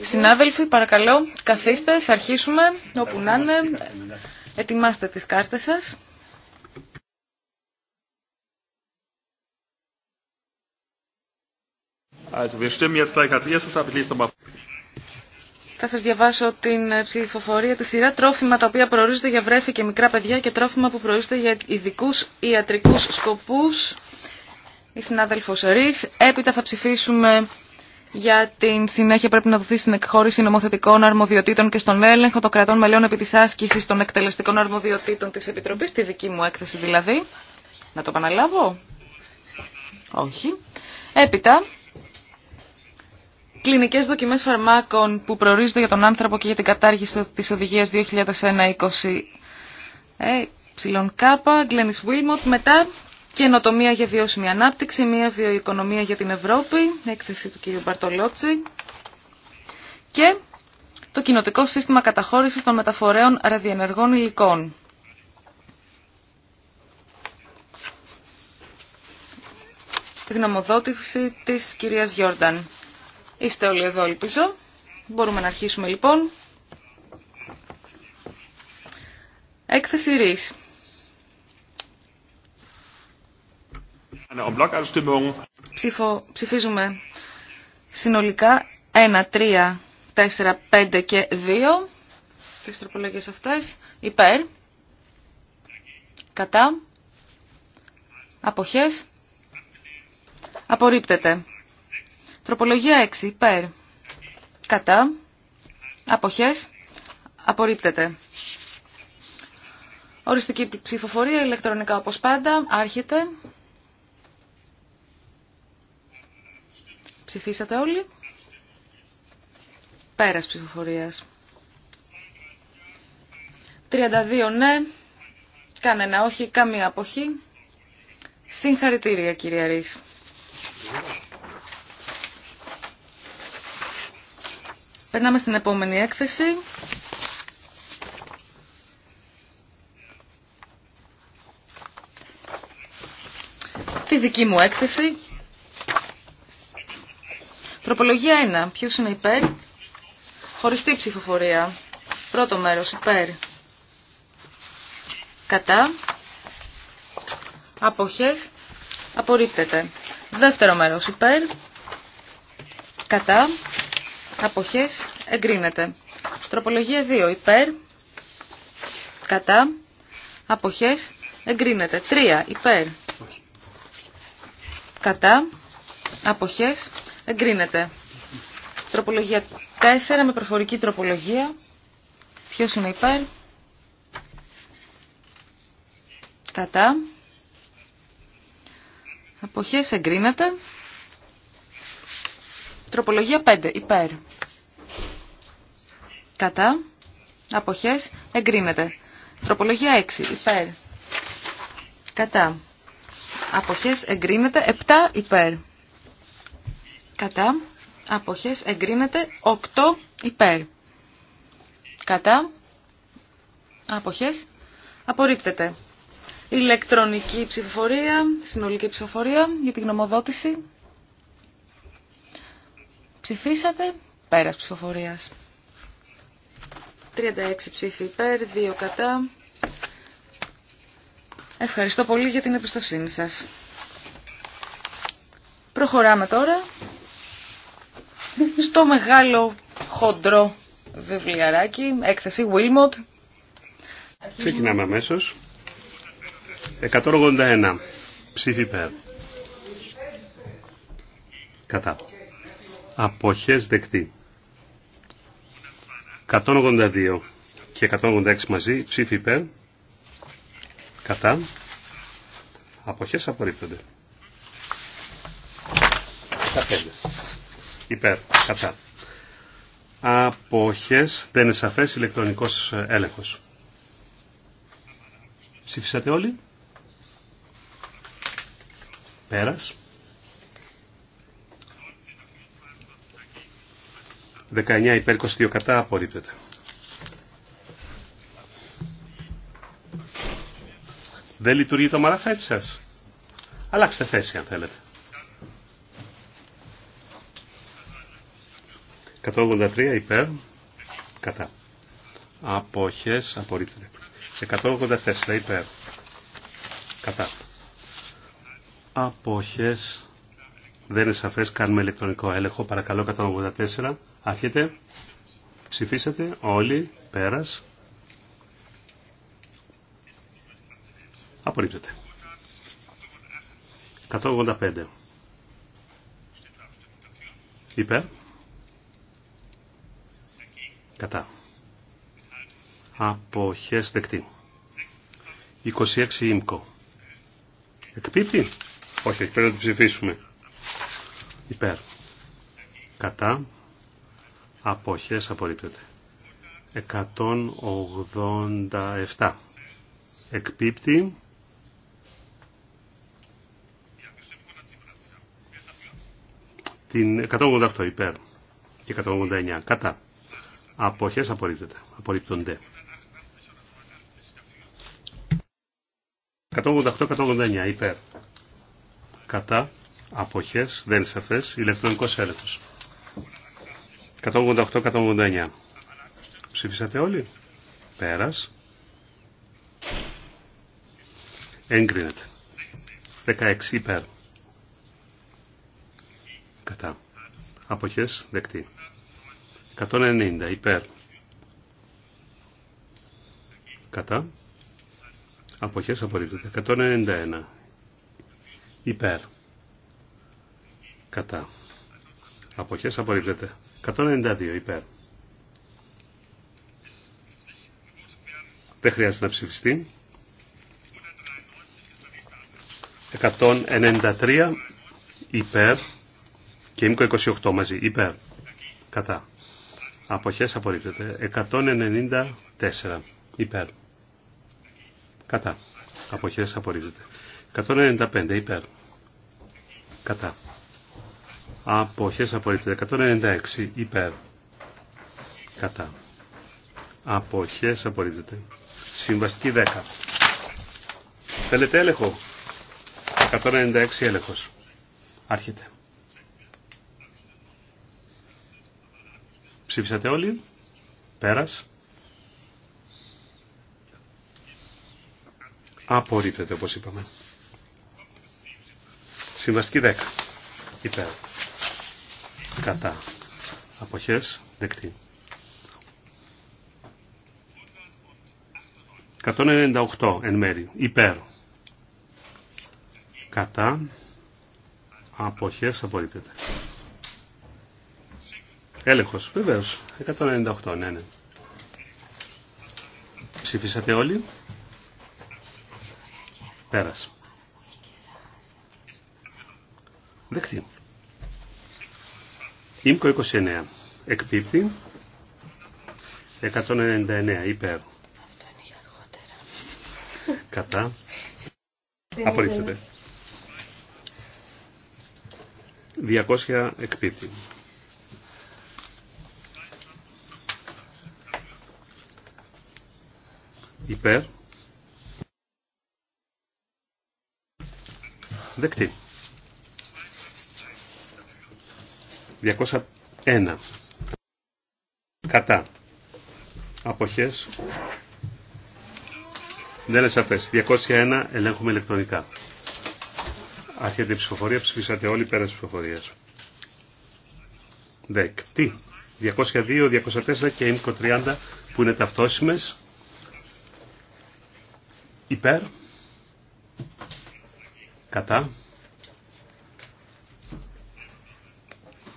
Συνάδελφοι, παρακαλώ, καθίστε, θα αρχίσουμε όπου να είναι. Ετοιμάστε τις κάρτες σας. Θα σας διαβάσω την ψηφοφορία τη σειρά τρόφιμα τα οποία προορίζονται για βρέφη και μικρά παιδιά και τρόφιμα που προορίζονται για ειδικού ιατρικούς σκοπούς. Η συνάδελφος Ρης. Έπειτα θα ψηφίσουμε για την συνέχεια πρέπει να δοθεί στην εκχώρηση νομοθετικών αρμοδιοτήτων και στον έλεγχο των κρατών μελών επί της άσκησης των εκτελεστικών αρμοδιοτήτων της Επιτροπής, τη δική μου έκθεση δηλαδή. Να το επαναλάβω. Όχι. Έπειτα, κλινικές δοκιμές φαρμάκων που προορίζονται για τον άνθρωπο και για την κατάργηση της οδηγίας 2001-20 ε, Γκλένις μετά Καινοτομία για βιώσιμη ανάπτυξη, μια βιοοικονομία για την Ευρώπη, έκθεση του κ. Μπαρτολότσι και το κοινοτικό σύστημα καταχώρησης των μεταφορέων ραδιενεργών υλικών. Τη γνωμοδότηση της κυρίας Γιόρνταν. Είστε όλοι εδώ, ελπίζω. Μπορούμε να αρχίσουμε λοιπόν. Έκθεση ΡΙΣ. ψηφίζουμε συνολικά 1, 3, 4, 5 και 2 τις τροπολογίες αυτές υπέρ, κατά, αποχές, απορρίπτεται. Τροπολογία 6 υπέρ, κατά, αποχές, απορρίπτεται. Οριστική ψηφοφορία ηλεκτρονικά όπως πάντα, άρχεται. Ψηφίσατε όλοι. Πέρας ψηφοφορίας. 32 ναι, κανένα όχι, καμία αποχή. Συγχαρητήρια κυρία Ρης. Περνάμε στην επόμενη έκθεση. Τη δική μου έκθεση. Τροπολογία 1. Ποιο είναι υπέρ. Χωριστή ψηφοφορία. Πρώτο μέρο υπέρ. Κατά. απόχέ, Απορρίπτεται. Δεύτερο μέρο, υπέρ. Κατά. απόχέ, Εγκρίνεται. Τροπολογία 2. Υπέρ. Κατά. Αποχές. Εγκρίνεται. 3. Υπέρ. Κατά. Αποχές. Εγκρίνεται. Τροπολογία 4 με προφορική τροπολογία. Ποιος είναι υπέρ. Κατά. Αποχές εγκρίνεται. Τροπολογία 5. Υπέρ. Κατά. Αποχές εγκρίνεται. Τροπολογία 6. Υπέρ. Κατά. Αποχές εγκρίνεται. 7. Υπέρ κατά, αποχές εγκρίνεται 8 υπέρ. Κατά, αποχές απορρίπτεται. Ηλεκτρονική ψηφοφορία, συνολική ψηφοφορία για την γνωμοδότηση. Ψηφίσατε, πέρας ψηφοφορίας. 36 ψήφοι υπέρ, 2 κατά. Ευχαριστώ πολύ για την εμπιστοσύνη σας. Προχωράμε τώρα το μεγάλο χοντρό βιβλιαράκι, έκθεση Wilmot. Ξεκινάμε αμέσω. 181. Ψήφι ΠΕΡ. Κατά. Αποχές δεκτή. 182 και 186 μαζί. Ψήφι ΠΕΡ. Κατά. Αποχές απορρίπτονται. πέντε υπέρ, κατά. Αποχές, δεν είναι σαφές, ηλεκτρονικός έλεγχος. Ψήφισατε όλοι. Πέρας. 19 υπέρ 22 κατά απορρίπτεται. Δεν λειτουργεί το μαράφετ σας. Αλλάξτε θέση αν θέλετε. 183 υπέρ κατά αποχές απορρίπτεται 184 υπέρ κατά αποχές δεν είναι σαφές κάνουμε ηλεκτρονικό έλεγχο παρακαλώ 184 άρχεται ψηφίσατε όλοι πέρας απορρίπτεται 185 υπέρ Κατά. Αποχές δεκτή. 26 ΙΜΚΟ. Εκπίπτει. Όχι, όχι, πρέπει να το ψηφίσουμε. Υπέρ. Κατά. Αποχές απορρίπτεται. 187. Εκπίπτει. Την 188 υπέρ και 189 κατά. Αποχές απορρίπτονται. Απορρίπτονται. 188-189 υπέρ. Κατά. Αποχές. Δεν είναι σαφές. Ηλεκτρονικός έλεγχος. 188-189. Ψήφισατε όλοι. Πέρας. Έγκρινεται. 16 υπέρ. Κατά. Αποχές δεκτή. 190 υπέρ. Κατά. Αποχές απορρίπτεται. 191 υπέρ. Κατά. Αποχές απορρίπτεται. 192 υπέρ. Δεν χρειάζεται να ψηφιστεί. 193 υπέρ και ήμικο 28 μαζί υπέρ. Κατά. Αποχές απορρίπτεται. 194 υπέρ. Κατά. Αποχές απορρίπτεται. 195 υπέρ. Κατά. Αποχές απορρίπτεται. 196 υπέρ. Κατά. Αποχές απορρίπτεται. Συμβαστική 10. Θέλετε έλεγχο. 196 έλεγχος. Άρχεται. Ψήφισατε όλοι. Πέρας. Απορρίπτεται όπως είπαμε. Συμβαστική 10. Υπέρ. Κατά. Αποχές. Δεκτή. 198 εν μέρη. Υπέρ. Κατά. Αποχές απορρίπτεται. Έλεγχος, βεβαίως. 198, ναι, ναι. Ψηφίσατε όλοι. Πέρασε. Δεχτεί. Ήμκο 29. Εκπίπτει. 199. Υπέρ. Αυτό είναι για αργότερα. Κατά. Απορρίφτεται. 200 εκπίπτει. υπέρ δεκτή 201 κατά αποχές δεν είναι σαφές 201 ελέγχουμε ηλεκτρονικά άρχεται η ψηφοφορία ψηφίσατε όλοι πέρα της ψηφοφορίας δεκτή 202, 204 και 30 που είναι ταυτόσιμες υπέρ, κατά,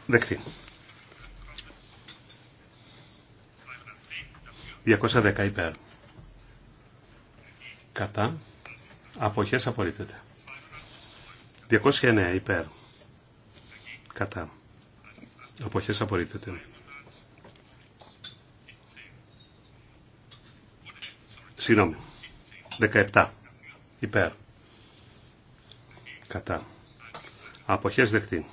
δεκτή. 210 υπέρ. Κατά. Αποχές απορρίπτεται. 209 υπέρ. Κατά. Αποχές απορρίπτεται. Συγγνώμη. 17. Υπέρ. Κατά. Αποχές δεκτή.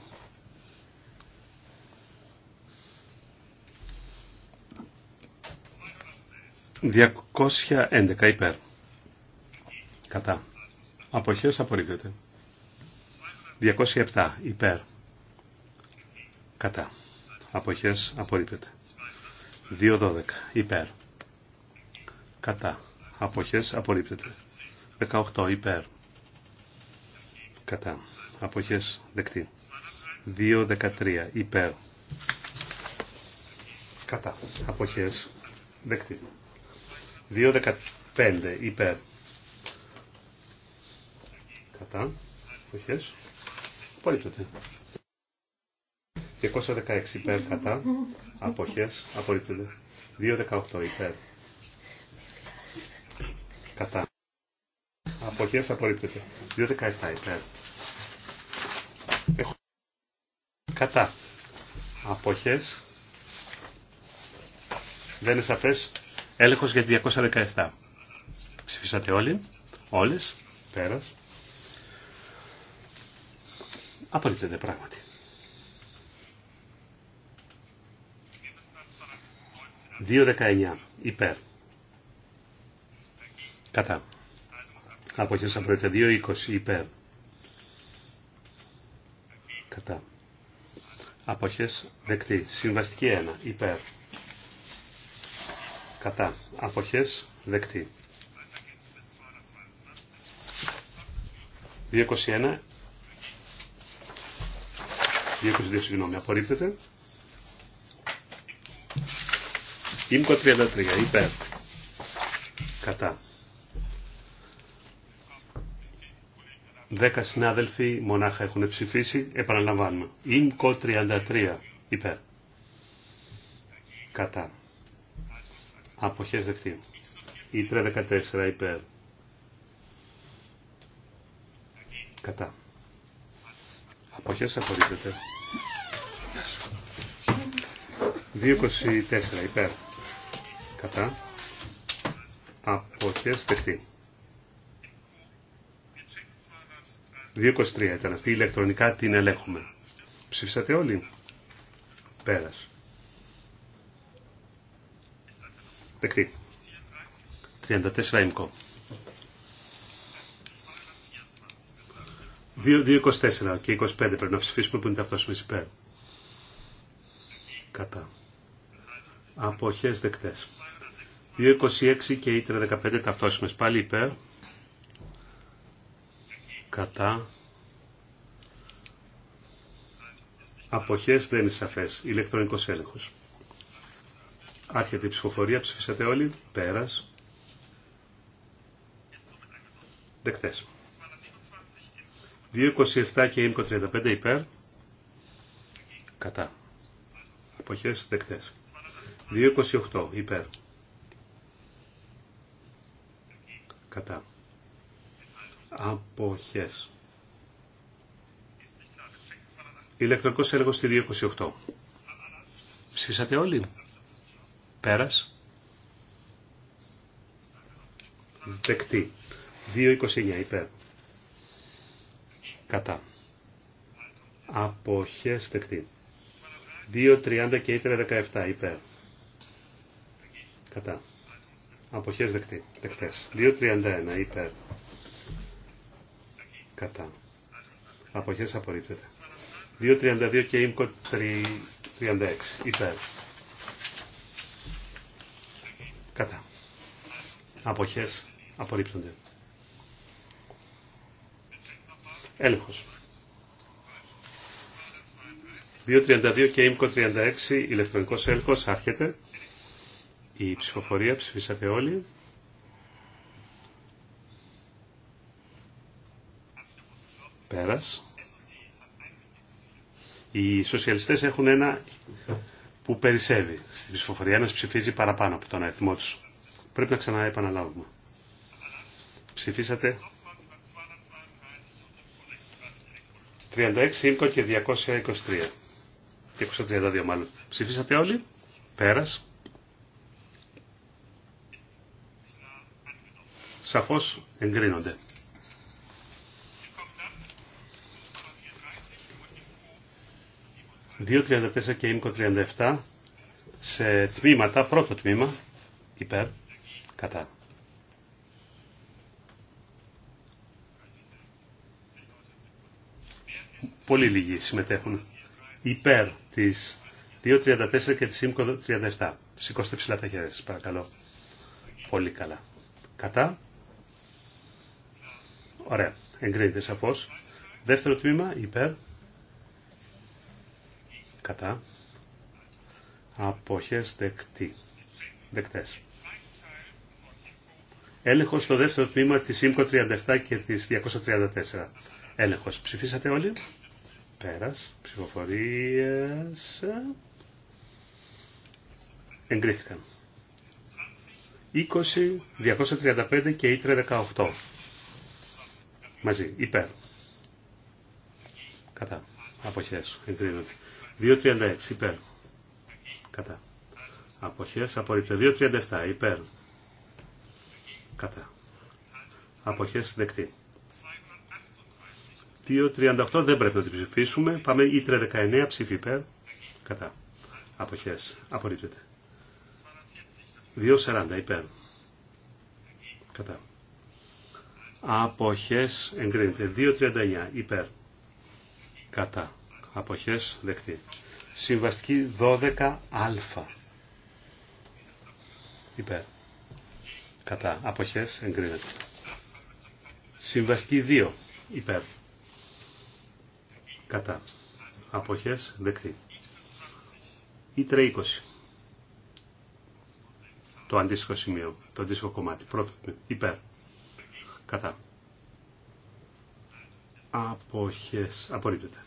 Διακόσια έντεκα υπέρ. Κατά. Αποχές απορρίπτεται. 207 υπέρ. Κατά. Αποχές απορρίπτεται. 212 υπέρ. Κατά αποχές απορρίπτεται. 18 υπέρ κατά αποχές δεκτή. 2.13 υπέρ κατά αποχές δεκτή. 2.15 υπέρ κατά αποχές απορρίπτεται. 216 υπέρ κατά αποχές απορρίπτεται. 2.18 υπέρ Κατά. Αποχές απορρίπτεται. 2.17 υπέρ. Έχω... Κατά. Αποχές. Δεν είναι σαφές. Έλεγχος για 217. Ψηφίσατε όλοι. Όλες. Πέρας. Απορρίπτεται πράγματι. 2.19. Υπέρ. Κατά. Αποχές απορρίπτεται. 2.20 υπέρ. Κατά. Αποχές δεκτή. Συμβαστική 1 υπέρ. Κατά. Αποχές δεκτή. 2.21 2.22 συγγνώμη. Απορρίπτεται. Ήμκο 33 υπέρ. Κατά. Δέκα συνάδελφοι μονάχα έχουν ψηφίσει. Επαναλαμβάνουμε. ΥΜΚΟ 33 υπέρ. Κατά. Αποχές δεχτεί. Ήτρε 14 υπέρ. Κατά. Αποχές απορρίπτεται. 2.24 υπέρ. Κατά. Αποχές δεχτεί. 2.23 ήταν αυτή. Ηλεκτρονικά την ελέγχουμε. Ψήφισατε όλοι. Πέρας. Δεκτή. 34 εμικό. 2.24 και 25 πρέπει να ψηφίσουμε που είναι ταυτόσιμες υπέρ. Κατά. Αποχές δεκτές. 2.26 και 1-15 ταυτόσιμες πάλι υπέρ κατά αποχές δεν είναι σαφές. Ηλεκτρονικός έλεγχος. Άρχεται η ψηφοφορία, ψηφίσατε όλοι, πέρας. Δεκτές. 2.27 και ΙΜΚΟ 35 υπέρ. Κατά. Αποχές δεκτές. 2.28 υπέρ. Κατά αποχές. Ηλεκτρικός έλεγχος στη 228. Ψήσατε όλοι. Πέρας. Δεκτή. 229 υπέρ. Κατά. Αποχές δεκτή. 2.30 και ήτρε 17 υπέρ. Κατά. Αποχές δεκτή. Δεκτές. 2.31 υπέρ κατά. Αποχές απορρίπτεται. 2.32 και ΙΜΚΟ 36 υπέρ. Κατά. Αποχές απορρίπτονται. Έλεγχος. 2.32 και ΙΜΚΟ 36 ηλεκτρονικός έλεγχος άρχεται. Η ψηφοφορία ψηφίσατε όλοι. Πέρας. Οι σοσιαλιστές έχουν ένα που περισσεύει στην ψηφοφορία. Ένας ψηφίζει παραπάνω από τον αριθμό τους. Πρέπει να ξαναεπαναλάβουμε. Ψηφίσατε 36, ΙΜΚΟ και 223. 232 μάλλον. Ψηφίσατε όλοι. Πέρας. Σαφώς εγκρίνονται. 2.34 και ΙΜΚΟ 37 σε τμήματα, πρώτο τμήμα, υπέρ, κατά. Πολύ λίγοι συμμετέχουν υπέρ της 2.34 και της ΙΜΚΟ 37. Σηκώστε ψηλά τα χέρια παρακαλώ. Πολύ καλά. Κατά. Ωραία. Εγκρίνεται σαφώς. Δεύτερο τμήμα, υπέρ κατά αποχές δεκτή, δεκτές. Έλεγχος στο δεύτερο τμήμα της ΣΥΜΚΟ 37 και της 234. Έλεγχος. Ψηφίσατε όλοι. Πέρας. Ψηφοφορίες. Εγκρίθηκαν. 20, 235 και ΙΤΡΕ 18. Μαζί. Υπέρ. Κατά. Αποχές. Εγκρίνονται. 2.36 υπέρ. Κατά. Αποχές απορρίπτεται. 2.37 υπέρ. Κατά. Αποχές δεκτή. 2.38 δεν πρέπει να την ψηφίσουμε. Πάμε ή 19 ψήφι υπέρ. Κατά. Αποχές. Απορρίπτεται. 2.40 υπέρ. Κατά. Αποχές εγκρίνεται. 2.39 υπέρ. Κατά αποχές δεκτή. Συμβαστική 12α υπέρ κατά αποχές εγκρίνεται. Συμβαστική 2 υπέρ κατά αποχές δεκτή. Ήτρε 20 το αντίστοιχο σημείο, το αντίστοιχο κομμάτι, πρώτο υπέρ κατά αποχές απορρίπτεται.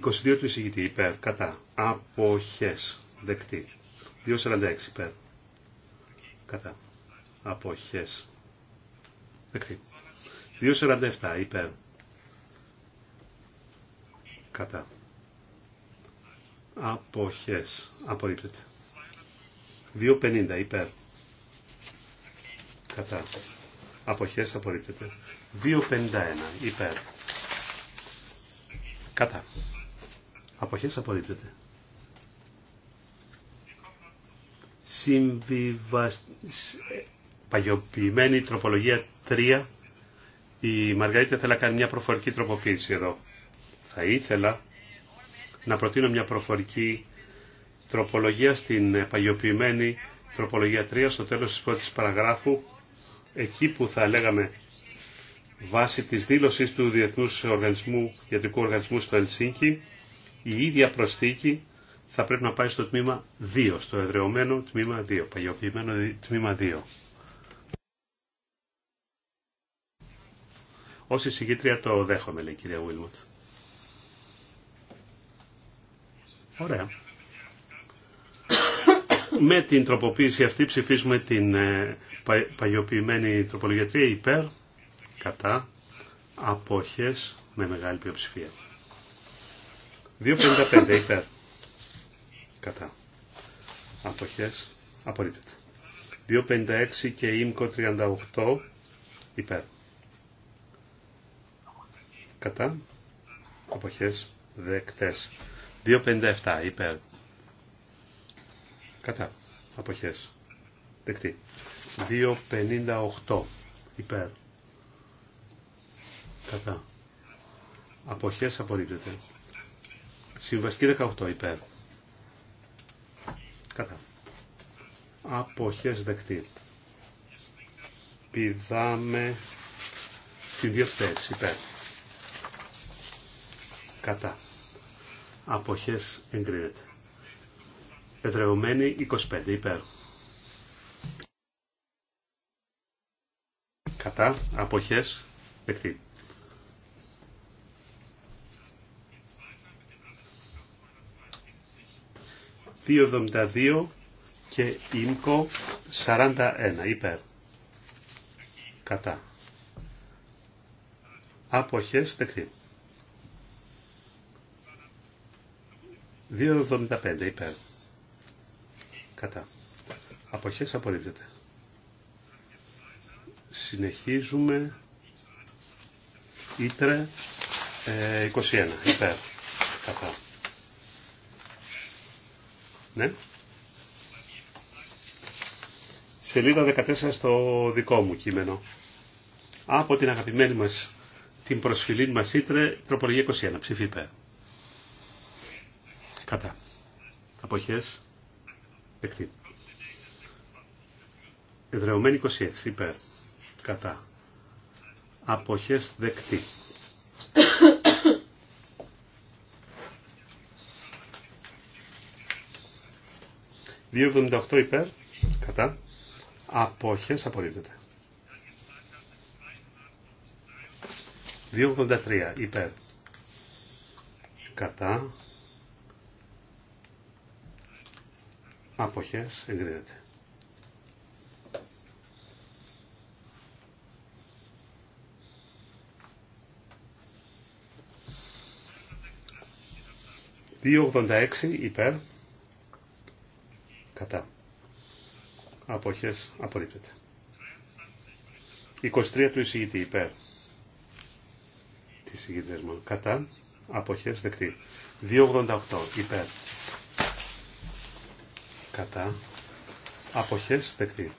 22 του εισηγητή υπέρ, κατά, αποχές, δεκτή. 2.46 υπέρ, κατά, αποχές, δεκτή. 2.47 υπέρ, κατά, αποχές, απορρίπτεται. 2.50 υπέρ, κατά, αποχές, απορρίπτεται. 2.51 υπέρ, κατά Αποχές απορρίπτεται. Συμβιβασ... Ε, παγιοποιημένη τροπολογία 3. Η Μαργαρίτα θέλει να κάνει μια προφορική τροποποίηση εδώ. Θα ήθελα να προτείνω μια προφορική τροπολογία στην ε, παγιοποιημένη τροπολογία 3 στο τέλος της πρώτης παραγράφου εκεί που θα λέγαμε βάση της δήλωσης του Διεθνούς Οργανισμού, Ιατρικού Οργανισμού στο Ελσίνκι η ίδια προσθήκη θα πρέπει να πάει στο τμήμα 2, στο εδρεωμένο τμήμα 2, παγιοποιημένο τμήμα 2. Όσοι εισηγήτρια το δέχομαι, λέει η κυρία Βίλμοντ. Ωραία. Με την τροποποίηση αυτή ψηφίζουμε την ε, παγιοποιημένη τροπολογιατρία υπέρ, κατά, απόχες με μεγάλη πλειοψηφία. 2.55 υπέρ. Κατά. Αποχές. Απορρίπτεται. 2.56 και ΙΜΚΟ 38 υπέρ. Κατά. Αποχές. Δεκτές. 2.57 υπέρ. Κατά. Αποχές. Δεκτή. 2.58 υπέρ. Κατά. Αποχές απορρίπτεται. Συμβαστική 18 υπέρ. Κατά. Αποχές δεκτή. Πηδάμε στη διευθέτηση. υπέρ. Κατά. Αποχές εγκρίνεται. Πετρεωμένη 25 υπέρ. Κατά. Αποχές δεκτή. 272 και ΙΜΚΟ 41 υπέρ. Κατά. Αποχές δεκτή. 2,75 υπέρ. Κατά. Αποχές απορρίπτεται. Συνεχίζουμε. Ήτρε ε, 21 υπέρ. Κατά. Ναι. Σελίδα 14 στο δικό μου κείμενο. Από την αγαπημένη μας, την προσφυλή μας Ήτρε, τροπολογία 21, ψήφι υπέρ. Κατά. Αποχές. Δεκτή. Εδρεωμένη 26, υπέρ. Κατά. Αποχές δεκτή. 278 υπέρ, κατά, απόχες, απορρίπτεται. 283 υπέρ, κατά, απόχες, εγκρίνεται. 286 υπέρ, κατά. Αποχές απορρίπτεται. 23 του εισηγητή υπέρ. Τι εισηγητές μου. Κατά. Αποχές δεκτή. 288 υπέρ. Κατά. Αποχές δεκτή.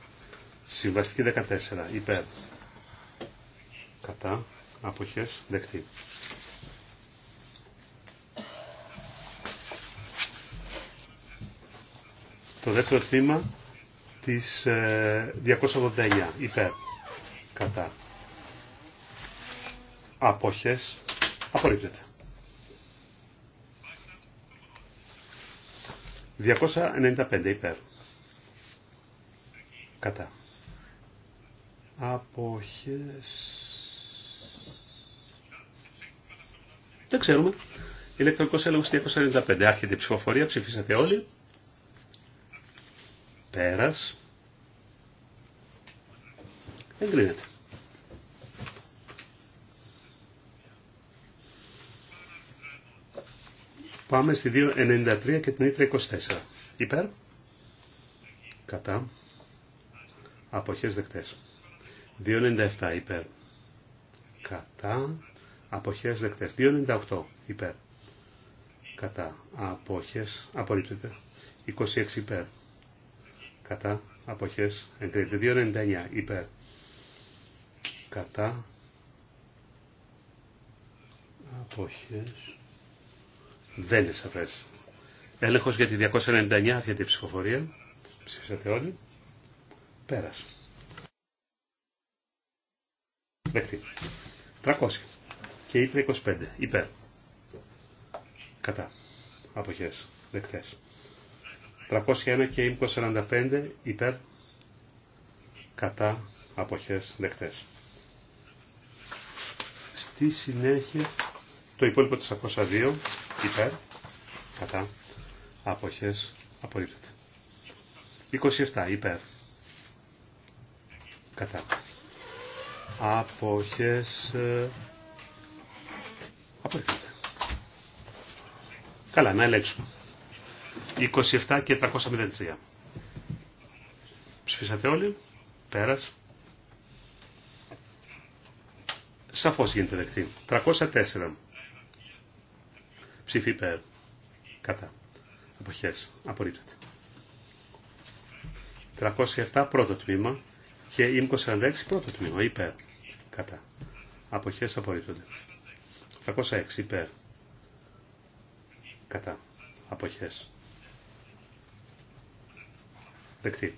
Συμβαστική 14 υπέρ. Κατά. Αποχές δεκτή. Το δεύτερο θύμα της 289 ε, υπέρ κατά αποχές απορρίπτεται. 295 υπέρ κατά αποχές δεν ξέρουμε ηλεκτρονικός έλεγχος 295 άρχεται η ψηφοφορία ψηφίσατε όλοι Πέρας. Εγκρίνεται. Πάμε στη 2.93 και την 3.24. 24. Υπέρ. Κατά. Αποχές δεκτές. 2.97 υπέρ. Κατά. Αποχές δεκτές. 2.98 υπέρ. Κατά. Αποχές. Απορρίπτεται. 26 υπέρ κατά αποχές τρίτη. 2.99 υπέρ κατά αποχές δεν είναι σαφές. Έλεγχος για τη 299 αυτή ψηφοφορία. Ψήφισατε όλοι. Πέρασε. Δεκτή. 300. Και η 25. Υπέρ. Κατά. Αποχές. Δεκτές. 301 και 245 45 υπέρ κατά αποχές δεκτές. Στη συνέχεια το υπόλοιπο 302 υπέρ κατά αποχές απορρίπτεται. 27 υπέρ κατά αποχές ε, απορρίπτεται. Καλά, να ελέγξουμε. 27 και 303. Ψηφίσατε όλοι. Πέρας. Σαφώς γίνεται δεκτή. 304. Ψήφι υπέρ. Κατά. Αποχές. Απορρίπτεται. 307 πρώτο τμήμα και 246 46 πρώτο τμήμα. Υπέρ. Κατά. Αποχές απορρίπτονται. 306 υπέρ. Κατά. Αποχές. Δεκτή.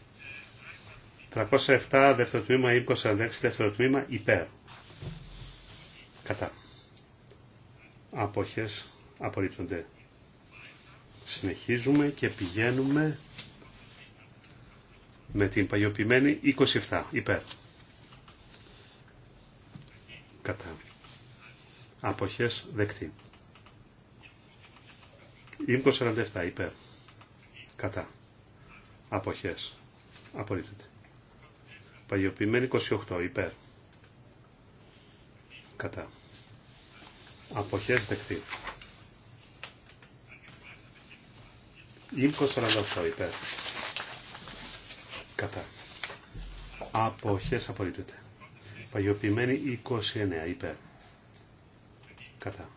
307 δεύτερο τμήμα, 26 δεύτερο τμήμα, υπέρ. Κατά. Αποχές απορρίπτονται. Συνεχίζουμε και πηγαίνουμε με την παγιοποιημένη 27 υπέρ. Κατά. Αποχές δεκτή. 247 υπέρ. Κατά αποχές απορρίπτεται. Παγιοποιημένη 28 υπέρ κατά αποχές δεκτή. Ήμκο 48 υπέρ κατά αποχές απορρίπτεται. Παγιοποιημένη 29 υπέρ κατά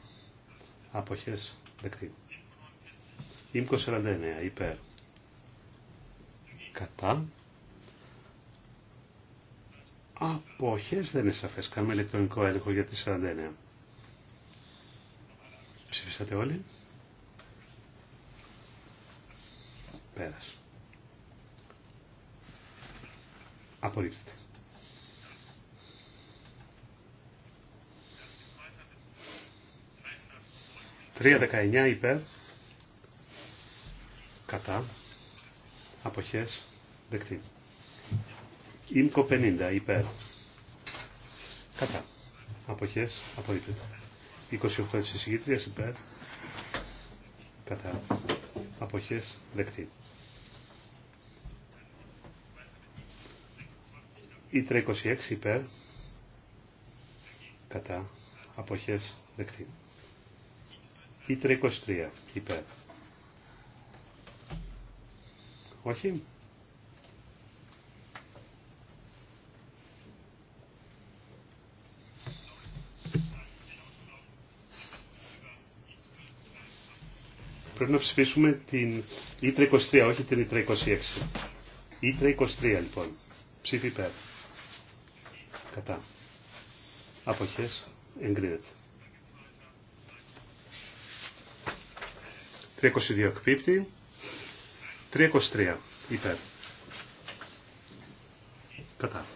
αποχές δεκτή. Ήμκο 49 υπέρ κατά αποχές δεν είναι σαφές. Κάνουμε ηλεκτρονικό έλεγχο για τη 49. Ψηφίσατε όλοι. Πέρασε. Απορρίπτεται. Τρία δεκαεννιά υπέρ. Κατά αποχές δεκτή. Ήμκο 50 υπέρ. Κατά. Αποχές απορρίπτεται. 28 της εισηγήτριας υπέρ. Κατά. Αποχές δεκτή. Η 26 υπέρ. Κατά. Αποχές δεκτή. Ήτρα 23 υπέρ. Όχι. Πρέπει να ψηφίσουμε την e 23, όχι την e 26. E23 23 λοιπόν. Ψήφι υπέρ. Κατά. Αποχές εγκρίνεται. 32 εκπίπτει. 323 υπέρ. Κατά.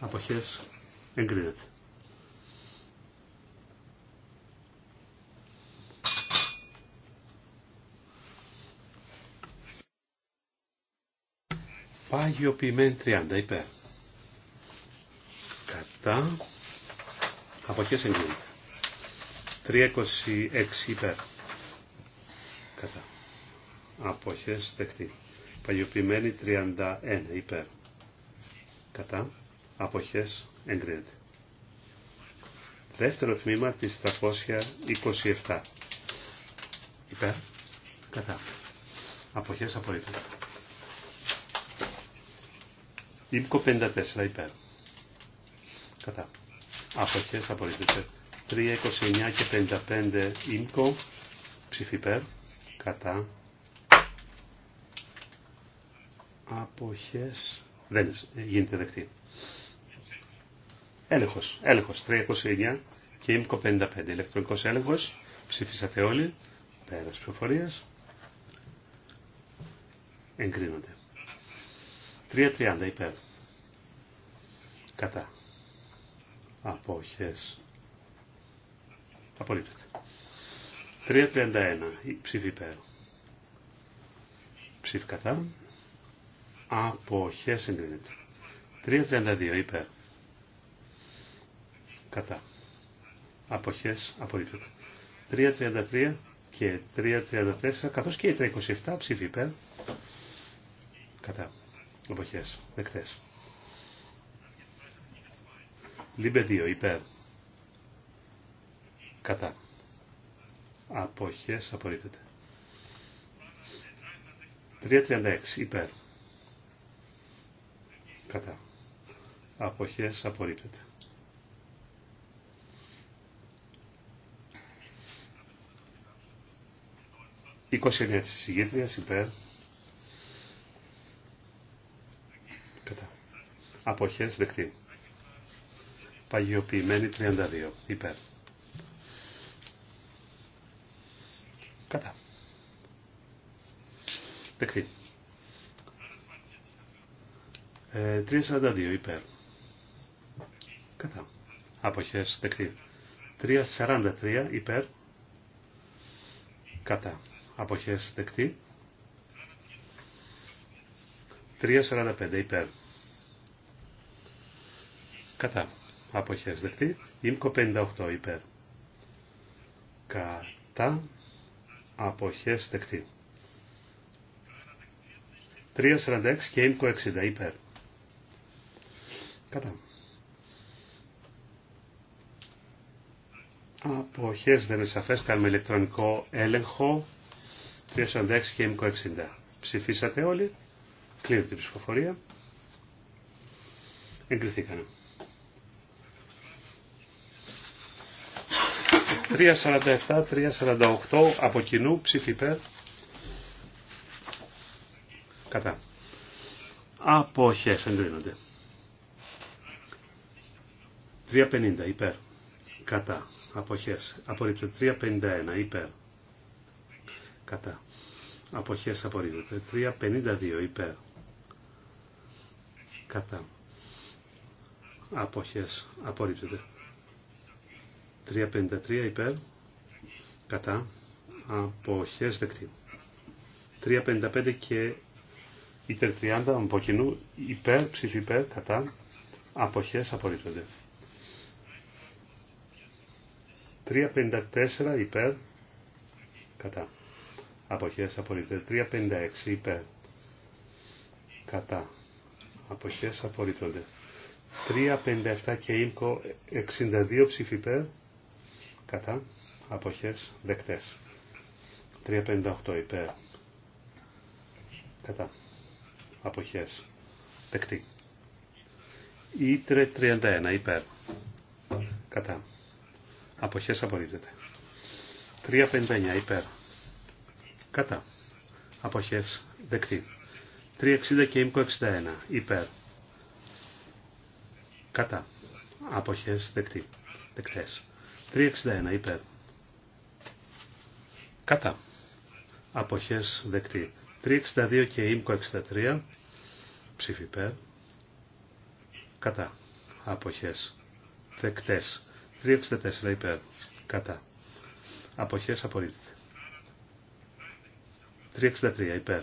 Αποχές εγκρίνεται. 30 υπέρ. Κατά. Αποχές εγκρίνεται. 326 υπέρ. Κατά αποχές δεκτή. Παγιοποιημένη 31 υπέρ. Κατά αποχές εγκρίνεται. Δεύτερο τμήμα της 327. Υπέρ. Κατά. Αποχές απορρίπτεται. Ήμπκο 54 υπέρ. Κατά. Αποχές απορρίπτεται. 3, 29 και 55 ΙΜΚΟ, ψηφιπέρ, κατά, αποχές δεν γίνεται δεκτή. Έλεγχος, έλεγχος 329 και ΙΜΚΟ 55. Ηλεκτρονικός έλεγχος, ψηφίσατε όλοι, πέρας πληροφορίας. εγκρίνονται. 3.30 υπέρ. Κατά. Απόχες. απολύπτεται. 3.31 ψήφι υπέρ. Ψήφι κατά αποχές εγκρίνεται. 3.32 υπέρ. Κατά. Αποχές απορρίπτεται. 3.33 και 3.34 καθώς και η 3.27 ψήφι υπέρ. Κατά. Αποχές. Δεκτές. Λίμπε 2 υπέρ. Κατά. Αποχές απορρίπτεται. 3.36 υπέρ κατά αποχές απορρίπτεται. 29. της συγκέντριας υπέρ κατά αποχές δεκτή. Παγιοποιημένη 32 υπέρ κατά δεκτή. 3.42 ε, υπέρ. Κατά. Αποχές δεκτή. 3.43 υπέρ. Κατά. Αποχές δεκτή. 3.45 υπέρ. Κατά. Αποχές δεκτή. Ήμκο 58 υπέρ. Κατά. Αποχές δεκτή. 3.46 και ήμκο 60 υπέρ. Κατά. Αποχές δεν είναι σαφές. Κάνουμε ηλεκτρονικό έλεγχο. 346 και ημικο 60. Ψηφίσατε όλοι. Κλείνω την ψηφοφορία. Εγκριθήκανε. 347, 348 από κοινού ψήφι Κατά. Αποχές εγκρίνονται. 3.50 υπέρ. Κατά. Αποχές. Απορρίπτεται. 3.51 υπέρ. Κατά. Αποχές απορρίπτεται. 3.52 υπέρ. Κατά. Αποχές απορρίπτεται. 3.53 υπέρ. Κατά. Αποχές δεκτή. 3.55 και υπέρ 30 από κοινού υπέρ, ψήφι υπέρ, κατά. Αποχές απορρίπτονται. 3.54 υπέρ κατά αποχές απορρίπτεται 3.56 υπέρ κατά αποχές απορρίπτονται 3.57 και ΙΜΚΟ 62 ψήφι υπέρ κατά αποχές δεκτές 3.58 υπέρ κατά αποχές δεκτή Ήτρε 31 υπέρ κατά Αποχές απορρίπτεται. 3.59 υπέρ. Κατά. Αποχές δεκτή. 3.60 και ΙΜΚΟ 61 υπέρ. Κατά. Αποχές δεκτή. Δεκτές. 3.61 υπέρ. Κατά. Αποχές δεκτή. 3.62 και ΙΜΚΟ 63 ψήφι υπέρ. Κατά. Αποχές δεκτές. 364 υπέρ. Κατά. Αποχές απορρίπτεται. 363 υπέρ.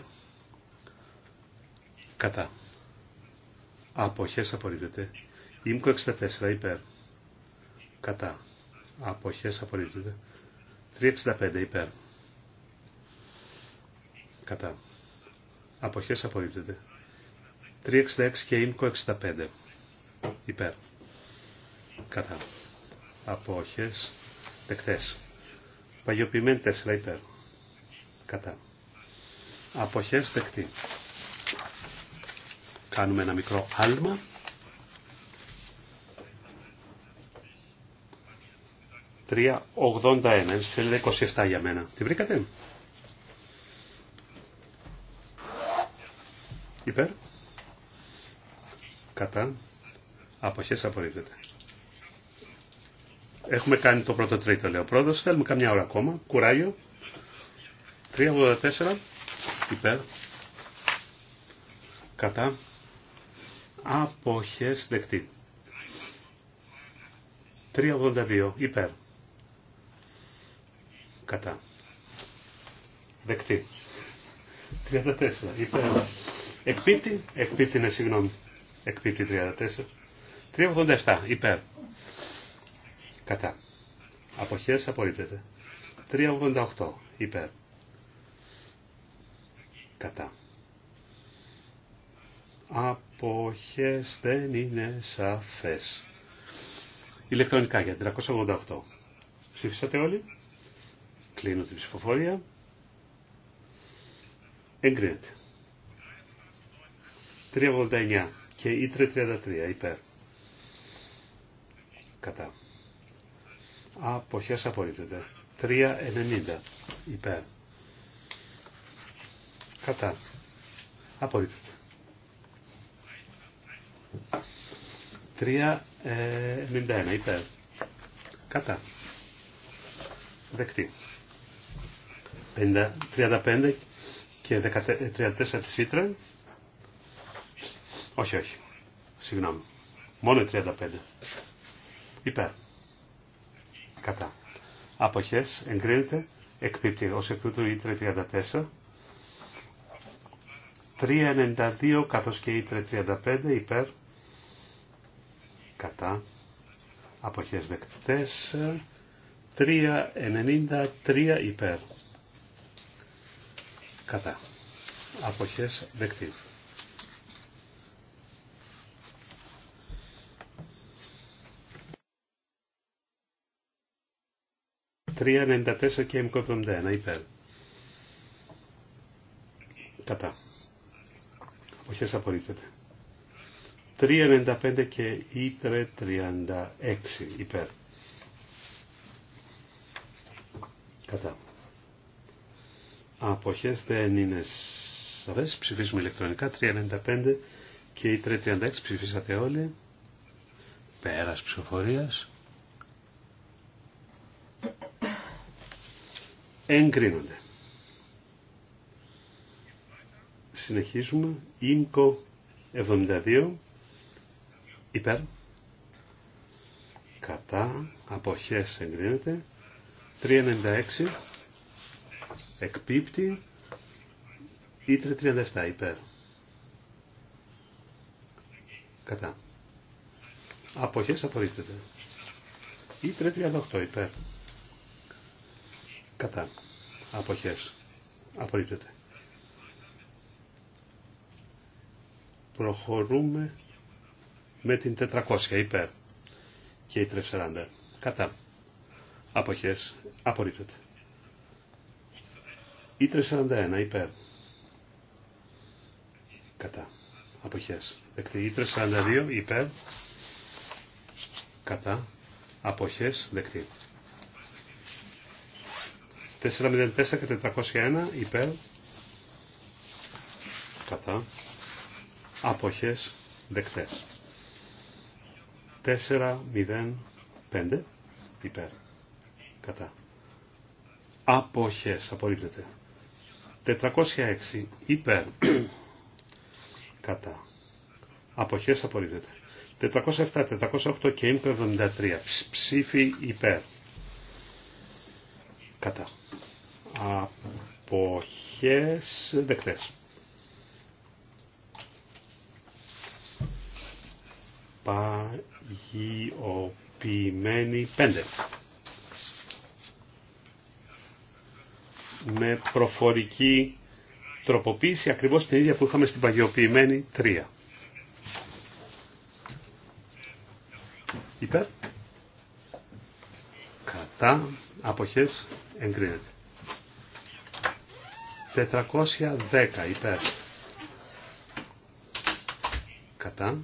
Κατά. Αποχές απορρίπτεται. Ήμκο 64 υπέρ. Κατά. Αποχές απορρίπτεται. 365 υπέρ. Κατά. Αποχές απορρίπτεται. 366 και ΙΜΚΟ 65 υπέρ. Κατά απόχες δεκτές. Παγιοποιημένη 4 υπέρ. Κατά. Αποχές δεκτή. Κάνουμε ένα μικρό άλμα. Τρία 81, σελίδα 27 για μένα. Τη βρήκατε? Υπέρ. Κατά. Αποχές απορρίπτεται. Έχουμε κάνει το πρώτο τρίτο, λέω. ο Θέλουμε καμιά ώρα ακόμα. Κουράγιο. 384 υπέρ. Κατά. Αποχές δεκτή. 382 υπέρ. Κατά. Δεκτή. 34 υπέρ. Εκπίπτει. Εκπίπτει, ναι, συγγνώμη. Εκπίπτει 34. 387 υπέρ. Κατά. Αποχές απορρίπτεται. 388 υπέρ. Κατά. Αποχές δεν είναι σαφές. Ηλεκτρονικά για 388. Ψήφισατε όλοι. Κλείνω την ψηφοφορία. Εγκρίνεται. 389 και η 33 υπέρ. Κατά αποχές απορρίπτεται. 3.90 υπέρ. Κατά. Απορρίπτεται. 3.91 υπέρ. Κατά. Δεκτή. 35 και 34 ε, της Ήτρα. Όχι, όχι. Συγγνώμη. Μόνο 35. Υπέρ κατά. Αποχές εγκρίνεται εκπίπτει ως εκ τούτου η 34. 392 καθώς και η 35 υπέρ κατά αποχές δεκτές 393 υπέρ κατά αποχές δεκτή. 3.94 και M71 υπέρ. Κατά. Αποχές απορρίπτεται. 3.95 και ίτρε 36 υπέρ. Κατά. Αποχές δεν είναι σαφές. Ψηφίζουμε ηλεκτρονικά. 3.95 και ίτρε 36 ψηφίσατε όλοι. Πέρας ψηφοφορίας. εγκρίνονται. Συνεχίζουμε. Ήμκο 72 υπέρ κατά αποχές εγκρίνεται. 396 εκπίπτει Ήτρε 37. υπέρ κατά αποχές απορρίπτεται ήτρε 38 υπέρ κατά αποχές απορρίπτεται. Προχωρούμε με την 400 υπέρ και η 340 κατά αποχές απορρίπτεται. Η 341 υπέρ κατά αποχές δεκτή. Η 342 υπέρ κατά αποχές δεκτή. 404 και 401 υπέρ κατά αποχές δεκτές 405 υπέρ κατά αποχές απορρίπτεται 406 υπέρ κατά αποχές απορρίπτεται 407, 408 και 73 ψήφι υπέρ κατά. Αποχές δεκτές. Παγιοποιημένη 5. Με προφορική τροποποίηση ακριβώς την ίδια που είχαμε στην παγιοποιημένη τρία. Υπέρ. Κατά. Αποχές εγκρίνεται. 410 υπέρ. Κατά.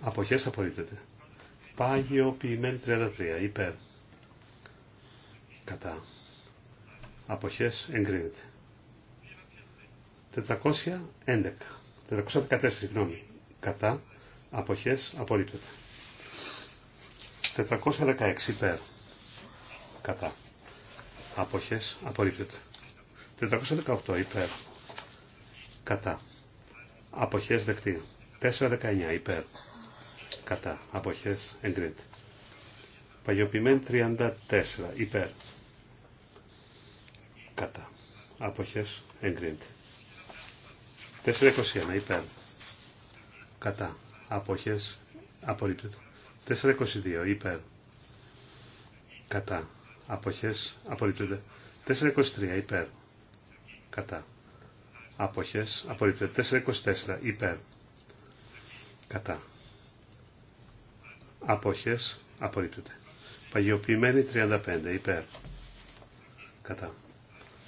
Αποχές απορρίπτεται. Πάγιο ποιημένη 33 υπέρ. Κατά. Αποχές εγκρίνεται. 411. 414 συγγνώμη. Κατά. Αποχές απορρίπτεται. 416 υπέρ. Κατά. Αποχές απορρίπτεται. 418 υπέρ. Κατά. Αποχές δεκτή. 419 υπέρ. Κατά. Αποχές εγκρίνεται. Παγιοποιημένη 34 υπέρ. Κατά. Αποχές εγκρίνεται. 421 υπέρ. Κατά. Αποχές απορρίπτεται. 422 υπέρ. Κατά. Αποχές απορρίπτονται. 423 υπέρ. Κατά. Αποχές απορρίπτονται. 424 υπέρ. Κατά. Αποχές απορρίπτονται. Παγιοποιημένη 35 υπέρ. Κατά.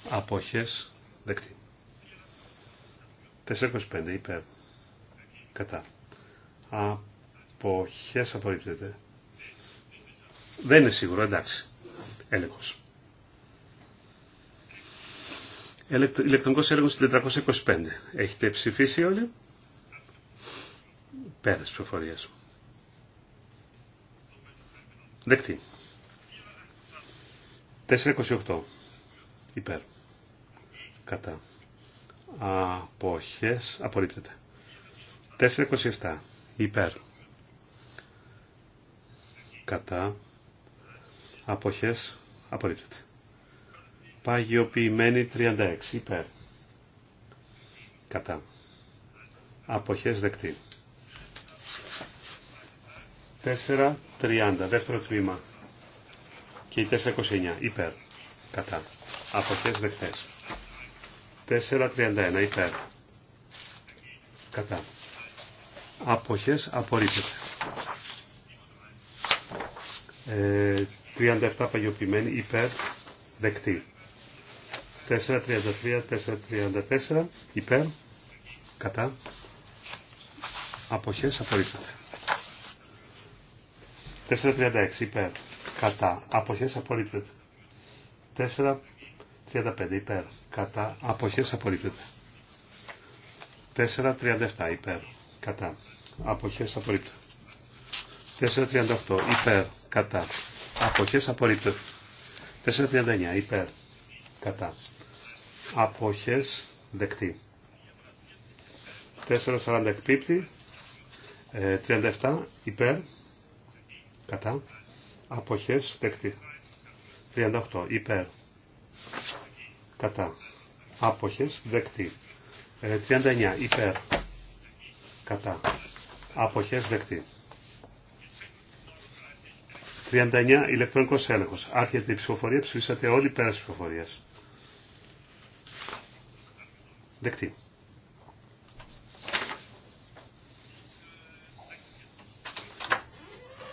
Αποχές δεκτή. 425 υπέρ. Κατά. Αποχές απορρίπτονται. Δεν είναι σίγουρο, εντάξει έλεγχος. Ηλεκτρονικός έλεγχος 425. Έχετε ψηφίσει όλοι. πέρα Πέρας προφορίας. Δεκτή. 428. Υπέρ. Κατά. Αποχέ Απορρίπτεται. 427. Υπέρ. Κατά αποχές απορρίπτεται. Παγιοποιημένη 36 υπέρ. Κατά. Αποχές δεκτή. 4.30 δεύτερο τμήμα και η 4.29 υπέρ. Κατά. Αποχές δεκτές. 4.31 υπέρ. Κατά. Αποχές απορρίπτεται. Ε, 37 παγιοποιημένη υπέρ δεκτή. 4.33, 4.34 υπέρ κατά αποχές απορρίπτεται. 4.36 υπέρ κατά αποχές απορρίπτεται. 4.35 υπέρ κατά αποχές απορρίπτεται. 4.37 υπέρ κατά αποχές απορρίπτεται. 4.38 υπέρ κατά Αποχές απορρίπτω. 439 υπέρ. Κατά. Αποχές δεκτή. 440 εκπίπτει. 37 ε, υπέρ. Κατά. Αποχές δεκτή. 38 υπέρ. Κατά. Άποχες δεκτή. 39 ε, υπέρ. Κατά. Άποχες δεκτή. 39 ηλεκτρονικό έλεγχο Άρχεται η ψηφοφορία, ψηφίσατε όλοι πέρα ψηφοφορία. Δεκτή.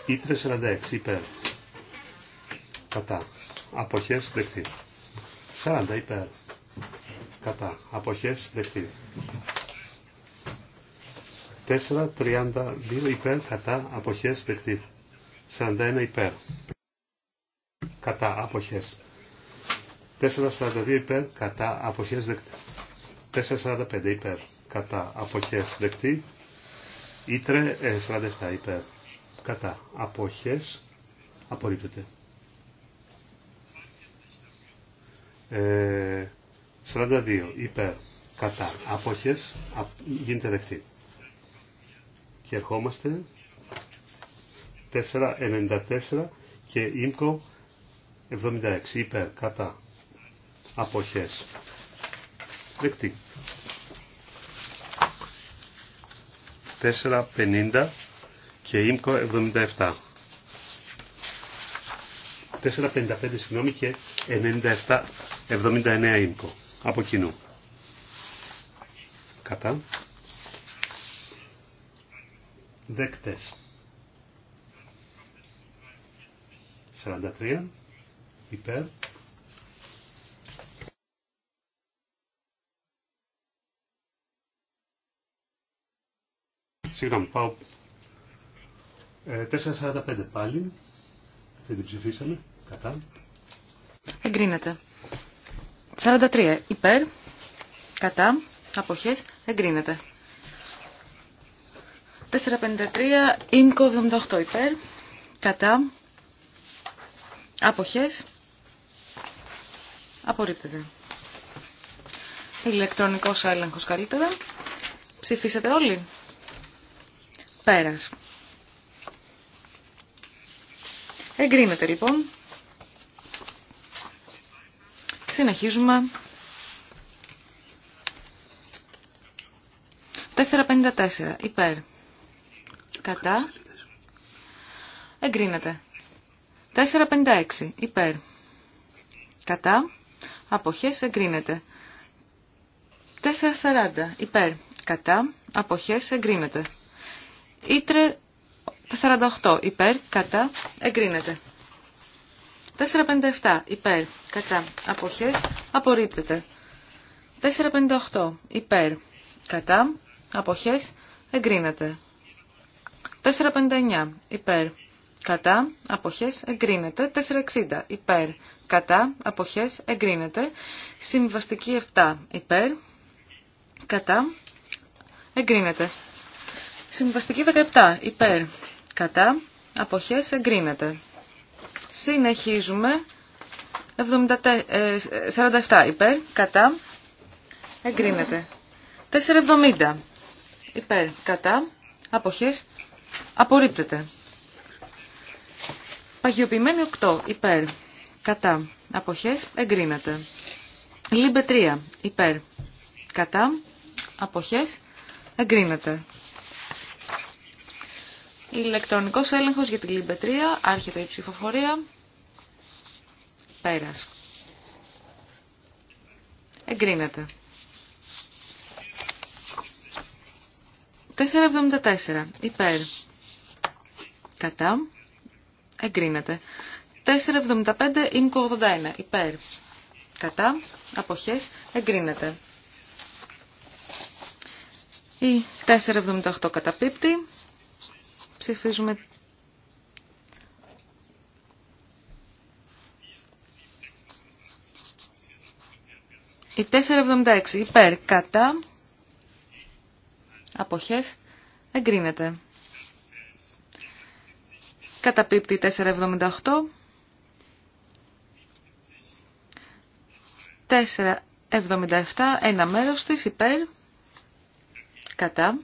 346 υπέρ. Κατά. Αποχές δεκτή. 40 υπέρ. Κατά. Αποχές δεκτή. 4, 432 υπέρ. Κατά. Αποχές δεκτή. 41 υπέρ. Κατά αποχές. 4.42 υπέρ. Κατά αποχές δεκτή. 4.45 υπέρ. Κατά αποχές δεκτή. Ήτρε 47 ε, υπέρ. Κατά αποχές απορρίπτεται. Ε, 42 υπέρ κατά άποχες γίνεται δεκτή. Και ερχόμαστε 494 και ΙΜΚΟ 76 υπέρ κατά αποχές. Δεκτή. 450 και ΙΜΚΟ 77. 455 συγγνώμη και 97, 79 ΙΜΚΟ από κοινού. Κατά. Δεκτές. 43 υπέρ Συγγνώμη, πάω 4.45 ε, πάλι. Δεν την ψηφίσαμε. Κατά. Εγκρίνεται. 43 υπέρ. Κατά. Αποχές. Εγκρίνεται. 4.53 ίνκο 78 υπέρ. Κατά. Αποχές. Απορρίπτεται. Ηλεκτρονικός έλεγχος καλύτερα. Ψηφίσατε όλοι. Πέρας. Εγκρίνεται λοιπόν. Συνεχίζουμε. 4.54. Υπέρ. Κατά. Εγκρίνεται. 456 υπέρ. Κατά. Αποχές εγκρίνεται. 440 υπέρ. Κατά. Αποχές εγκρίνεται. Ήτρε 48 υπέρ. Κατά. Εγκρίνεται. 457 υπέρ. Κατά. Αποχές απορρίπτεται. 458 υπέρ. Κατά. Αποχές εγκρίνεται. 459 υπέρ κατά, αποχές, εγκρίνεται. 460 υπέρ, κατά, αποχές, εγκρίνεται. Συμβαστική 7 υπέρ, κατά, εγκρίνεται. Συμβαστική 17 υπέρ, κατά, αποχές, εγκρίνεται. Συνεχίζουμε. 47 ε, υπέρ, κατά, εγκρίνεται. 470 υπέρ, κατά, αποχές, απορρίπτεται. Παγιοποιημένη 8 υπέρ. Κατά. Αποχές εγκρίνεται. Λίμπε 3 υπέρ. Κατά. Αποχές εγκρίνεται. Ηλεκτρονικός έλεγχος για τη Λίμπε 3. Άρχεται η ψηφοφορία. Πέρας. Εγκρίνεται. 474. Υπέρ. Κατά εγκρίνεται. 4,75 ΙΜΚΟ 81 υπέρ. Κατά αποχές εγκρίνεται. Η 4,78 καταπίπτει. Ψηφίζουμε Η 4,76 υπέρ κατά αποχές εγκρίνεται πίπτη 478. 477. Ένα μέρος της υπέρ. Κατά.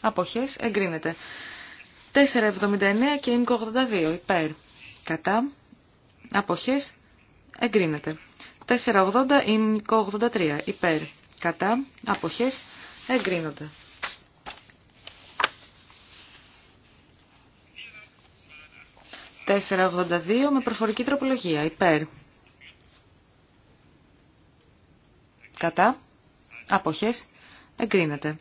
Αποχές εγκρίνεται. 479 και ΙΜΚΟ 82 υπέρ. Κατά. Αποχές εγκρίνεται. 480 ΙΜΚΟ 83 υπέρ. Κατά. Αποχές εγκρίνονται. 482 με προφορική τροπολογία. Υπέρ. Κατά. Αποχές. Εγκρίνεται.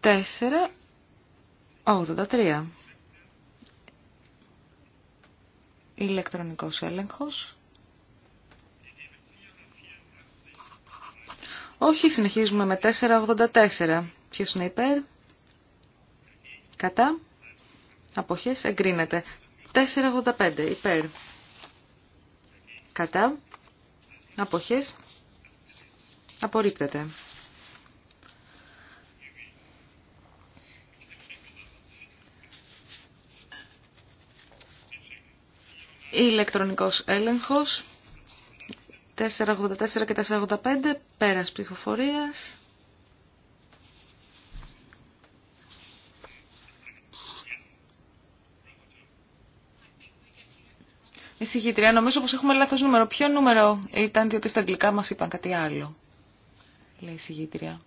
483. Ηλεκτρονικός έλεγχος. Όχι, συνεχίζουμε με 484. Ποιος είναι υπέρ. Κατά. Αποχές εγκρίνεται. 485 υπέρ. Κατά. Αποχές. Απορρίπτεται. Ηλεκτρονικός έλεγχος. 484 και 485 πέρας ψηφοφορίας. Εισηγήτρια, νομίζω πως έχουμε λάθος νούμερο. Ποιο νούμερο ήταν, διότι στα αγγλικά μας είπαν κάτι άλλο, λέει η εισηγήτρια.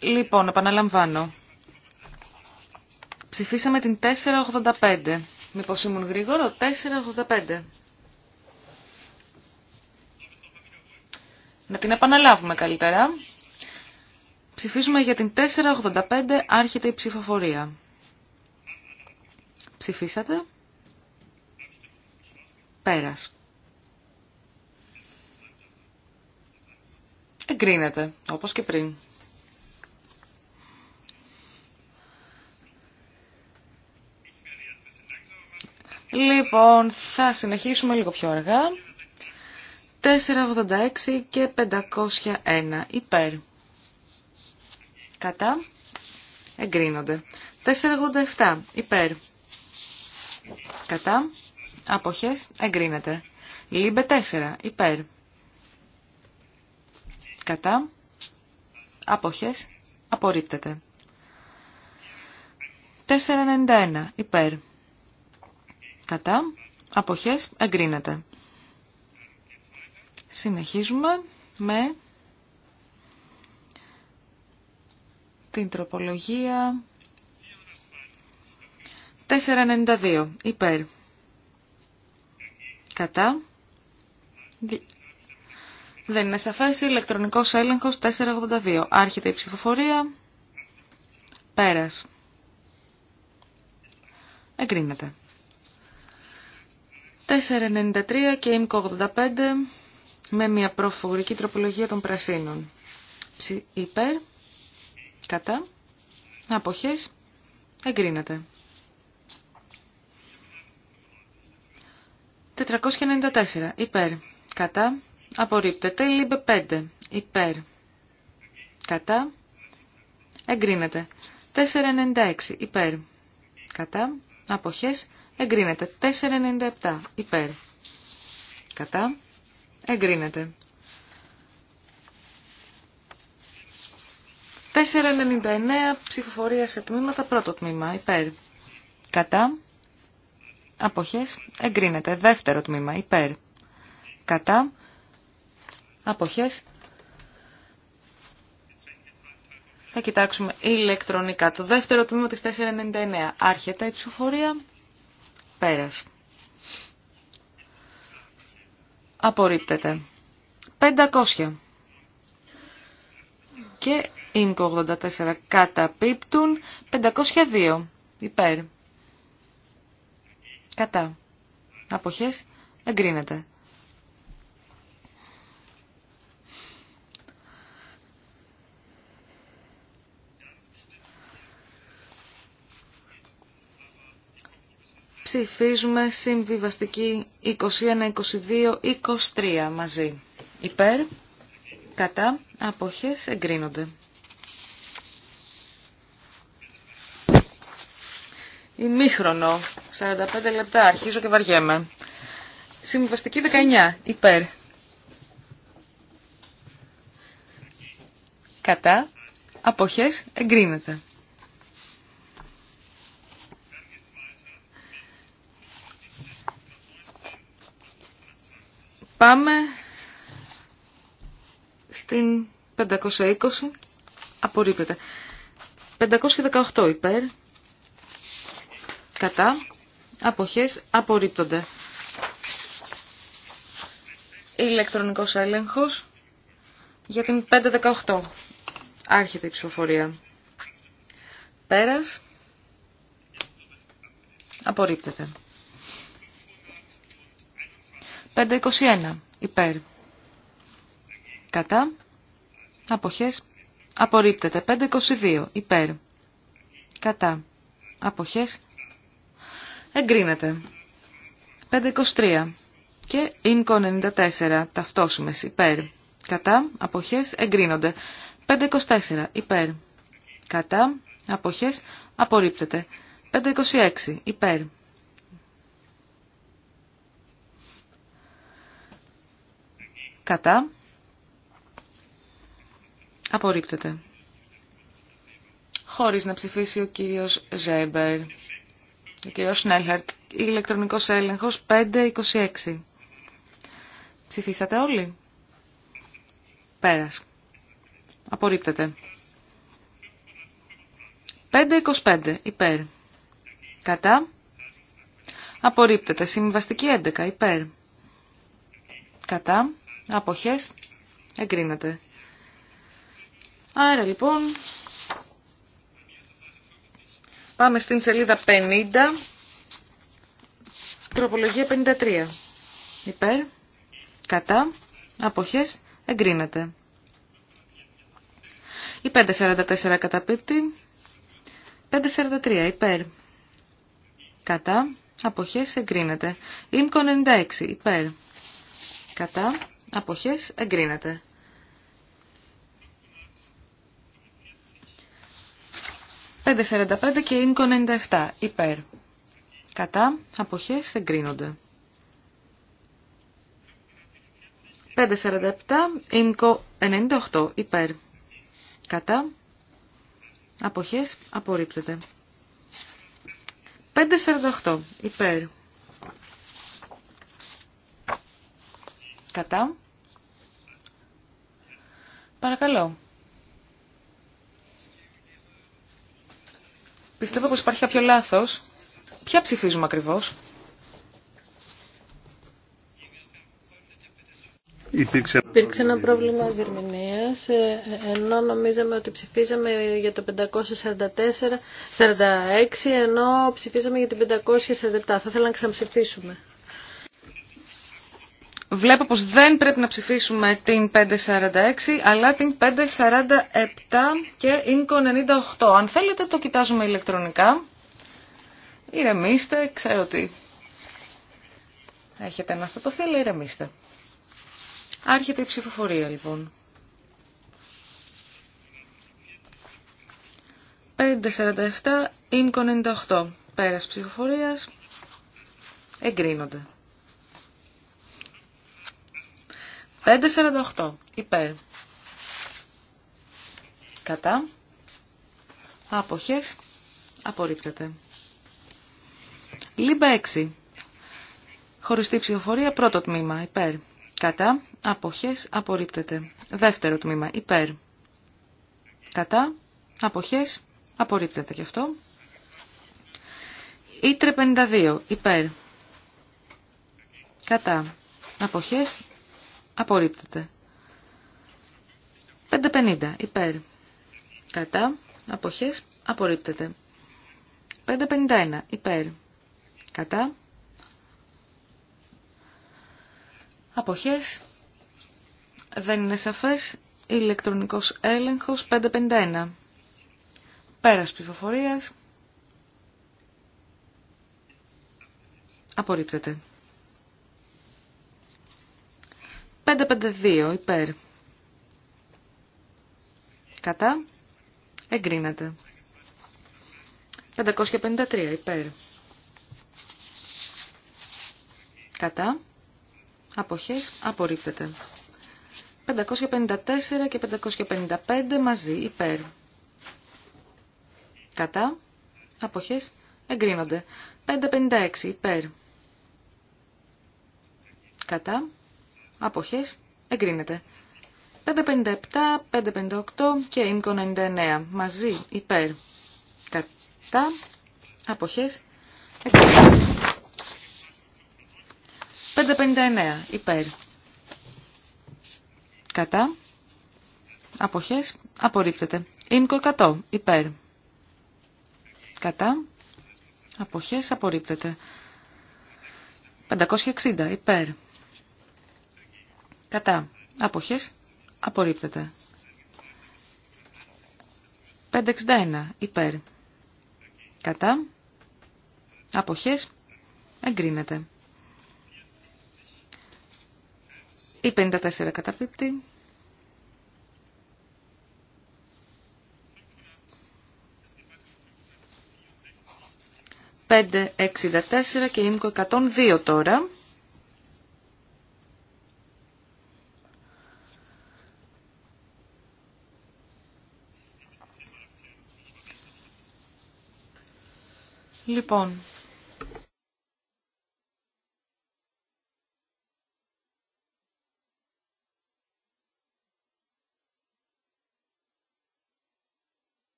Λοιπόν, επαναλαμβάνω. Ψηφίσαμε την 485. Μήπως ήμουν γρήγορο, 485. Να την επαναλάβουμε καλύτερα. Ψηφίζουμε για την 485, άρχεται η ψηφοφορία. Ψηφίσατε. Πέρας. Εγκρίνεται, όπως και πριν. Λοιπόν, θα συνεχίσουμε λίγο πιο αργά. 486 και 501 υπέρ. Κατά. Εγκρίνονται. 487 υπέρ. Κατά. Αποχές. Εγκρίνεται. Λίμπε 4. Υπέρ. Κατά. Αποχές. Απορρίπτεται. 491. Υπέρ. Κατά. Αποχές. Εγκρίνεται. Συνεχίζουμε με την τροπολογία 492 υπέρ. Κατά. Δεν είναι σαφές. Ηλεκτρονικός έλεγχος 482. Άρχεται η ψηφοφορία. Πέρας. Εγκρίνεται. 493 και ΙΜΚΟ 85 με μια προφορική τροπολογία των πρασίνων. υπέρ. Κατά. Αποχές. Εγκρίνεται. 494. Υπέρ. Κατά. Απορρίπτεται. Λίμπε 5. Υπέρ. Κατά. Εγκρίνεται. 496. Υπέρ. Κατά. Αποχές. Εγκρίνεται. 497. Υπέρ. Κατά. Εγκρίνεται. 499. Ψηφοφορία σε τμήματα. Πρώτο τμήμα. Υπέρ. Κατά. Αποχές εγκρίνεται. Δεύτερο τμήμα υπέρ. Κατά. Αποχές. Θα κοιτάξουμε ηλεκτρονικά το δεύτερο τμήμα της 499. Άρχεται η ψηφοφορία. Πέρας. Απορρίπτεται. 500. Και ΙΝΚΟ 84 καταπίπτουν 502 υπέρ. Κατά. Αποχές. Εγκρίνεται. Ψηφίζουμε συμβιβαστική 21, 22, 23 μαζί. Υπέρ, κατά, αποχές εγκρίνονται. ημίχρονο, 45 λεπτά, αρχίζω και βαριέμαι. Συμβαστική 19, υπέρ. Κατά, αποχές, εγκρίνεται. Πάμε στην 520, απορρίπτεται. 518 υπέρ, κατά, αποχές απορρίπτονται. Ηλεκτρονικός έλεγχος για την 518. Άρχεται η ψηφοφορία. Πέρας. Απορρίπτεται. 521. Υπέρ. Κατά. Αποχές. Απορρίπτεται. 522. Υπέρ. Κατά. Αποχές. Εγκρίνεται. 523 και ΙΝΚΟ 94 ταυτόσιμες υπέρ. Κατά αποχές εγκρίνονται. 524 υπέρ. Κατά αποχές απορρίπτεται. 526 υπέρ. Κατά απορρίπτεται. Χωρίς να ψηφίσει ο κύριος Ζέμπερ. Ο κ. Σνέλχαρτ, ηλεκτρονικός έλεγχος 526. Ψηφίσατε όλοι. Πέρας. Απορρίπτεται. 525 υπέρ. Κατά. Απορρίπτεται. Συμβαστική 11 υπέρ. Κατά. Αποχές. Εγκρίνεται. Άρα λοιπόν Πάμε στην σελίδα 50, τροπολογία 53. Υπέρ, κατά, αποχές, εγκρίνεται. Η 544 καταπίπτει, 543 υπέρ, κατά, αποχές, εγκρίνεται. Ήμκο 96 υπέρ, κατά, αποχές, εγκρίνεται. 5.45 και ΙΝΚΟ 97. Υπέρ. Κατά. Αποχές εγκρίνονται. 5.47. ΙΝΚΟ 98. Υπέρ. Κατά. Αποχές απορρίπτεται. 5.48. Υπέρ. Κατά. Παρακαλώ. Πιστεύω πως υπάρχει κάποιο λάθος. Ποια ψηφίζουμε ακριβώς. Υπήρξε... ένα πρόβλημα διερμηνία, ε, ενώ νομίζαμε ότι ψηφίζαμε για το 546 ενώ ψηφίζαμε για την 547. Θα ήθελα να ξαναψηφίσουμε. Βλέπω πως δεν πρέπει να ψηφίσουμε την 546, αλλά την 547 και ΙΝΚΟ 98. Αν θέλετε το κοιτάζουμε ηλεκτρονικά. Ηρεμήστε, ξέρω ότι έχετε ένα το αλλά ηρεμήστε. Άρχεται η ψηφοφορία λοιπόν. 547, ΙΝΚΟ 98. Πέρας ψηφοφορίας. Εγκρίνονται. 548 υπέρ. Κατά. Αποχές. Απορρίπτεται. Λίμπα 6. Χωριστή ψηφοφορία πρώτο τμήμα υπέρ. Κατά. Αποχές. Απορρίπτεται. Δεύτερο τμήμα υπέρ. Κατά. Αποχές. Απορρίπτεται και αυτό. Ήτρε 52 υπέρ. Κατά. Αποχές Απορρίπτεται. 5.50 υπέρ. Κατά. Αποχές. Απορρίπτεται. 5.51 υπέρ. Κατά. Αποχές. Δεν είναι σαφές. Ηλεκτρονικός έλεγχος 551. Πέρας ψηφοφορίας. Απορρίπτεται. 552 υπέρ. Κατά. Εγκρίνεται. 553 υπέρ. Κατά. Αποχές απορρίπτεται. 554 και 555 μαζί υπέρ. Κατά. Αποχές εγκρίνονται. 556 υπέρ. Κατά αποχές, εγκρίνεται. 557, 558 και ΙΜΚΟ 99 μαζί υπέρ κατά αποχές εγκρίνεται. 559 υπέρ κατά αποχές απορρίπτεται. ΙΜΚΟ 100 υπέρ κατά αποχές απορρίπτεται. 560 υπέρ Κατά. Αποχές. Απορρίπτεται. 561. Υπέρ. Κατά. Αποχές. Εγκρίνεται. Η 54 καταπίπτει. 564 και ΙΜΚΟ 102 τώρα. Λοιπόν,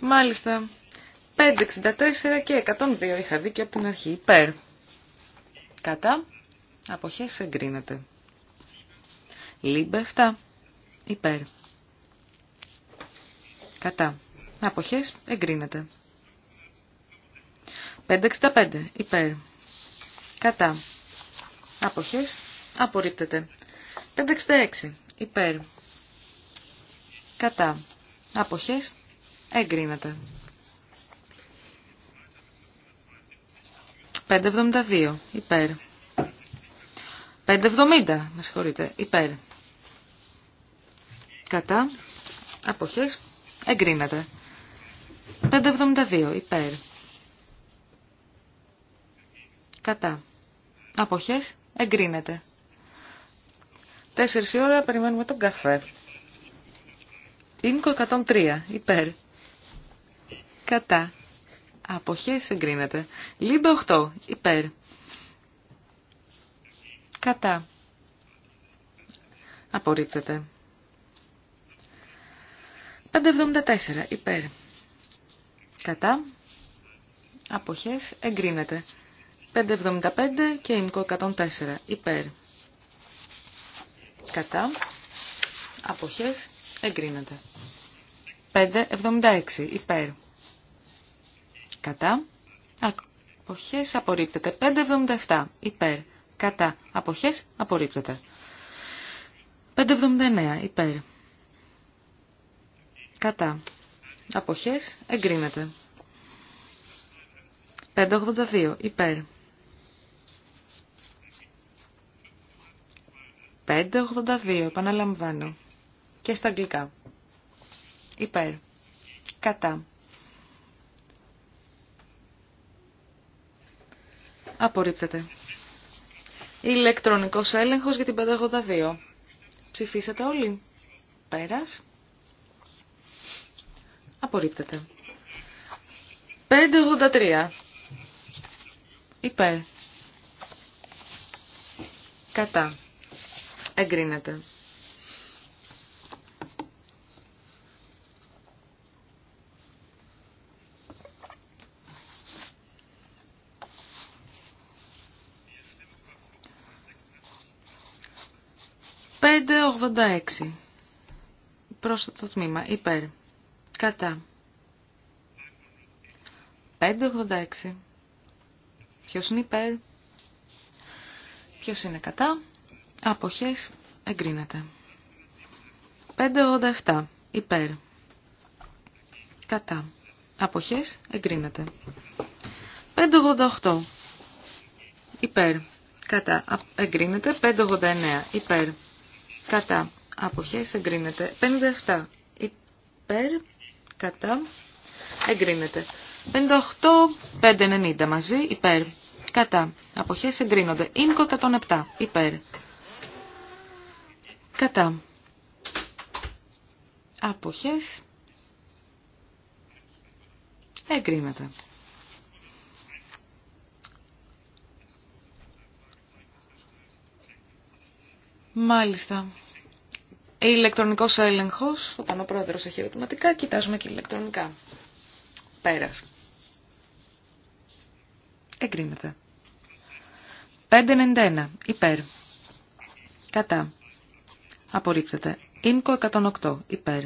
Μάλιστα. 564 και 102 είχα δει και από την αρχή. Υπέρ. Κατά. Αποχές εγκρίνεται. Λίμπε 7. Υπέρ. Κατά. Αποχές εγκρίνεται. 565. Υπέρ. Κατά. Αποχές απορρίπτεται. 566. Υπέρ. Κατά. Αποχές εγκρίνεται. 572. Υπέρ. 570. Με συγχωρείτε. Υπέρ. Κατά. Αποχές Εγκρίνεται. 572 υπέρ. Κατά. Αποχές. Εγκρίνεται. Τέσσερις ώρα περιμένουμε τον καφέ. Ίνκο 103 υπέρ. Κατά. Αποχές εγκρίνεται. Λίμπε 8 υπέρ. Κατά. Απορρίπτεται. 574 υπέρ. Κατά. Αποχές εγκρίνεται. 575 και ημικό 104 υπέρ. Κατά. Αποχές εγκρίνεται. 576 υπέρ. Κατά. Αποχές απορρίπτεται. 577 υπέρ. Κατά. Αποχές απορρίπτεται. 579 υπέρ. Κατά. Αποχές εγκρίνεται. 582. Υπέρ. 582. Επαναλαμβάνω. Και στα αγγλικά. Υπέρ. Κατά. Απορρίπτεται. Ηλεκτρονικός έλεγχος για την 582. Ψηφίσατε όλοι. Πέρας. Απορρίπτεται. 583. Υπέρ. Κατά. Εγκρίνεται. 586. Πρόσθετο τμήμα. Υπέρ. Κατά. 586. Ποιος είναι υπέρ. Ποιος είναι κατά. Αποχές εγκρίνεται. 587. Υπέρ. Κατά. Αποχές εγκρίνεται. 588. Υπέρ. Κατά. Εγκρίνεται. 589. Υπέρ. Κατά. Αποχές εγκρίνεται. 57. Υπέρ κατά, εγκρίνεται. 58, 590 μαζί, υπέρ, κατά, αποχές εγκρίνονται. Ίνκο 107, υπέρ, κατά, αποχές, εγκρίνεται. Μάλιστα ηλεκτρονικός έλεγχος, όταν ο πρόεδρος έχει ερωτηματικά, κοιτάζουμε και ηλεκτρονικά. Πέρας. Εγκρίνεται. 591. Υπέρ. Κατά. Απορρίπτεται. Ίνκο 108. Υπέρ.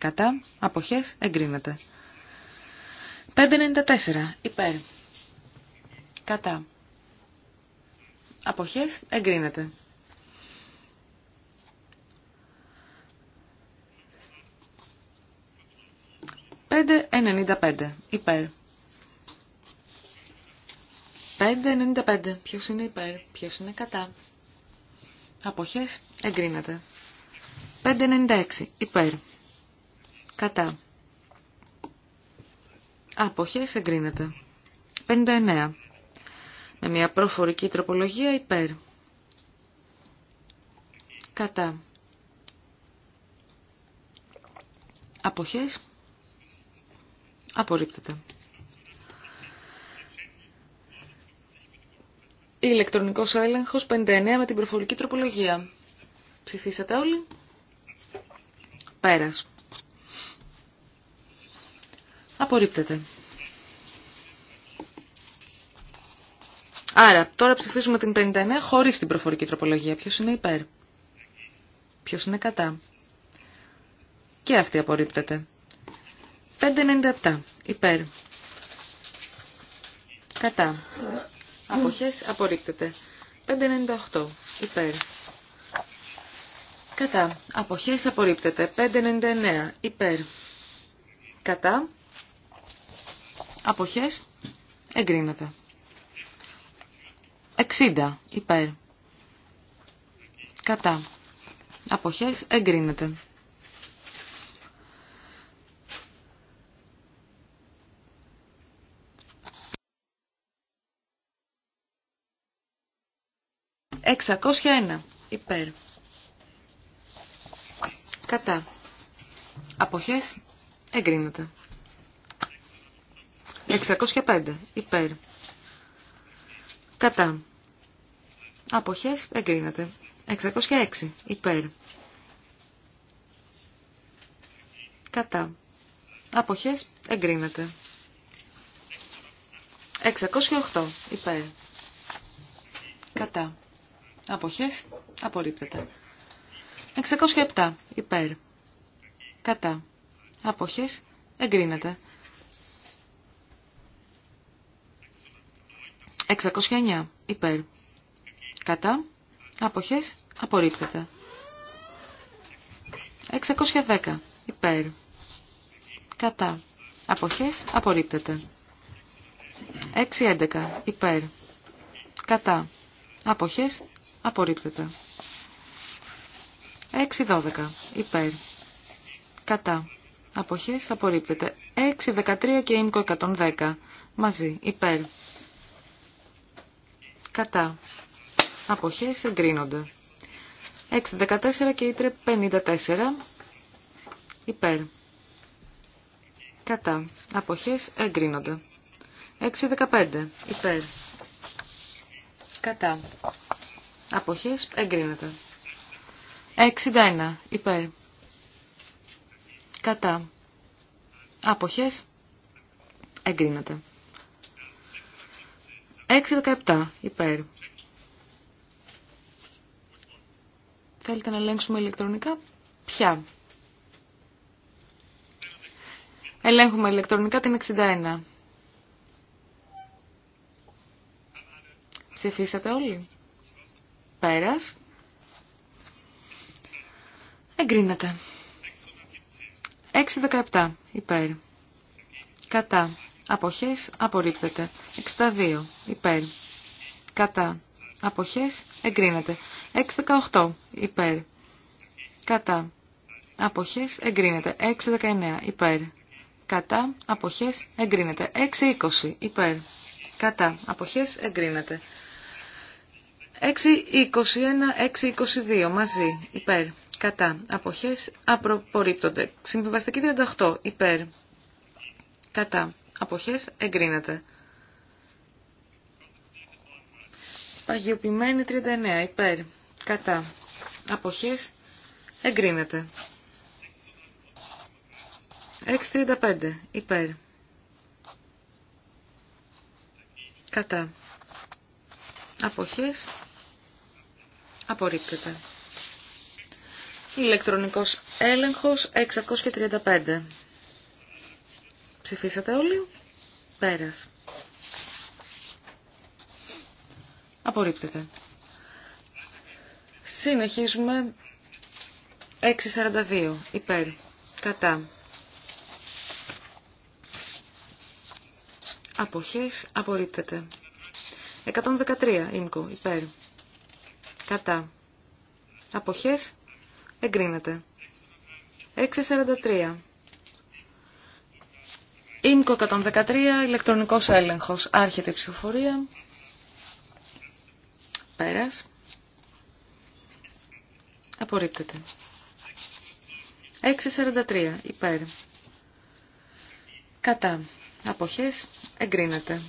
Κατά. απόχέ, Εγκρίνεται. 594. Υπέρ. Κατά. Αποχές. Εγκρίνεται. 5.95. Υπέρ. 5.95. Ποιος είναι υπέρ, ποιος είναι κατά. Αποχές εγκρίνεται. 5.96. Υπέρ. Κατά. Αποχές εγκρίνεται. 59. Με μια προφορική τροπολογία υπέρ. Κατά. Αποχές Απορρίπτεται. Ηλεκτρονικός έλεγχος 59 με την προφορική τροπολογία. Ψηφίσατε όλοι. Πέρας. Απορρίπτεται. Άρα, τώρα ψηφίζουμε την 59 χωρίς την προφορική τροπολογία. Ποιος είναι υπέρ. Ποιος είναι κατά. Και αυτή απορρίπτεται. 597 υπέρ. Κατά. Αποχές απορρίπτεται. 598 υπέρ. Κατά. Αποχές απορρίπτεται. 599 υπέρ. Κατά. Αποχές εγκρίνεται. 60 υπέρ. Κατά. Αποχές εγκρίνεται. 601 υπέρ. Κατά. Αποχές εγκρίνεται. 605 υπέρ. Κατά. Αποχές εγκρίνεται. 606 υπέρ. Κατά. Αποχές εγκρίνεται. 608 υπέρ. Κατά. Αποχές. Απορρίπτεται. 607. Υπέρ. Κατά. Αποχές. Εγκρίνεται. 609. Υπέρ. Κατά. Αποχές. Απορρίπτεται. 610. Υπέρ. Κατά. Αποχές. Απορρίπτεται. 611. Υπέρ. Κατά. Αποχές. Απορρίπτεται. 6-12. Υπέρ. κατα αποχης Αποχές. Απορρίπτεται. 6-13 και ΙΜΚΟ 110. Μαζί. Υπέρ. Κατά. Αποχές. Εγκρίνονται. 6-14 και ΙΤΡΕ 54. Υπέρ. Κατά. Αποχές. Εγκρίνονται. 6-15. Υπέρ. Κατά. Αποχές εγκρίνεται. 61 υπέρ. Κατά. Αποχές 617. υπέρ. Θέλετε να ελέγξουμε ηλεκτρονικά. Ποια. Ελέγχουμε ηλεκτρονικά την 61. Ψηφίσατε όλοι. Πέρας. Εγκρίνεται. 6-17 υπέρ. Κατά. Αποχές απορρίπτεται. 62 υπέρ. Κατά. Αποχές εγκρίνεται. 6-18 υπέρ. Κατά. Αποχές εγκρίνεται. 6-19 υπέρ. Κατά. Αποχές εγκρίνεται. 6-20 υπέρ. Κατά. Αποχές εγκρίνεται. 6.21-6.22 μαζί, υπέρ, κατά, αποχές, απορρίπτονται. Συμβιβαστική 38, υπέρ, κατά, αποχές, εγκρίνεται. Παγιοποιημένη 39, υπέρ, κατά, αποχές, εγκρίνεται. 6.35, υπέρ, κατά, αποχές, Απορρίπτεται. Ηλεκτρονικός έλεγχος 635. Ψηφίσατε όλοι. Πέρας. Απορρίπτεται. Συνεχίζουμε 642. Υπέρ. Κατά. Αποχές. Απορρίπτεται. 113. Ήμκο. Υπέρ. Κατά. Αποχές. Εγκρίνεται. 6.43. Ίνκο 113. Ηλεκτρονικός έλεγχος. Άρχεται η ψηφοφορία. Πέρας. Απορρίπτεται. 6.43. Υπέρ. Κατά. Αποχές. Εγκρίνεται.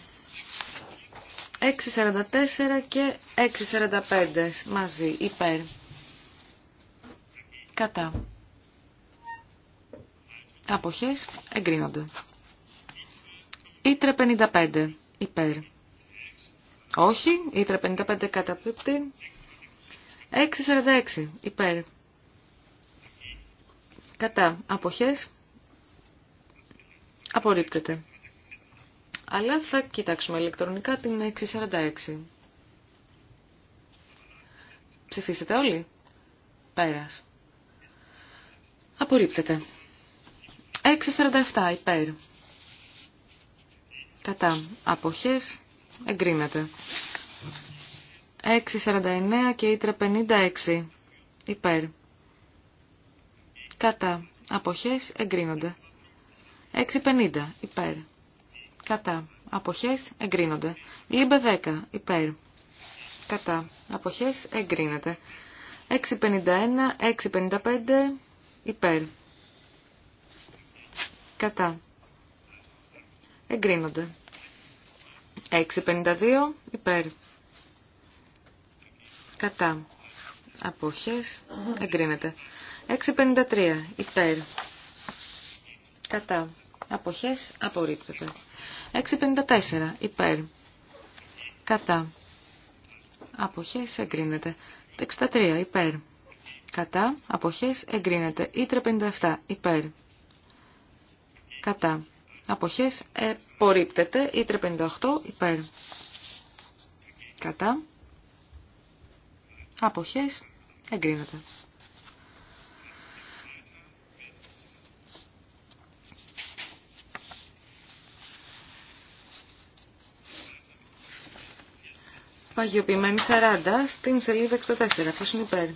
6.44 και 6.45 μαζί, υπέρ. Κατά. Αποχές εγκρίνονται. Ήτρε 55, υπέρ. Όχι, Ήτρε 55 καταπίπτει. 6.46, υπέρ. Κατά. Αποχές απορρίπτεται αλλά θα κοιτάξουμε ηλεκτρονικά την 646. Ψηφίσετε όλοι. Πέρας. Απορρίπτεται. 647 υπέρ. Κατά. Αποχές. Εγκρίνεται. 649 και ήτρα 56 υπέρ. Κατά. Αποχές εγκρίνονται. 650 υπέρ κατά, αποχές, εγκρίνονται. Λίμπε 10, υπέρ, κατά, αποχές, εγκρίνεται. 651, 655, υπέρ, κατά, εγκρίνονται. 652, υπέρ, κατά, αποχές, εγκρίνεται. 653, υπέρ, κατά, αποχές, απορρίπτεται. 654 υπέρ. Κατά. Αποχές εγκρίνεται. 63 υπέρ. Κατά. Αποχές εγκρίνεται. Ήτρε 57 υπέρ. Κατά. Αποχές επορρίπτεται. Ήτρε 58 υπέρ. Κατά. Αποχές εγκρίνεται. Παγιοποιημένη 40 στην σελίδα 64. Ποιος είναι υπέρ.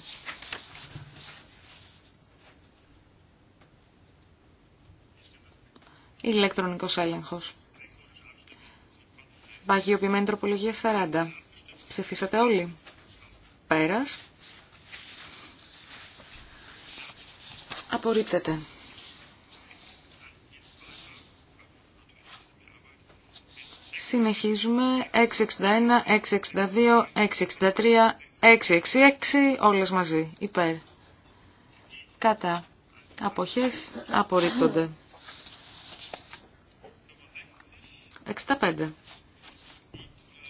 Ηλεκτρονικός έλεγχος. Παγιοποιημένη τροπολογία 40. Ψηφίσατε όλοι. Πέρας. Απορρίπτεται. Συνεχίζουμε 661, 662, 663, 666, όλες μαζί, υπέρ. Κατά. Αποχές απορρίπτονται. 65.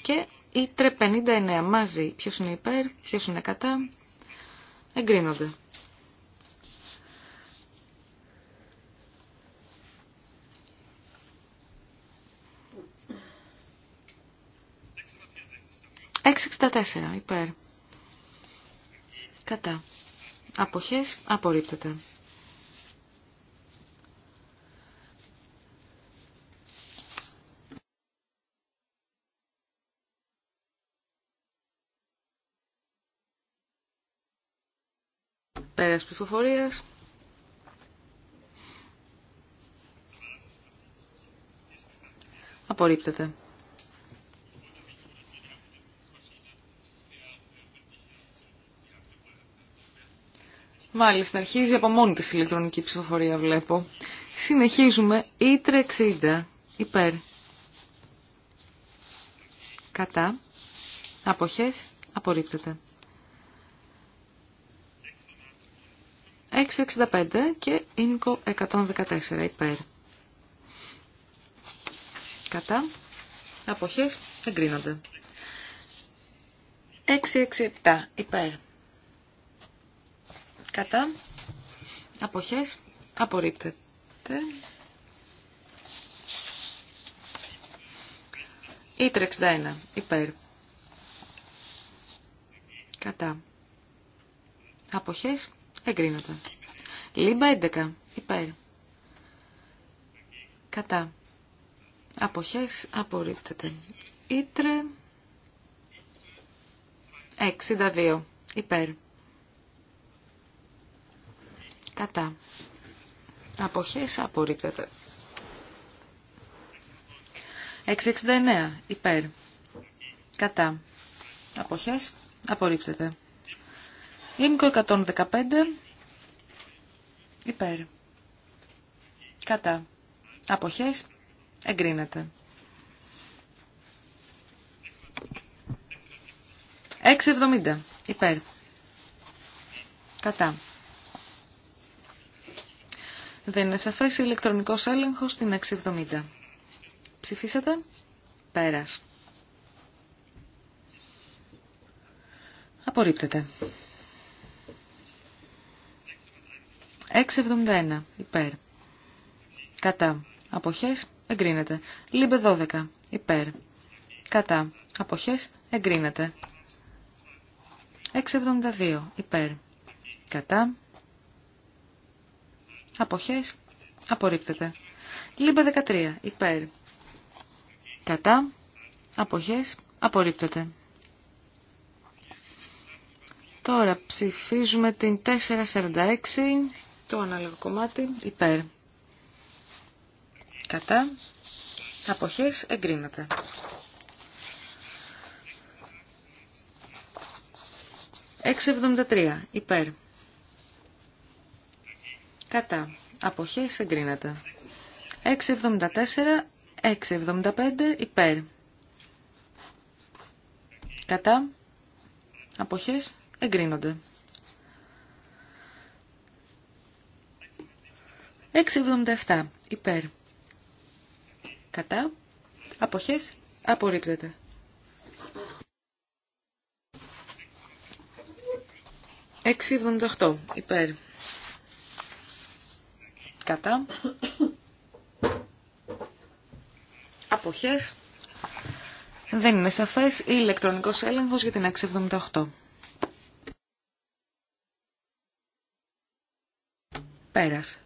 Και η 359 μαζί. Ποιος είναι υπέρ, ποιος είναι κατά. Εγκρίνονται. 1664 υπέρ. Κατά. Αποχές απορρίπτεται. Πέρας πληροφορίας. Απορρίπτεται. Μάλιστα, αρχίζει από μόνη της ηλεκτρονική ψηφοφορία, βλέπω. Συνεχίζουμε, ήτρε 60, υπέρ. Κατά. Αποχές, απορρίπτεται. 665 και ίνκο 114, υπέρ. Κατά. Αποχές, εγκρίνονται. 667, υπέρ Κατά. Αποχές. Απορρίπτεται. 61. Υπέρ. Κατά. Αποχές. Εγκρίνεται. Λίμπα 11. Υπέρ. Κατά. Αποχές. Απορρίπτεται. Ήτρε. 62. Υπέρ. Κατά. Αποχές απορρίπτεται. 669. Υπέρ. Κατά. Αποχές απορρίπτεται. Ήμικο 115. Υπέρ. Κατά. Αποχές εγκρίνεται. 670. Υπέρ. Κατά. Δεν είναι σαφές. Ηλεκτρονικός έλεγχος στην 670. Ψηφίσατε. Πέρας. Απορρίπτεται. 671. Υπέρ. Κατά. Αποχές. Εγκρίνεται. Λίμπε 12. Υπέρ. Κατά. Αποχές. Εγκρίνεται. 672. Υπέρ. Κατά. Αποχές. Απορρίπτεται. Λίμπα 13. Υπέρ. Κατά. Αποχές. Απορρίπτεται. Τώρα ψηφίζουμε την 446, το ανάλογο κομμάτι, υπέρ. Κατά. Αποχές εγκρίνεται. «673. Υπέρ κατά, αποχέ εγκρίνεται. 674, 675 υπέρ, κατά, αποχές εγκρίνονται. 677 υπέρ, κατά, αποχές απορρίπτεται. 678 υπέρ κατά αποχές δεν είναι σαφές ή ηλεκτρονικός έλεγχος για την 678. Πέρας.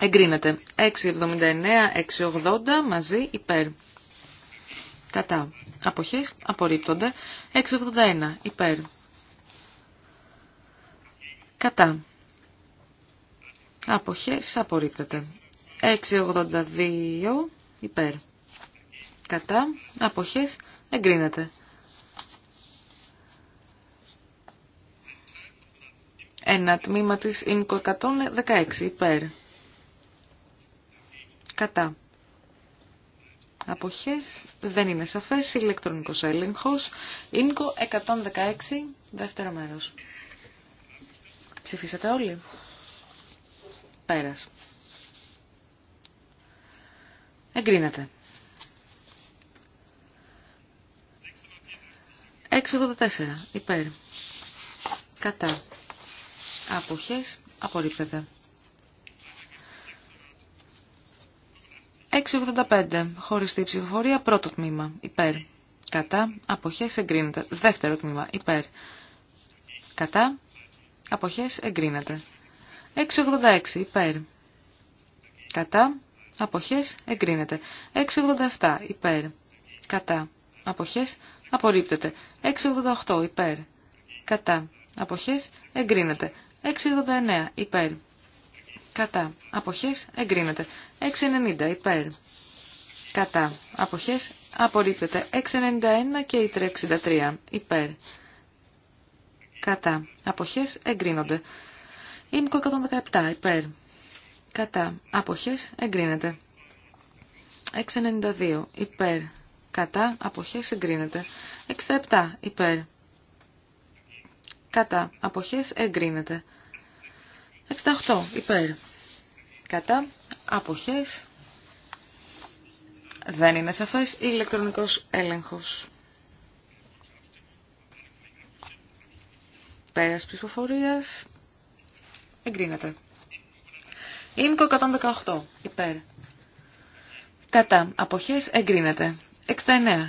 Εγκρίνεται. 6,79, 6,80 μαζί υπέρ κατά, αποχές, απορρίπτονται. 681 υπέρ, κατά, αποχές, απορρίπτεται. 682 υπέρ, κατά, αποχές, εγκρίνεται. 1 τμήμα της ΙΝΚΟ 116 υπέρ, κατά. Αποχές δεν είναι σαφές. Ηλεκτρονικός έλεγχος. Ίνκο 116, δεύτερο μέρος. Ψηφίσατε όλοι. Πέρας. Εγκρίνεται. 684. Υπέρ. Κατά. Αποχές. Απορρίπτεται. 685. Χωριστή ψηφοφορία. Πρώτο τμήμα. Υπέρ. Κατά. Αποχές εγκρίνεται. Δεύτερο τμήμα. Υπέρ. Κατά. Αποχές εγκρίνεται. 686. Υπέρ. Κατά. Αποχές εγκρίνεται. 687. Υπέρ. Κατά. Αποχές απορρίπτεται. 688. Υπέρ. Κατά. Αποχές εγκρίνεται. 689. Υπέρ. Κατά. απόχέ εγκρίνεται. 6.90 υπέρ. Κατά. Αποχές απορρίπτεται. 6.91 και η 3.63 υπέρ. Κατά. Αποχές εγκρίνονται. Ήμικο 117 υπέρ. Κατά. Αποχές εγκρίνεται. 6.92 υπέρ. Κατά. Αποχές εγκρίνεται. 67 υπέρ. Κατά. Αποχές εγκρίνεται. 68 υπέρ. Κατά αποχές δεν είναι σαφές ηλεκτρονικός έλεγχος. Πέρας ψηφοφορίας εγκρίνεται. Ίνκο 118 υπέρ. Κατά αποχές εγκρίνεται. 69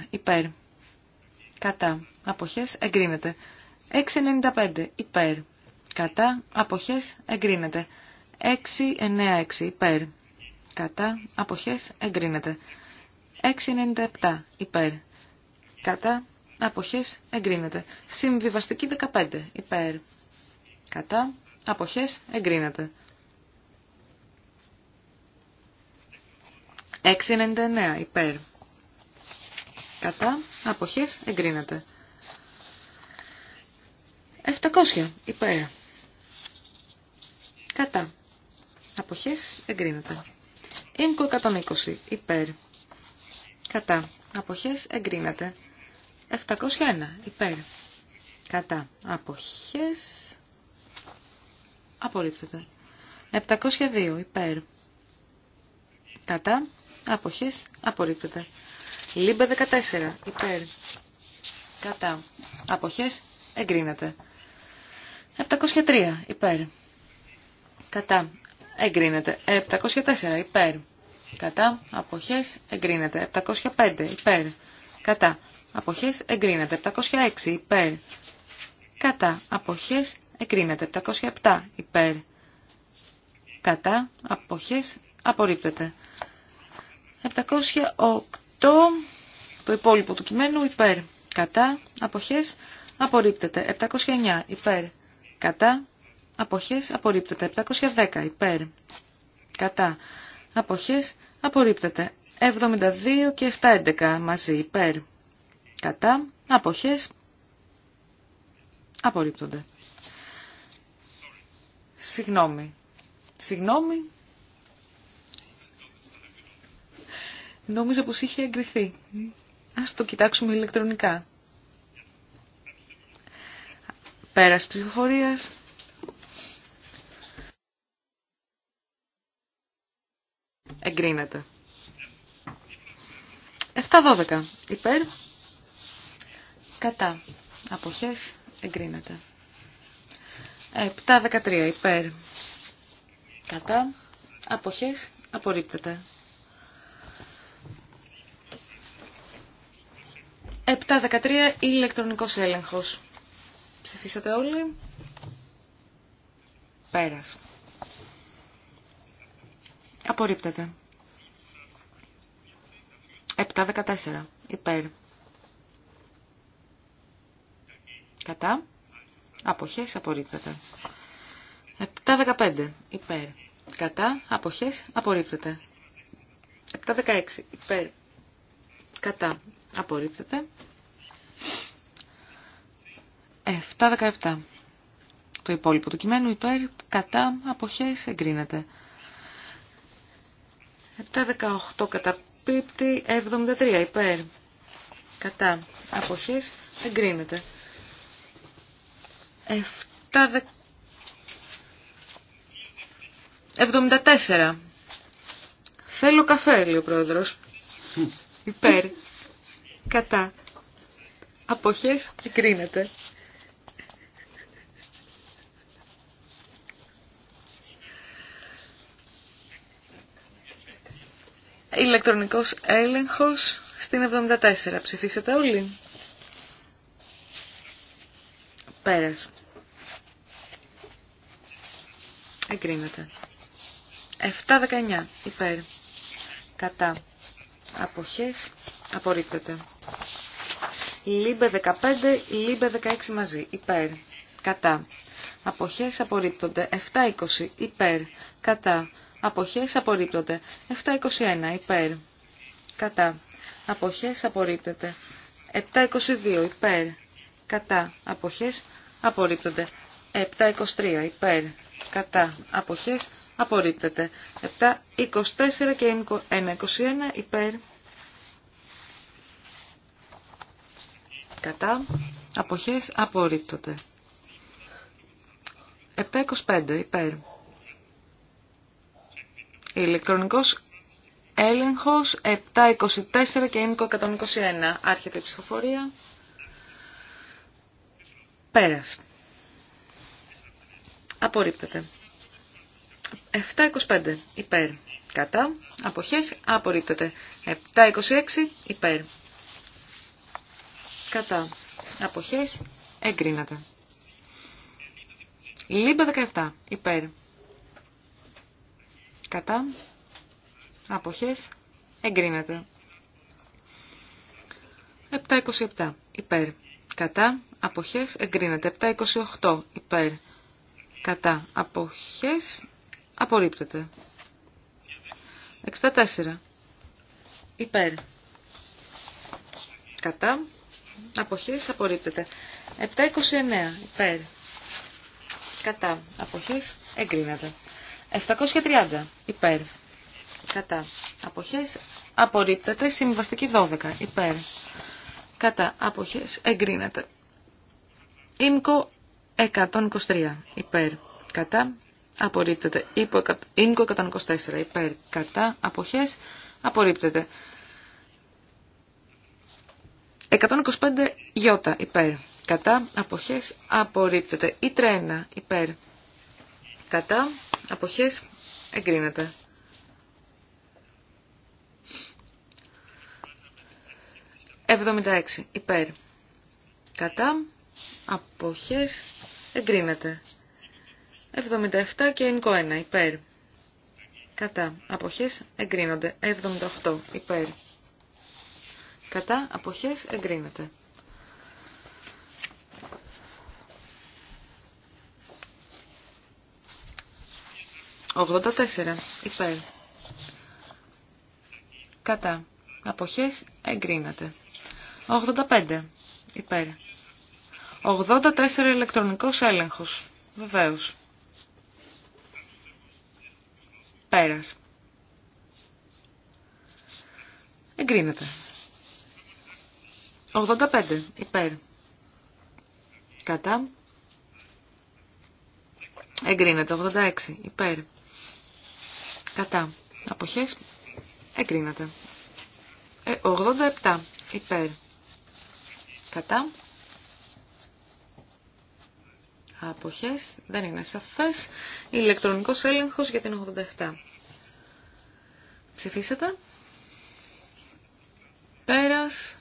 υπέρ. Κατά αποχές εγκρίνεται. 695 υπέρ κατά, αποχές, εγκρίνεται. 696 υπέρ, κατά, αποχές, εγκρίνεται. 697 υπέρ, κατά, αποχές, εγκρίνεται. Συμβιβαστική 15 υπέρ, κατά, αποχές, εγκρίνεται. 699 υπέρ, κατά, αποχές, εγκρίνεται. 700 υπέρ, Κατά. Αποχές εγκρίνεται. Ίνκο 120. Υπέρ. Κατά. Αποχές εγκρίνεται. 701. Υπέρ. Κατά. Αποχές. Απορρίπτεται. 702. Υπέρ. Κατά. Αποχές. Απορρίπτεται. Λίμπε 14. Υπέρ. Κατά. Αποχές. Εγκρίνεται. 703. Υπέρ. Κατά. Εγκρίνεται. 704. Υπέρ. Κατά. Αποχές. Εγκρίνεται. 705. Υπέρ. Κατά. Αποχές. Εγκρίνεται. 706. Υπέρ. Κατά. Αποχές. Εγκρίνεται. 707. Υπέρ. Κατά. Αποχές. Απορρίπτεται. 708. Το υπόλοιπο του κειμένου. Υπέρ. Κατά. Αποχές. Απορρίπτεται. 709. Υπέρ. Κατά. Αποχές απορρίπτεται. 710 υπέρ. Κατά. Αποχές απορρίπτεται. 72 και 711 μαζί υπέρ. Κατά. Αποχές απορρίπτονται. Συγγνώμη. Συγγνώμη. Νόμιζα πως είχε εγκριθεί. Ας το κοιτάξουμε ηλεκτρονικά. Πέρας ψηφοφορίας. εγκρίνεται. 7-12 υπέρ, κατά, αποχές, εγκρίνεται. 7-13 υπέρ, κατά, αποχές, απορρίπτεται. 7-13 ηλεκτρονικός έλεγχος. Ψηφίσατε όλοι. Πέρασε. Απορρίπτεται. 7-14. Υπέρ. Κατά. Αποχές απορρίπτεται. 7-15. Υπέρ. Κατά. Αποχές απορρίπτεται. 7-16. Υπέρ. Κατά. Απορρίπτεται. 7-17. Το υπόλοιπο του κειμένου υπέρ. Κατά. Αποχές εγκρίνεται. 18 πίπτη 73 υπέρ. Κατά. Αποχής. εγκρίνεται. 7, 74. Θέλω καφέ, λέει ο πρόεδρος. Υπέρ. Κατά. Αποχές εγκρίνεται. ηλεκτρονικός έλεγχος στην 74. Ψηφίσατε όλοι. Πέρας. Εγκρίνεται. 7-19 υπέρ. Κατά. Αποχές. Απορρίπτεται. Λίμπε 15, λίμπε 16 μαζί. Υπέρ. Κατά. Αποχές απορρίπτονται. 7-20 υπέρ. Κατά. Αποχές απορρίπτονται. 721 υπέρ. Κατά. Αποχές απορρίπτεται. 722 υπέρ. Κατά. Αποχές απορρίπτονται. 723 υπέρ. Κατά. Αποχές απορρίπτεται. 724 και 121 υπέρ. Κατά. Αποχές απορρίπτονται. 725 υπέρ Ηλεκτρονικός έλεγχος 724 και 121. Άρχεται η ψηφοφορία. Πέρας. Απορρίπτεται. 725 υπέρ. Κατά. Αποχές. Απορρίπτεται. 726 υπέρ. Κατά. Αποχές. Εγκρίνεται. Λίμπα 17 υπέρ. Κατά. Αποχές. Εγκρίνεται. 727. Υπέρ. Κατά. Αποχές. Εγκρίνεται. 728. Υπέρ. Κατά. Αποχές. Απορρίπτεται. 64. Υπέρ. Κατά. Αποχές. Απορρίπτεται. 729. Υπέρ. Κατά. Αποχές. Εγκρίνεται. 730 υπέρ. Κατά. Αποχές απορρίπτεται. Συμβαστική 12 υπέρ. Κατά. Αποχές εγκρίνεται. Ήμκο 123 υπέρ. Κατά. Απορρίπτεται. Ήμκο 124 υπέρ. Κατά. Αποχές απορρίπτεται. 125 γιώτα υπέρ. Κατά αποχές απορρίπτεται. Ή τρένα υπέρ κατά, αποχές, εγκρίνεται. 76 υπέρ, κατά, αποχές, εγκρίνεται. 77 και ενικό ένα, υπέρ, κατά, αποχές, εγκρίνονται. 78 υπέρ, κατά, αποχές, εγκρίνεται. 84 υπέρ. Κατά. Αποχές εγκρίνεται. 85 υπέρ. 84 ηλεκτρονικός έλεγχος. Βεβαίως. Πέρας. Εγκρίνεται. 85 υπέρ. Κατά. Εγκρίνεται. 86 υπέρ. Κατά. Αποχές. Εγκρίνεται. 87. Ε, Υπέρ. Κατά. Αποχές. Δεν είναι σαφές. Ηλεκτρονικός έλεγχος για την 87. Ψηφίσατε. Πέρας.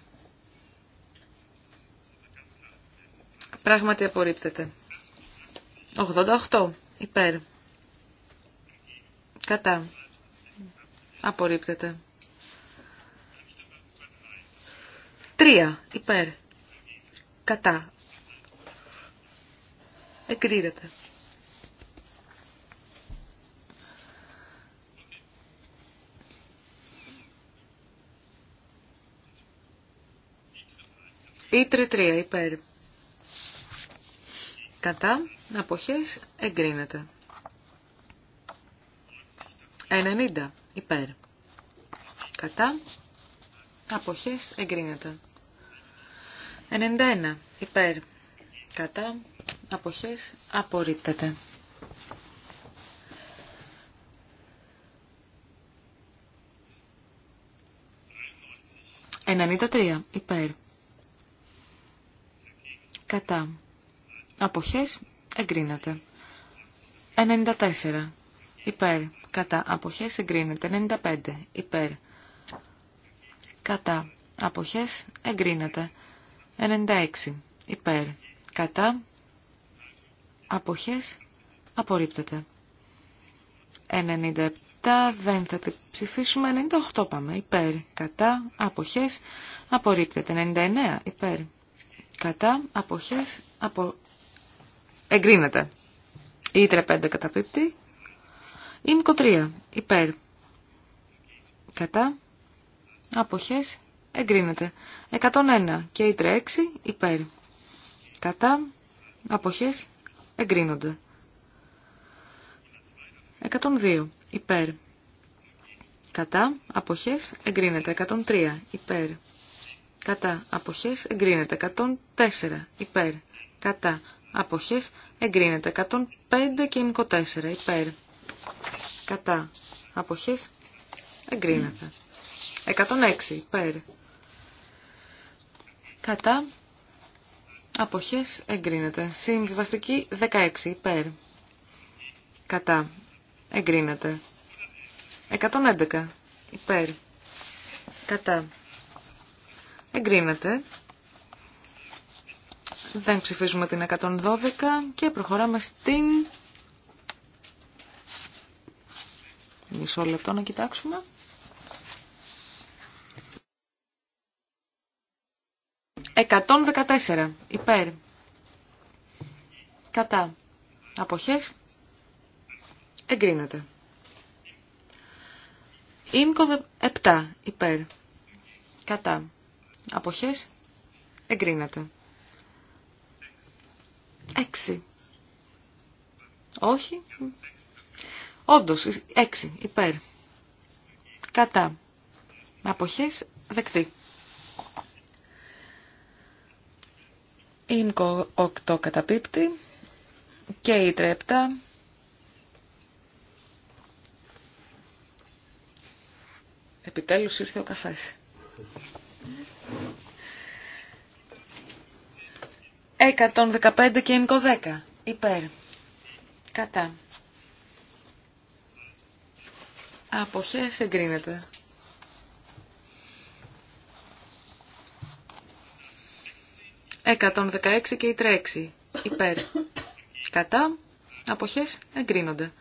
Πράγματι απορρίπτεται. 88. Υπέρ. Κατά. Απορρίπτεται. Τρία. Υπέρ. Κατά. Εγκρίνεται. Ήτρε Τρία. υπέρ. Κατά αποχές εγκρίνεται. 90 υπέρ. Κατά. Αποχές εγκρίνεται. 91 υπέρ. Κατά. Αποχές απορρίπτεται. 93 υπέρ. Κατά. Αποχές εγκρίνεται. 94 υπέρ, κατά αποχές εγκρίνεται. 95 υπέρ, κατά αποχές εγκρίνεται. 96 υπέρ, κατά αποχές απορρίπτεται. 97 δεν θα τη ψηφίσουμε. 98 πάμε. Υπέρ. Κατά. Αποχές. Απορρίπτεται. 99. Υπέρ. Κατά. Αποχές. Απο... Εγκρίνεται. Ήτρε 5 καταπίπτει. Ήμικο 3. Υπέρ. Κατά. Αποχές. Εγκρίνεται. 101 και η 6 υπέρ. Κατά. Αποχές. Εγκρίνονται. 102 υπέρ. Κατά. Αποχές. Εγκρίνεται. 103 υπέρ. Κατά. Αποχές. Εγκρίνεται. 104 υπέρ. Κατά. Αποχές. Εγκρίνεται. 105 και 4 υπέρ κατά αποχές εγκρίνεται. 106 υπέρ κατά αποχές εγκρίνεται. Συμβιβαστική 16 υπέρ κατά εγκρίνεται. 111 υπέρ κατά εγκρίνεται. Δεν ψηφίζουμε την 112 και προχωράμε στην 114 να κοιτάξουμε. 114. Υπέρ. Κατά. Αποχές. Εγκρίνεται. 7. Υπέρ. Κατά. Αποχές. Εγκρίνεται. 6. Όχι. Όντω 6 υπέρ. Κατά. Αποχές δεκτή. Ήμκο 8 καταπίπτει και η τρέπτα. Επιτέλους ήρθε ο καφές. 115 και ήμκο 10. Υπέρ. Κατά. Αποχές εγκρίνεται. 116 και η τρέξη. Υπέρ. Κατά. Αποχές εγκρίνονται.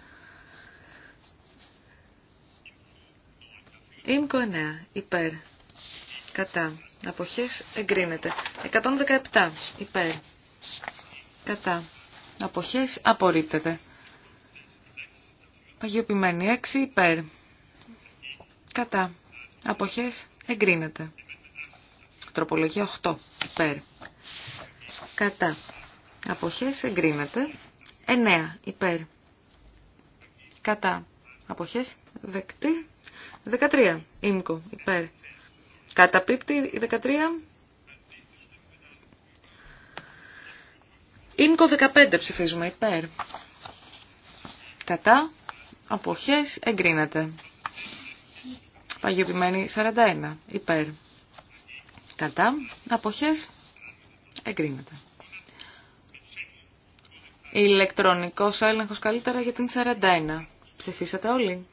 Ήμκο 9. Υπέρ. Κατά. Αποχές εγκρίνεται. 117. Υπέρ. Κατά. Αποχές απορρίπτεται. Παγιοποιημένη 6. Υπέρ κατά, αποχές, εγκρίνεται. Τροπολογία 8, υπέρ, κατά, αποχές, εγκρίνεται. 9, υπέρ, κατά, αποχές, δεκτή. 13, ήμκο, υπέρ, καταπίπτει, 13, Ήμκο 15 ψηφίζουμε υπέρ. Κατά. Αποχές εγκρίνεται. Παγιοποιημένη 41. Υπέρ. Κατά. Αποχές. Εγκρίνεται. Ηλεκτρονικός έλεγχο καλύτερα για την 41. Ψηφίσατε όλοι.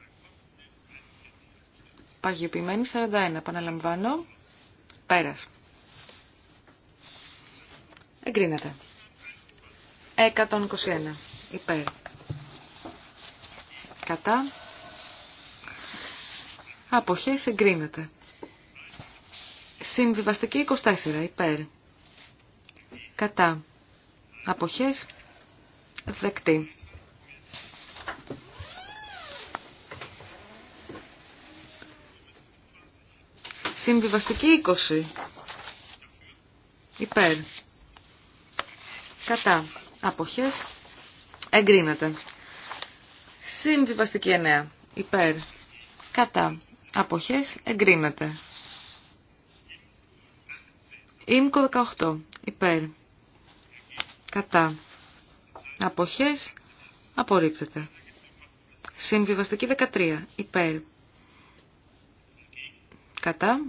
Παγιοποιημένη 41. Επαναλαμβάνω. Πέρας. Εγκρίνεται. 121. Υπέρ. Κατά. Αποχές εγκρίνεται. Συμβιβαστική 24 υπέρ. Κατά. Αποχές δεκτή. Συμβιβαστική 20. Υπέρ. Κατά. Αποχές. Εγκρίνεται. Συμβιβαστική 9. Υπέρ. Κατά. Αποχές εγκρίνεται. Ήμκο 18. Υπέρ. Κατά. Αποχές απορρίπτεται. Συμβιβαστική 13. Υπέρ. Κατά.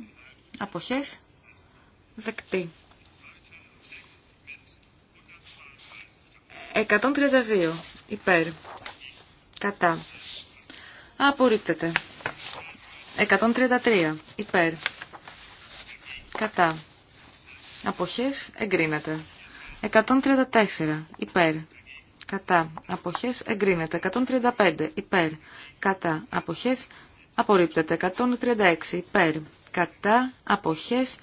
Αποχές δεκτή. 132. Υπέρ. Κατά. Απορρίπτεται. 133. Υπέρ. Κατά. Αποχές εγκρίνεται. 134. Υπέρ. Κατά. Αποχές εγκρίνεται. 135. Υπέρ. Κατά. Αποχές απορρίπτεται. 136. Υπέρ. Κατά. Αποχές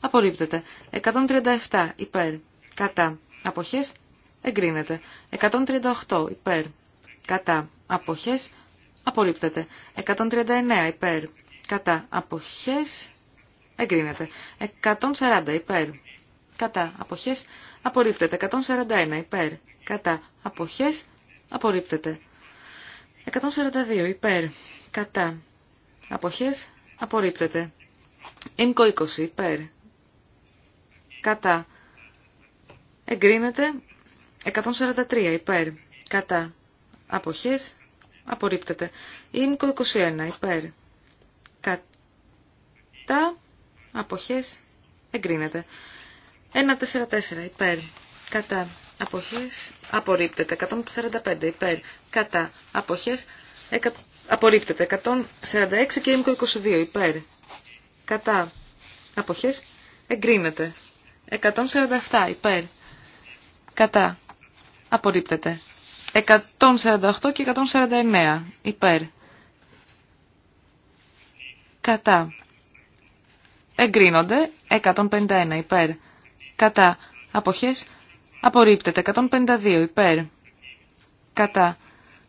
απορρίπτεται. 137. Υπέρ. Κατά. Αποχές εγκρίνεται. 138. Υπέρ. Κατά. Αποχές Απορρίπτεται. 139 υπέρ. Κατά. Αποχές. Εγκρίνεται. 140 υπέρ. Κατά. Αποχές. Απορρίπτεται. 141 υπέρ. Κατά. Αποχές. Απορρίπτεται. 142 υπέρ. Κατά. Αποχές. Απορρίπτεται. Ήμκο 20 υπέρ. Κατά. Εγκρίνεται. 143 υπέρ. Κατά. Αποχές. Απορρίπτεται. Ήμικο 21. Υπέρ. Κατά. Αποχές. Εγκρίνεται. 1.44. Υπέρ. Κατά. Αποχές. Απορρίπτεται. 145. Υπέρ. Κατά. Αποχές. Εκα... Απορρίπτεται. 146 και ήμικο 22. Υπέρ. Κατά. Αποχές. Εγκρίνεται. 147. Υπέρ. Κατά. Απορρίπτεται. 148 και 149 υπέρ. Κατά. Εγκρίνονται 151 υπέρ. Κατά. Αποχές. Απορρίπτεται 152 υπέρ. Κατά.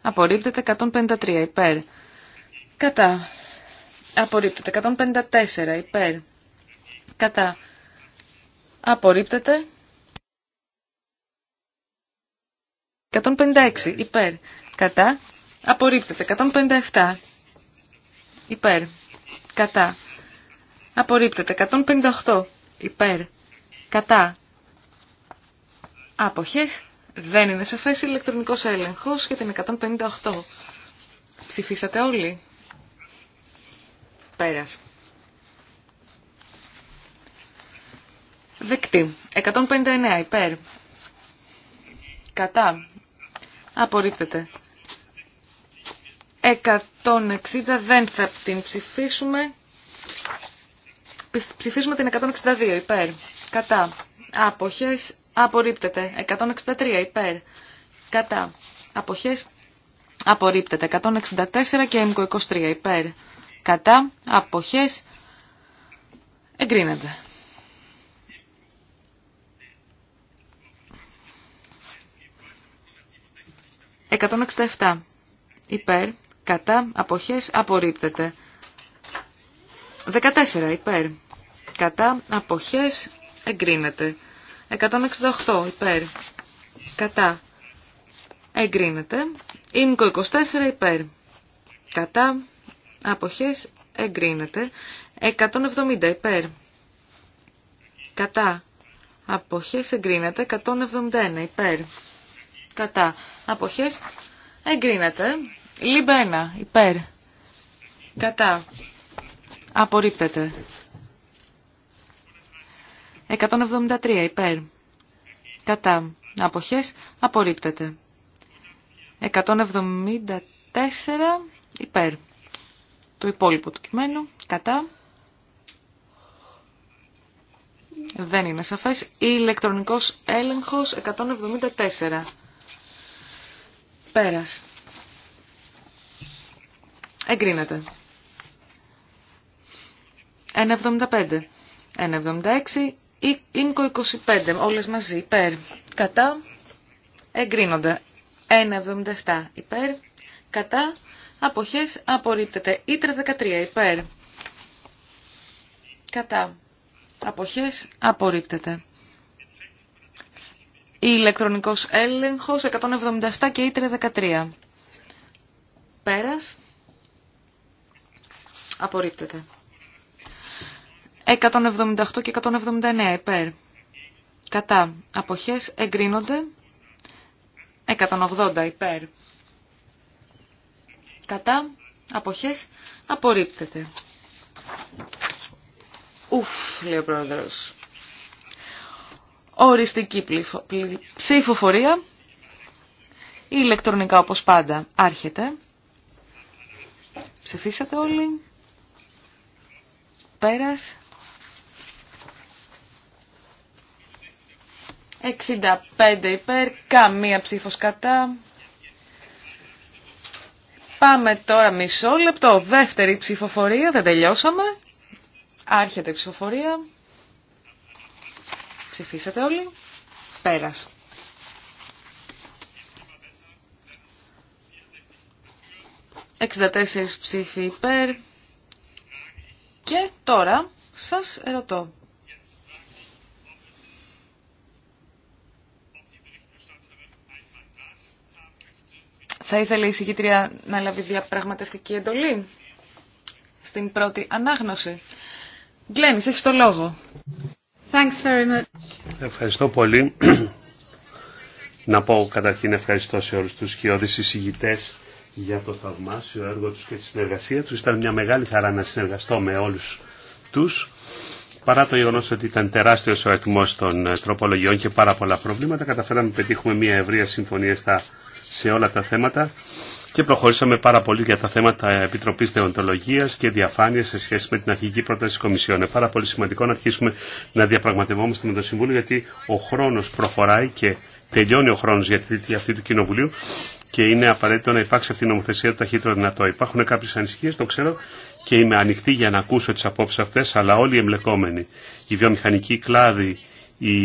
Απορρίπτεται 153 υπέρ. Κατά. Απορρίπτεται 154 υπέρ. Κατά. Απορρίπτεται 156 υπέρ. Κατά. Απορρίπτεται. 157 υπέρ. Κατά. Απορρίπτεται. 158 υπέρ. Κατά. Άποχες. Δεν είναι σαφές ηλεκτρονικός έλεγχος για την 158. Ψηφίσατε όλοι. Πέρας. Δεκτή. 159 υπέρ. Κατά. Απορρίπτεται. 160 δεν θα την ψηφίσουμε. Ψηφίσουμε την 162 υπέρ. Κατά. Αποχές. Απορρίπτεται. 163 υπέρ. Κατά. Αποχές. Απορρίπτεται. 164 και 23 υπέρ. Κατά. Αποχές. Εγκρίνεται. 167. Υπέρ, κατά, αποχές, απορρίπτεται. 14. Υπέρ, κατά, αποχές, εγκρίνεται. 168. Υπέρ, κατά, εγκρίνεται. Ήμικο 24. Υπέρ, κατά, αποχές, εγκρίνεται. 170. Υπέρ, κατά, αποχές, εγκρίνεται. 171. Υπέρ, κατά, αποχές, εγκρίνεται. Λιμπένα, υπέρ, κατά, απορρίπτεται. 173, υπέρ, κατά, αποχές, απορρίπτεται. 174, υπέρ, το υπόλοιπο του κειμένου, κατά, δεν είναι σαφές. Ηλεκτρονικός έλεγχος 174. Πέρας. Εγκρίνεται. 1,75. 1,76. Ίνκο 25. Όλες μαζί. Υπέρ. Κατά. Εγκρίνονται. 1,77. Υπέρ. Κατά. Αποχές. Απορρίπτεται. Ήτρε 13. Υπέρ. Κατά. Αποχές. Απορρίπτεται ηλεκτρονικός έλεγχος 177 και η 13. Πέρας. Απορρίπτεται. 178 και 179 υπέρ. Κατά. Αποχές εγκρίνονται. 180 υπέρ. Κατά. Αποχές απορρίπτεται. Ουφ, λέει ο πρόεδρος. Οριστική ψηφοφορία. Η ηλεκτρονικά όπως πάντα άρχεται. Ψηφίσατε όλοι. Πέρας. 65 υπέρ, καμία ψήφος κατά. Πάμε τώρα μισό λεπτό. Δεύτερη ψηφοφορία, δεν τελειώσαμε. Άρχεται η ψηφοφορία. Ψηφίσατε όλοι. Πέρας. 64 ψήφοι υπέρ. Και τώρα σας ερωτώ. Θα ήθελε η συγκήτρια να λάβει διαπραγματευτική εντολή στην πρώτη ανάγνωση. Γκλένης, έχεις το λόγο. Ευχαριστώ πολύ. Να πω καταρχήν ευχαριστώ σε όλους τους τις συγητές για το θαυμάσιο έργο τους και τη συνεργασία τους. Ήταν μια μεγάλη χαρά να συνεργαστώ με όλους τους. Παρά το γεγονό ότι ήταν τεράστιο ο αριθμό των ε, τροπολογιών και πάρα πολλά προβλήματα, καταφέραμε να πετύχουμε μια ευρεία συμφωνία στα, σε όλα τα θέματα και προχωρήσαμε πάρα πολύ για τα θέματα Επιτροπής Δεοντολογίας και διαφάνεια σε σχέση με την αρχική πρόταση της Κομισιόν. Είναι πάρα πολύ σημαντικό να αρχίσουμε να διαπραγματευόμαστε με το Συμβούλιο γιατί ο χρόνος προχωράει και τελειώνει ο χρόνος για τη δίκτυα αυτή του Κοινοβουλίου και είναι απαραίτητο να υπάρξει αυτή η νομοθεσία το ταχύτερο δυνατό. Υπάρχουν κάποιε ανησυχίε, το ξέρω, και είμαι ανοιχτή για να ακούσω τι απόψει αυτέ, αλλά όλοι οι εμπλεκόμενοι, οι βιομηχανικοί κλάδοι, οι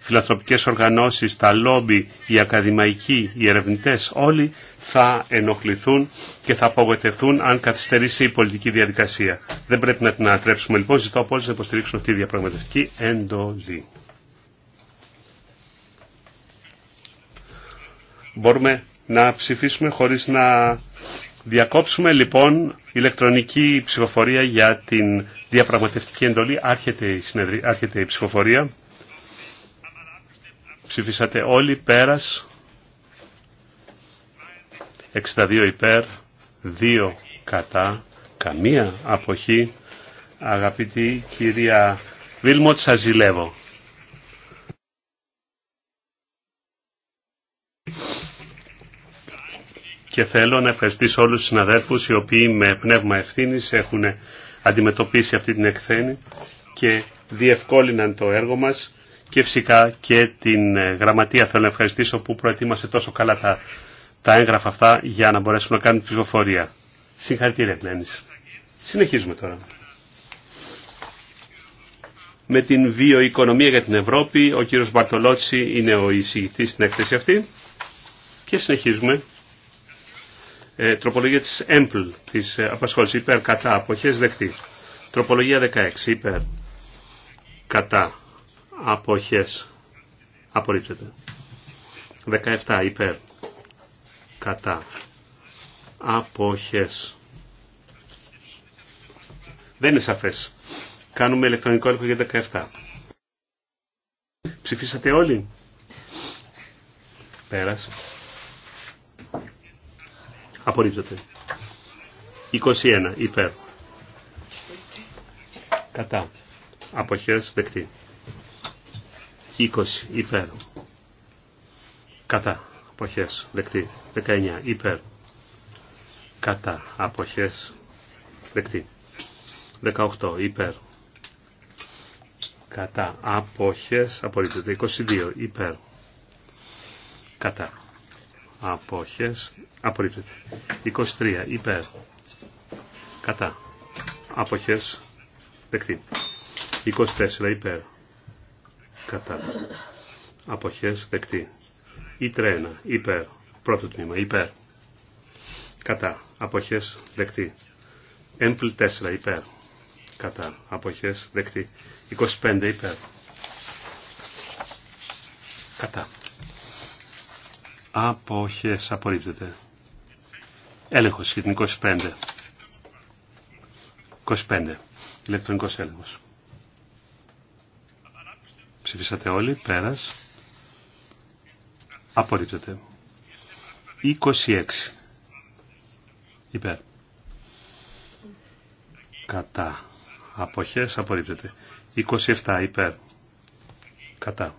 φιλανθρωπικές οργανώσεις, τα λόμπι, οι ακαδημαϊκοί, οι ερευνητές, όλοι θα ενοχληθούν και θα απογοητευτούν αν καθυστερήσει η πολιτική διαδικασία. Δεν πρέπει να την ανατρέψουμε λοιπόν. Ζητώ από όλους να υποστηρίξουν αυτή η διαπραγματευτική εντολή. Μπορούμε να ψηφίσουμε χωρίς να διακόψουμε λοιπόν ηλεκτρονική ψηφοφορία για την διαπραγματευτική εντολή. η, άρχεται η ψηφοφορία. Ψηφίσατε όλοι πέρας. 62 υπέρ, 2 κατά, καμία αποχή. Αγαπητή κυρία Βίλμοτ, σας ζηλεύω. Και θέλω να ευχαριστήσω όλους τους συναδέλφους οι οποίοι με πνεύμα ευθύνης έχουν αντιμετωπίσει αυτή την εκθένη και διευκόλυναν το έργο μας και φυσικά και την ε, γραμματεία θέλω να ευχαριστήσω που προετοίμασε τόσο καλά τα, τα έγγραφα αυτά για να μπορέσουμε να κάνουμε πληροφορία. Συγχαρητήρια Κλένη. Συνεχίζουμε τώρα. Με την βιοοικονομία για την Ευρώπη, ο κύριος Μπαρτολότσι είναι ο εισηγητής στην έκθεση αυτή και συνεχίζουμε. Ε, τροπολογία της ΕΜΠΛ, της ε, απασχόλησης υπέρ κατά αποχές δεκτή. Τροπολογία 16 υπέρ κατά αποχές απορρίπτεται 17 υπέρ κατά αποχές δεν είναι σαφές κάνουμε ηλεκτρονικό έλεγχο για 17 ψηφίσατε όλοι Πέρασε. απορρίπτεται 21 υπέρ κατά αποχές δεκτή 20 υπέρ. Κατά αποχές δεκτή. 19 υπέρ. Κατά αποχές δεκτή. 18 υπέρ. Κατά αποχές απορρίπτεται. 22 υπέρ. Κατά αποχές απορρίπτεται. 23 υπέρ. Κατά αποχές δεκτή. 24 υπέρ κατά αποχές δεκτή. Η τρένα, υπέρ πρώτο τμήμα υπέρ κατά αποχές δεκτή. Έμπλ 4 υπέρ κατά αποχές δεκτή. 25 υπέρ κατά αποχές απορρίπτεται. Έλεγχος για την 25. 25. Ηλεκτρονικός έλεγχος. Ψηφίσατε όλοι, πέρας. Απορρίπτεται. 26. Υπέρ. Κατά. Αποχές απορρίπτεται. 27. Υπέρ. Κατά.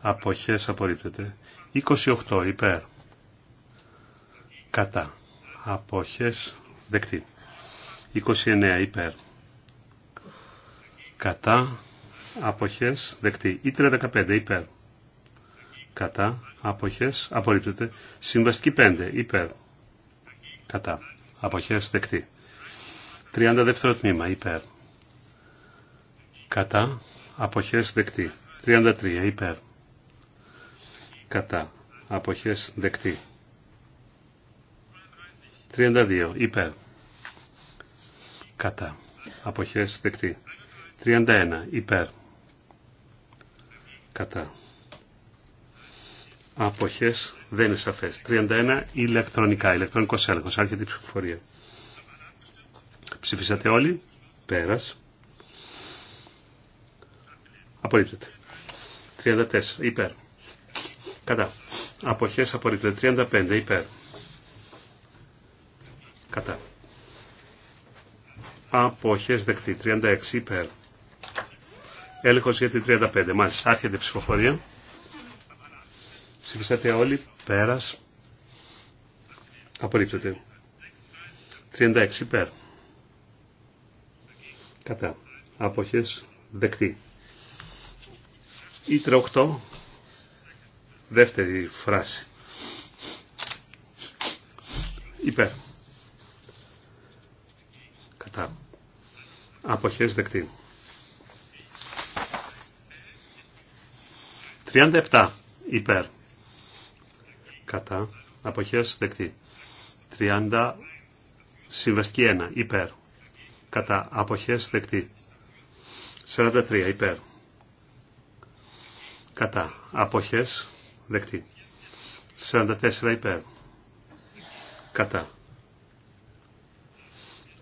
Αποχές απορρίπτεται. 28. Υπέρ. Κατά. Αποχές δεκτή. 29. Υπέρ. Κατά αποχές δεκτή. Ήτρε 15 υπέρ. Κατά αποχές απορρίπτεται. Συμβαστική 5 υπέρ. Κατά αποχές δεκτή. 32 τμήμα υπέρ. Κατά αποχές δεκτή. 33 υπέρ. Κατά αποχές δεκτή. 32 υπέρ. Κατά αποχές δεκτή. 31 υπέρ κατά αποχές δεν είναι σαφές. 31 ηλεκτρονικά, ηλεκτρονικό έλεγχος, άρχεται η ψηφοφορία. Ψηφίσατε όλοι, πέρας. Απορρίπτεται. 34 υπέρ. Κατά. Αποχές απορρίπτεται. 35 υπέρ. Κατά. Αποχές δεκτή. 36 υπέρ. Έλεγχος για την 35. Μάλιστα, άρχεται η ψηφοφορία. Ψηφίσατε όλοι. Πέρας. Απορρίπτεται. 36 υπέρ. Κατά. Αποχές. Δεκτή. Ήτρε 8. Δεύτερη φράση. Υπέρ. Κατά. Αποχές δεκτή. 37 υπέρ. Κατά. Αποχές δεκτή. 30 συμβαστική 1 υπέρ. Κατά. Αποχές δεκτή. 43 υπέρ. Κατά. Αποχές δεκτή. 44 υπέρ. Κατά.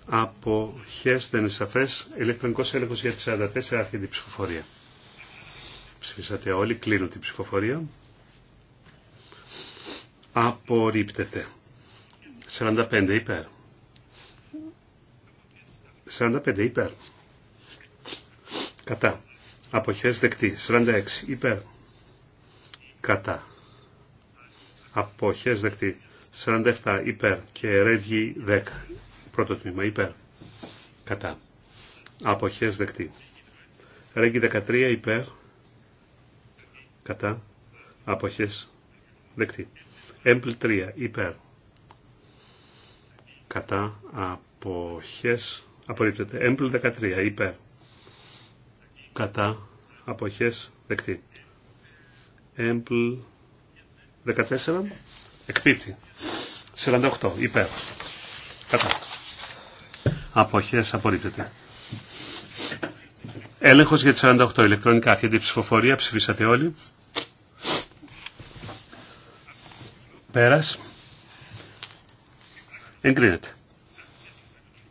Αποχές δεν είναι σαφές. Ελεκτρονικό έλεγχος για 44 αρχή ψηφοφορία. Ψηφίσατε όλοι, κλείνω την ψηφοφορία. Απορρίπτεται. 45 υπέρ. 45 υπέρ. Κατά. Αποχές δεκτή. 46 υπέρ. Κατά. Αποχές δεκτή. 47 υπέρ και ρεύγει 10. Πρώτο τμήμα υπέρ. Κατά. Αποχές δεκτή. Ρέγγι 13 υπέρ κατά αποχές δεκτή. Έμπλ 3 υπέρ κατά αποχές απορρίπτεται. Έμπλ 13 υπέρ κατά αποχές δεκτή. Έμπλ 14 εκπίπτει. 48 υπέρ κατά αποχές απορρίπτεται. Έλεγχος για τι 48 ηλεκτρονικά. Άρχεται ψηφοφορία. Ψηφίσατε όλοι. Πέρας. Εγκρίνεται.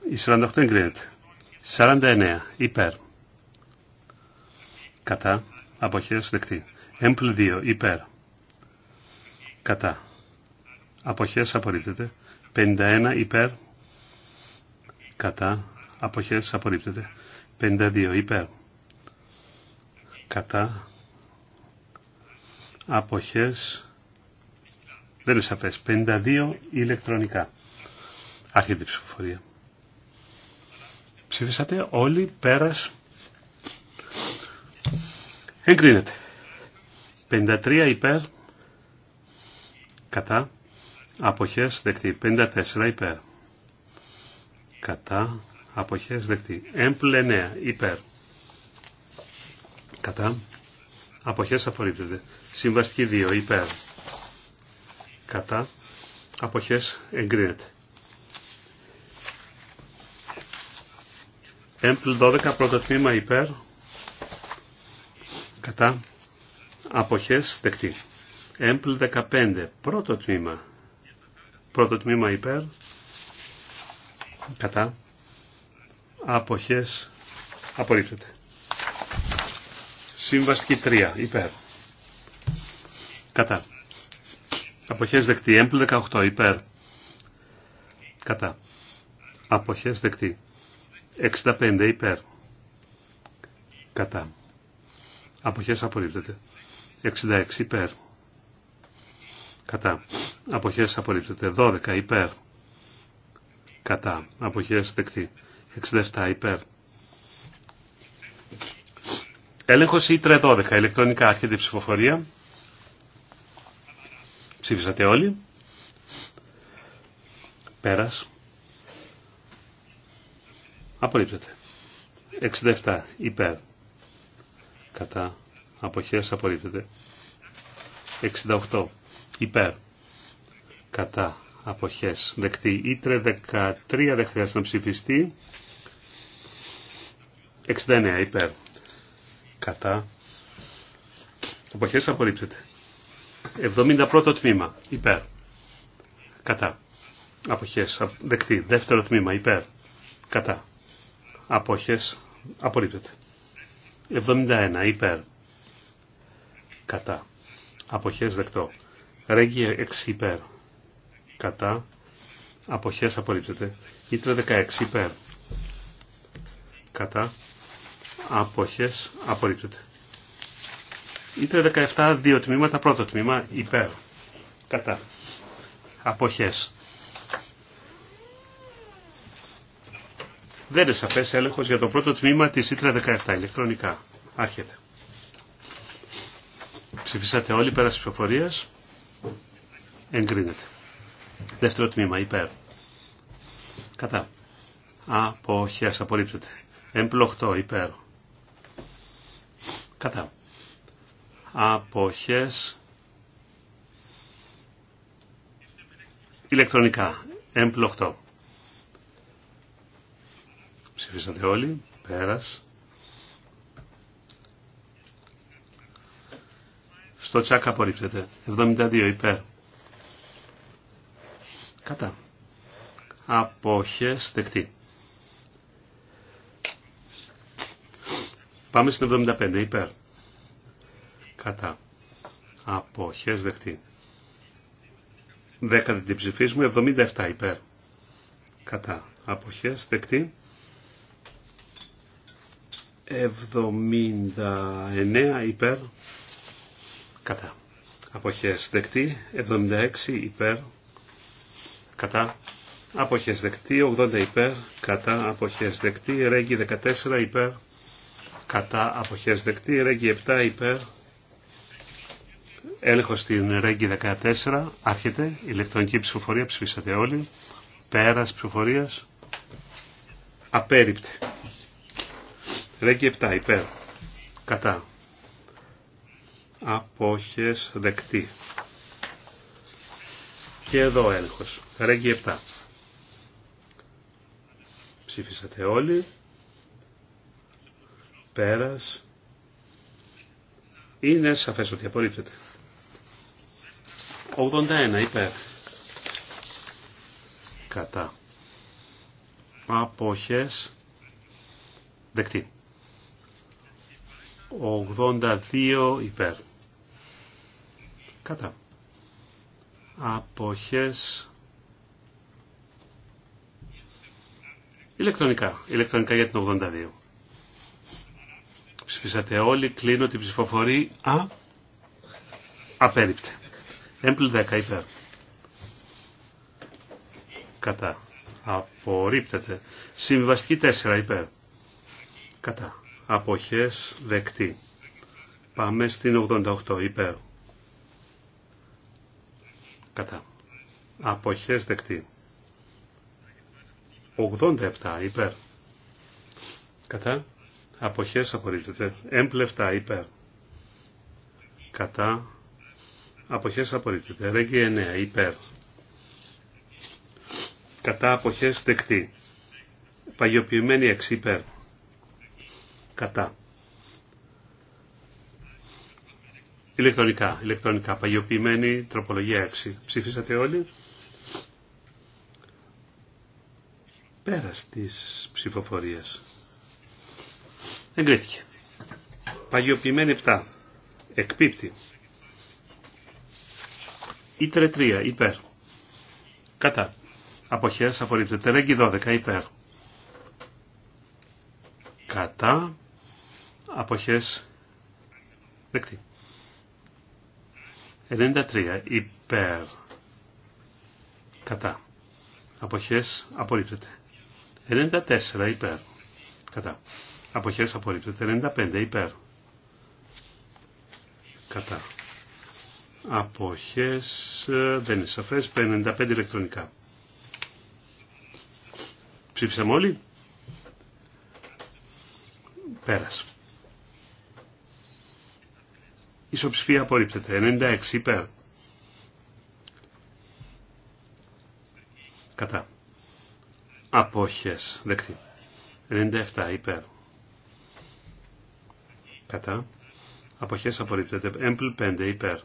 Η 48 εγκρίνεται. 49. Υπέρ. Κατά. απόχέ δεκτή. Έμπλ 2. Υπέρ. Κατά. Αποχέες απορρίπτεται. 51. Υπέρ. Κατά. Αποχέες απορρίπτεται. 52. Υπέρ κατά αποχές δεν είναι σαφές 52 ηλεκτρονικά άρχεται η ψηφοφορία ψηφίσατε όλοι πέρας εγκρίνεται 53 υπέρ κατά αποχές δεκτή 54 υπέρ κατά αποχές δεκτή έμπλε νέα, υπέρ Κατά. Αποχές απορρίπτεται. Συμβαστική 2. Υπέρ. Κατά. Αποχές εγκρίνεται. Έμπλ 12 πρώτο τμήμα υπέρ. Κατά. Αποχές δεκτή. Έμπλ 15 πρώτο τμήμα. Πρώτο τμήμα υπέρ. Κατά. Αποχές απορρίπτεται. Συμβαστική 3. Υπέρ. Κατά. Αποχές δεκτή. Έμπλ 18. Υπέρ. Κατά. Αποχές δεκτή. 65. Υπέρ. Κατά. Αποχές απορρίπτεται. 66. Υπέρ. Κατά. Αποχές απορρίπτεται. 12. Υπέρ. Κατά. Αποχές δεκτή. 67. Υπέρ. Έλεγχος ήτρε 12, ηλεκτρονικά άρχεται η ψηφοφορία. Ψήφισατε όλοι. Πέρας. Απορρίπτεται. 67 υπέρ. Κατά αποχές απορρίπτεται. 68 υπέρ. Κατά αποχές δεκτή. Ήτρε 13 δεν χρειάζεται να ψηφιστεί. 69 υπέρ κατά αποχές απορρίπτεται 71ο τμήμα υπέρ κατά αποχές δεκτή δεύτερο τμήμα υπέρ κατά αποχές απορρίπτεται 71 υπέρ κατά αποχές δεκτό Ρέγγι 6 υπέρ κατά αποχές απορρίπτεται Ήτρε, 16 υπέρ κατά αποχές απορρίπτεται. Ήτρε 17, δύο τμήματα, πρώτο τμήμα υπέρ, κατά, αποχές. Δεν είναι σαφές έλεγχος για το πρώτο τμήμα της Ήτρε 17, ηλεκτρονικά. Άρχεται. Ψηφίσατε όλοι πέρα στις πληροφορία Εγκρίνεται. Δεύτερο τμήμα, υπέρ. Κατά. Αποχές, απορρίπτεται. Εμπλοκτό, υπέρ Κατά. Αποχές. Ηλεκτρονικά. Εμπλοκτό. Ψηφίσατε όλοι. Πέρας. Στο τσάκ απορρίπτεται. 72 υπέρ. Κατά. Αποχές δεκτή. Πάμε στην 75 υπέρ. Κατά. Αποχές δεχτή. 10 την ψηφίσμου. 77 υπέρ. Κατά. Αποχές δεκτή. 79 υπέρ. Κατά. Αποχές δεκτή. 76 υπέρ. Κατά. Αποχές δεκτή. 80 υπέρ. Κατά. Αποχές δεκτή. Ρέγγι 14 υπέρ κατά αποχές δεκτή, ρέγγι 7 υπέρ, έλεγχο στην ρέγγι 14, άρχεται, ηλεκτρονική ψηφοφορία, ψηφίσατε όλοι, πέρας ψηφοφορίας, απέριπτη. Ρέγγι 7 υπέρ, κατά, αποχές δεκτή. Και εδώ έλεγχος, ρέγγι 7. Ψήφισατε όλοι, Πέρας. Είναι σαφές ότι απορρίπτεται. 81 υπέρ. Κατά. Αποχές. Δεκτή. 82 υπέρ. Κατά. Αποχές. Ηλεκτρονικά. Ηλεκτρονικά για την 82. Ψηφίσατε όλοι. Κλείνω την ψηφοφορία. Α, απέριπτε. Έμπλη 10 υπέρ. Κατά. Απορρίπτεται. Συμβιβαστική 4 υπέρ. Κατά. Αποχές δεκτή. Πάμε στην 88 υπέρ. Κατά. Αποχές δεκτή. 87 υπέρ. Κατά αποχές απορρίπτεται. Έμπλεφτα υπέρ. Κατά αποχές απορρίπτεται. Ρέγγι 9 υπέρ. Κατά αποχές δεκτή. Παγιοποιημένη 6 υπέρ. Κατά. Ηλεκτρονικά, ηλεκτρονικά, παγιοποιημένη τροπολογία 6. Ψήφισατε όλοι. Πέρας της ψηφοφορίας. Εγκρίθηκε. Παγιοποιημένη 7. Εκπίπτει. Ήτρε 3. Υπέρ. Κατά. Αποχές απορρίπτεται. Ρέγγι 12. Υπέρ. Κατά. Αποχές. Δεκτή. 93. Υπέρ. Κατά. Αποχές απορρίπτεται. 94. Υπέρ. Κατά. Αποχές απορρίπτεται 95 υπέρ. Κατά. Αποχές ε, δεν είναι σαφές. 95 ηλεκτρονικά. Ψήφισαμε όλοι. Πέρας. Ισοψηφία απορρίπτεται. 96 υπέρ. Κατά. Απόχες. Δεκτή. 97 υπέρ κατά αποχές απορρίπτεται έμπλ 5 υπέρ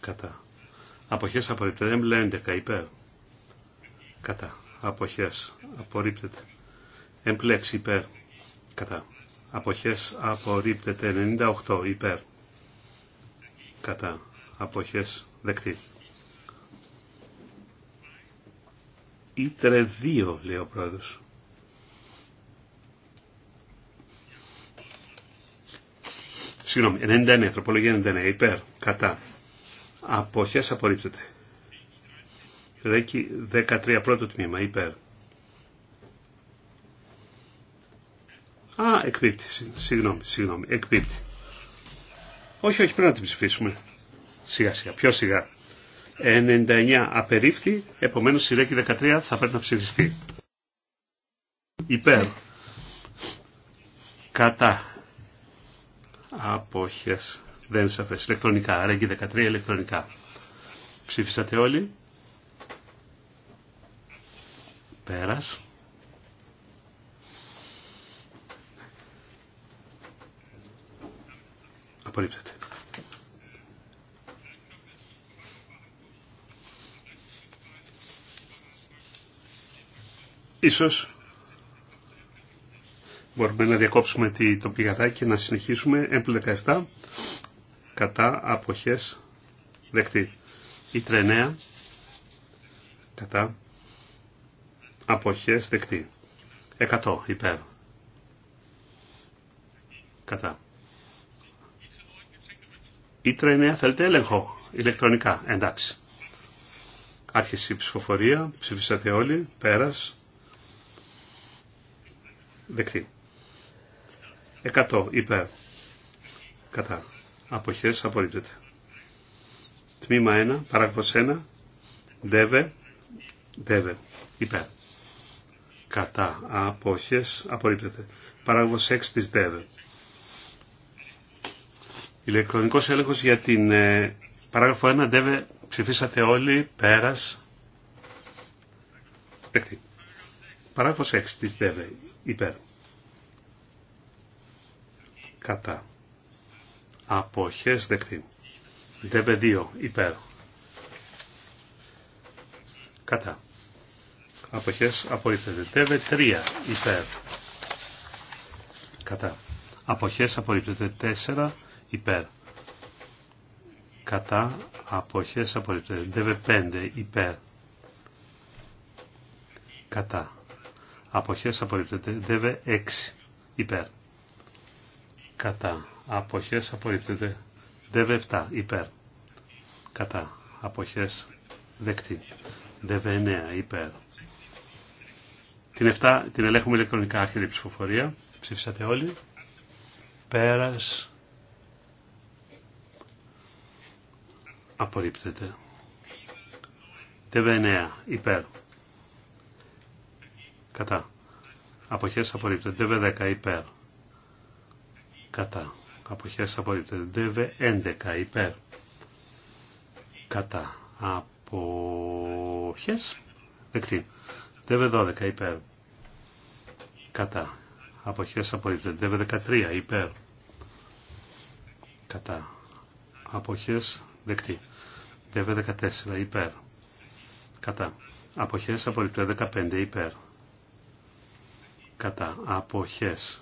κατά αποχές απορρίπτεται έμπλ 11 υπέρ κατά αποχές απορρίπτεται έμπλ 6 υπέρ κατά αποχές απορρίπτεται 98 υπέρ κατά αποχές δεκτή Ήτρε 2 λέει ο πρόεδρος Συγγνώμη, 99, τροπολογία 99, υπέρ, κατά. Αποχές απορρίπτεται. Ρέκι 13, πρώτο τμήμα, υπέρ. Α, εκπίπτει, συγγνώμη, συγγνώμη, εκπίπτει. Όχι, όχι, πρέπει να την ψηφίσουμε. Σιγά σιγά, πιο σιγά. 99 απερίφθη, Επομένω, η Ρέκη 13 θα πρέπει να ψηφιστεί. Υπέρ. Κατά απόχες δεν είναι σαφές ηλεκτρονικά ρέγγι 13 ηλεκτρονικά ψήφισατε όλοι πέρας απορρίπτεται Ίσως Μπορούμε να διακόψουμε το πηγαδάκι και να συνεχίσουμε. Έμπλου 17 κατά αποχές δεκτή. Η τρενέα κατά αποχές δεκτή. 100 υπέρ. Κατά. Η τρενέα θέλετε έλεγχο ηλεκτρονικά. Εντάξει. Άρχισε η ψηφοφορία. Ψηφίσατε όλοι. Πέρας. Δεκτή. 100 υπέρ. Κατά. Αποχές απορρίπτεται. Τμήμα 1, παράγραφος 1, δεύε, δεύε, υπέρ. Κατά. Αποχές απορρίπτεται. Παράγραφος 6 της δεύε. Ηλεκτρονικός έλεγχος για την ε, παράγραφο 1, δεύε, ψηφίσατε όλοι, πέρας. Δεκτή. Παράγραφος 6 της δεύε, υπέρ κατά αποχές δεκτή. ΔΕΒΕ 2 υπέρ κατά αποχές απορρίπτεται. ΔΕΒΕ 3 υπέρ κατά αποχές απορρίπτεται. 4 υπέρ κατά αποχές απορρίπτεται. ΔΕΒΕ 5 υπέρ κατά αποχές απορρίπτεται. ΔΕΒΕ 6 υπέρ κατά αποχές απορρίπτεται. απορρίπτεται 7 υπέρ κατά αποχές δεκτή. δεκτή. 9 υπέρ. Την 7 την ελέγχουμε ηλεκτρονικά άρχιδη ψηφοφορία. Ψήφισατε όλοι. Πέρας. Απορρίπτεται. δβ 9 υπέρ. Κατά. Αποχές απορρίπτεται. απορρίπτεται 10 υπέρ κατά αποχές απορρίπτεται δεβε 11 υπέρ κατά αποχές δεκτή δεβε 12 υπέρ κατά αποχές απορρίπτεται δεβε 13 υπέρ κατά αποχές δεκτή δεβε 14 υπέρ κατά αποχές απορρίπτεται 15 υπέρ κατά αποχές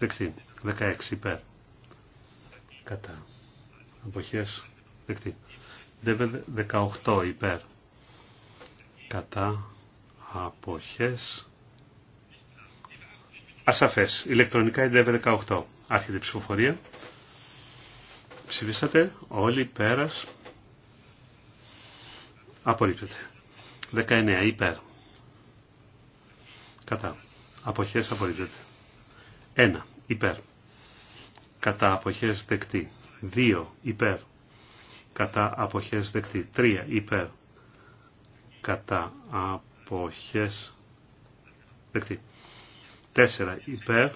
δεκτή. 16 υπέρ. Κατά. Αποχές δεκτή. 18 υπέρ. Κατά. Αποχές. Ασαφές. Ηλεκτρονικά είναι 18. Άρχεται η ψηφοφορία. Ψηφίσατε. Όλοι πέρας. Απορρίπτεται. 19 υπέρ. Κατά. Αποχές απορρίπτεται. 1 υπέρ κατά αποχές δεκτή 2 υπέρ κατά αποχές δεκτή 3 υπέρ κατά αποχές δεκτή 4 υπέρ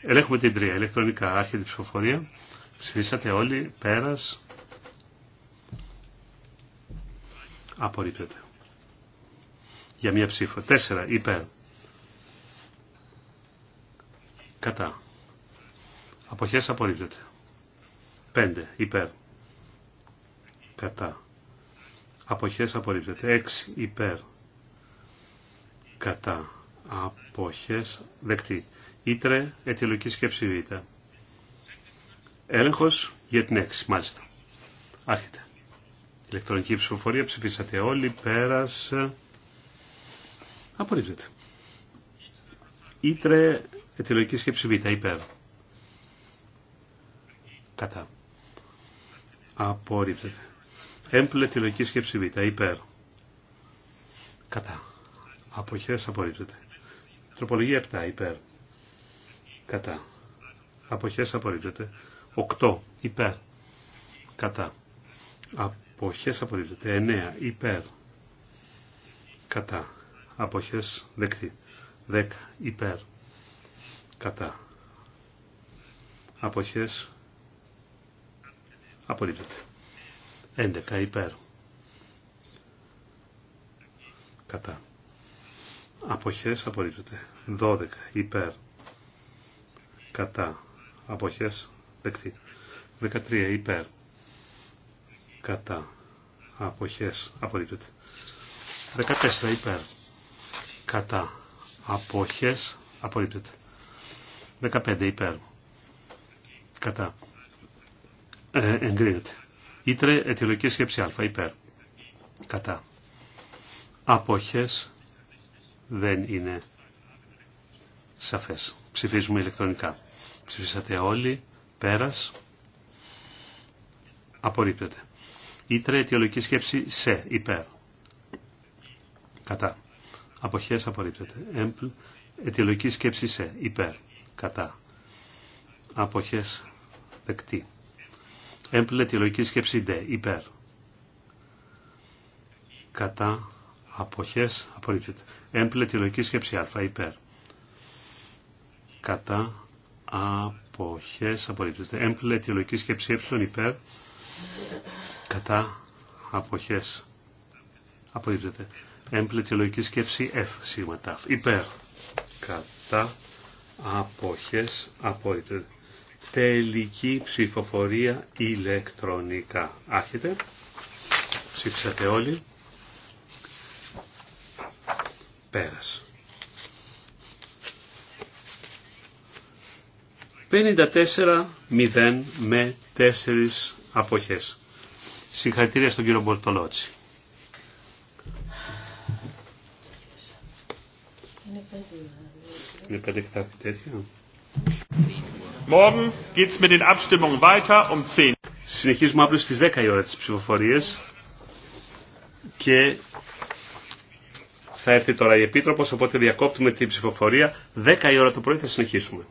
ελέγχουμε την 3 ηλεκτρονικά άρχεται η ψηφοφορία ψηφίσατε όλοι πέρας απορρίπτεται για μία ψήφο 4 υπέρ Κατά. Αποχές απορρίπτεται. 5. Υπέρ. Κατά. Αποχές απορρίπτεται. 6. Υπέρ. Κατά. Αποχές δεκτή. Ήτρε αιτιολογική σκέψη Β. Έλεγχος για την 6. Μάλιστα. Άρχεται. Ηλεκτρονική ψηφοφορία ψηφίσατε όλοι. Πέρας. Απορρίπτεται. Ήτρε Αιτιολογική σκέψη Β. Υπέρ. Κατά. Απορρίπτεται. Έμπλε Κατά. σκέψη Β. Υπέρ. Κατά. Αποχές απορρίπτεται. Τροπολογία 7. Υπέρ. Κατά. Αποχές απορρίπτεται. 8. Υπέρ. Κατά. Αποχές απορρίπτεται. 9. Υπέρ. Κατά. Αποχές δεκτή. 10. Υπέρ κατά αποχές απολύπτεται. 11 υπέρ κατά αποχές απολύπτεται. 12 υπέρ κατά αποχές δεκτή 13 υπέρ κατά αποχές απολύπτεται. 14 υπέρ κατά αποχές 15 15 υπέρ. Κατά. Ε, εγκρίνεται. Ήτρε αιτιολογική σκέψη α υπέρ. Κατά. Αποχές δεν είναι σαφές. Ψηφίζουμε ηλεκτρονικά. Ψηφίσατε όλοι. Πέρας. Απορρίπτεται. Ήτρε αιτιολογική σκέψη σε υπέρ. Κατά. Αποχές απορρίπτεται. Έμπλ αιτιολογική σκέψη σε υπέρ κατά αποχές δεκτή. Έμπλε τη λογική σκέψη δε... υπέρ. Κατά αποχές απορρίπτεται. Έμπλε τη λογική σκέψη α, υπέρ. Κατά αποχές απορρίπτεται. Έμπλε τη λογική σκέψη ε, υπέρ. Κατά αποχές απορρίπτεται. Έμπλε τη λογική σκέψη F, σίγμα τάφ, υπέρ. Κατά αποχές απορρίπτεται. Τελική ψηφοφορία ηλεκτρονικά. Άρχεται. Ψήφισατε όλοι. Πέρασε. 54-0 με 4 αποχές. Συγχαρητήρια στον κύριο Μπορτολότσι. Είναι Morgen mit den Abstimmungen weiter um 10. Συνεχίζουμε αύριο στις 10 η ώρα τις ψηφοφορίες και θα έρθει τώρα η Επίτροπος, οπότε διακόπτουμε την ψηφοφορία. 10 η ώρα το πρωί θα συνεχίσουμε.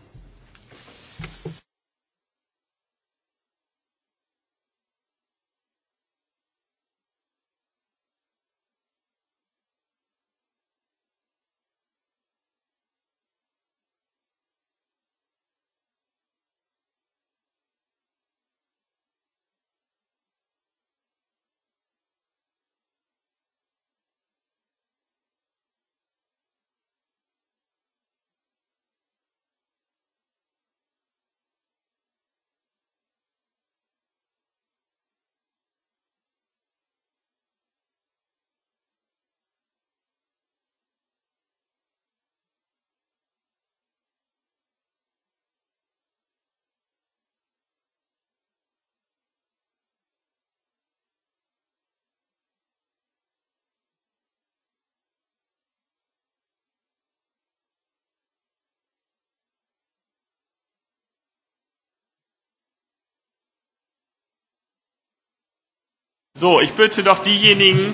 So, ich bitte doch diejenigen,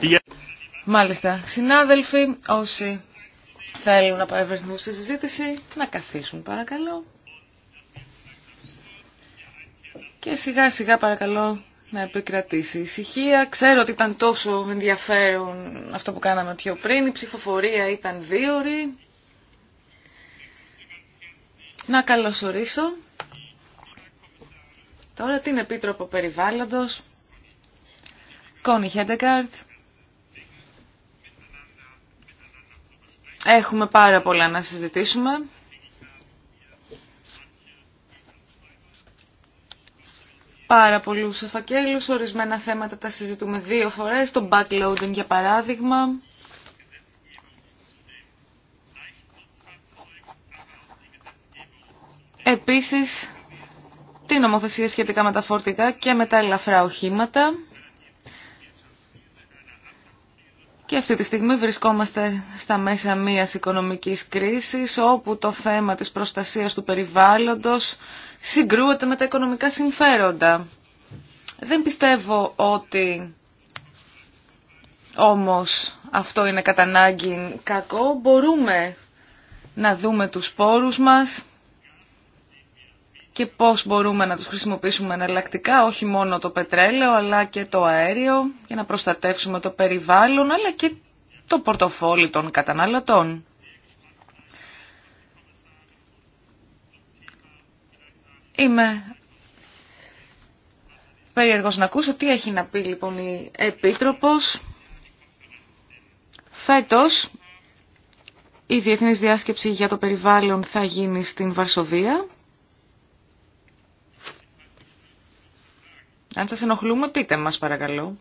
die... Μάλιστα. Συνάδελφοι, όσοι θέλουν να παρευρεθούν στη συζήτηση, να καθίσουν παρακαλώ. Και σιγά σιγά παρακαλώ να επικρατήσει η ησυχία. Ξέρω ότι ήταν τόσο ενδιαφέρον αυτό που κάναμε πιο πριν. Η ψηφοφορία ήταν δίωρη. Να καλωσορίσω τώρα την Επίτροπο Περιβάλλοντος, Κόνι Χέντεκαρτ, Έχουμε πάρα πολλά να συζητήσουμε. Πάρα πολλούς εφακέλους, ορισμένα θέματα τα συζητούμε δύο φορές, το backloading για παράδειγμα. Επίσης, την νομοθεσία σχετικά με τα φόρτικα και με τα ελαφρά οχήματα. Και αυτή τη στιγμή βρισκόμαστε στα μέσα μιας οικονομικής κρίσης όπου το θέμα της προστασίας του περιβάλλοντος συγκρούεται με τα οικονομικά συμφέροντα. Δεν πιστεύω ότι όμως αυτό είναι κατά κακό. Μπορούμε να δούμε τους πόρους μας, και πώς μπορούμε να τους χρησιμοποιήσουμε εναλλακτικά, όχι μόνο το πετρέλαιο αλλά και το αέριο για να προστατεύσουμε το περιβάλλον αλλά και το πορτοφόλι των καταναλωτών. Είμαι περίεργος να ακούσω τι έχει να πει λοιπόν η Επίτροπος. Φέτος η Διεθνής Διάσκεψη για το Περιβάλλον θα γίνει στην Βαρσοβία. Αν σας ενοχλούμε πείτε μας παρακαλώ.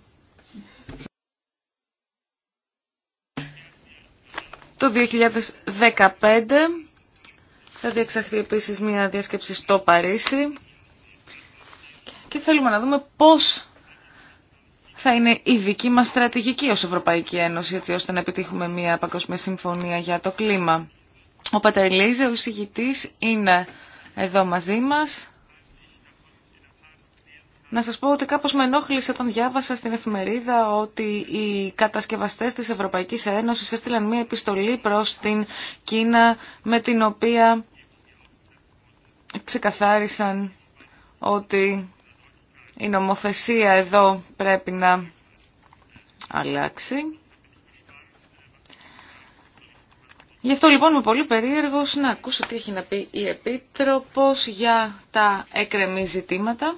Το 2015 θα διεξαχθεί επίσης μια διάσκεψη στο Παρίσι και θέλουμε να δούμε πώς θα είναι η δική μας στρατηγική ως Ευρωπαϊκή Ένωση έτσι ώστε να επιτύχουμε μια παγκόσμια συμφωνία για το κλίμα. Ο Πατερλίζε, ο εισηγητής, είναι εδώ μαζί μας να σας πω ότι κάπως με ενόχλησε όταν διάβασα στην εφημερίδα ότι οι κατασκευαστές της Ευρωπαϊκής Ένωσης έστειλαν μία επιστολή προς την Κίνα με την οποία ξεκαθάρισαν ότι η νομοθεσία εδώ πρέπει να αλλάξει. Γι' αυτό λοιπόν είμαι πολύ περίεργος να ακούσω τι έχει να πει η Επίτροπος για τα εκρεμή ζητήματα.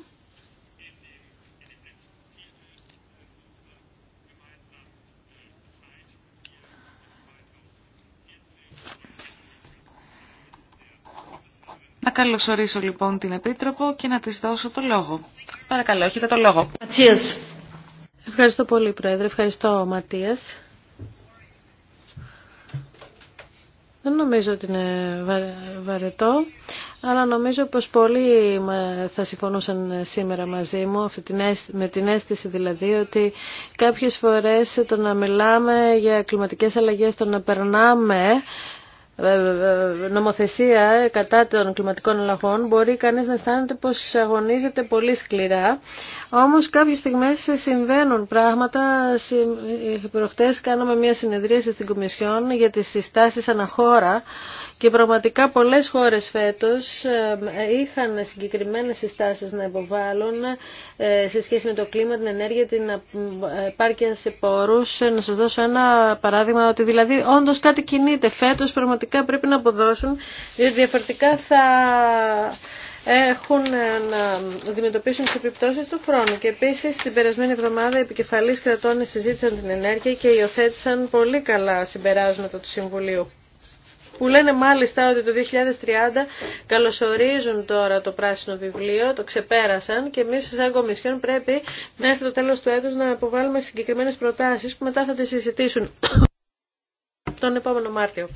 Να καλωσορίσω λοιπόν την Επίτροπο και να της δώσω το λόγο. Παρακαλώ, έχετε το λόγο. Ματίας. Ευχαριστώ πολύ, Πρόεδρε. Ευχαριστώ, Ματίας. Δεν νομίζω ότι είναι βαρετό, αλλά νομίζω πως πολλοί θα συμφωνούσαν σήμερα μαζί μου, αυτή την με την αίσθηση δηλαδή ότι κάποιες φορές το να μιλάμε για κλιματικές αλλαγές, το να περνάμε ε, ε, ε, νομοθεσία κατά των κλιματικών αλλαγών μπορεί κανείς να αισθάνεται πως αγωνίζεται πολύ σκληρά όμως κάποιες στιγμές συμβαίνουν πράγματα προχτές κάναμε μια συνεδρίαση στην Κομισιόν για τις συστάσεις αναχώρα και πραγματικά πολλές χώρες φέτος είχαν συγκεκριμένες συστάσεις να υποβάλουν ε, σε σχέση με το κλίμα, την ενέργεια, την ε, επάρκεια σε πόρους. Να σας δώσω ένα παράδειγμα ότι δηλαδή όντως κάτι κινείται. Φέτος πραγματικά πρέπει να αποδώσουν, διότι διαφορετικά θα έχουν να αντιμετωπίσουν τι επιπτώσει του χρόνου. Και επίσης την περασμένη εβδομάδα οι επικεφαλείς κρατών συζήτησαν την ενέργεια και υιοθέτησαν πολύ καλά συμπεράσματα του Συμβουλίου που λένε μάλιστα ότι το 2030 καλωσορίζουν τώρα το πράσινο βιβλίο, το ξεπέρασαν και εμείς σαν Κομισιόν πρέπει μέχρι το τέλος του έτους να αποβάλουμε συγκεκριμένες προτάσεις που μετά θα τις συζητήσουν τον επόμενο Μάρτιο.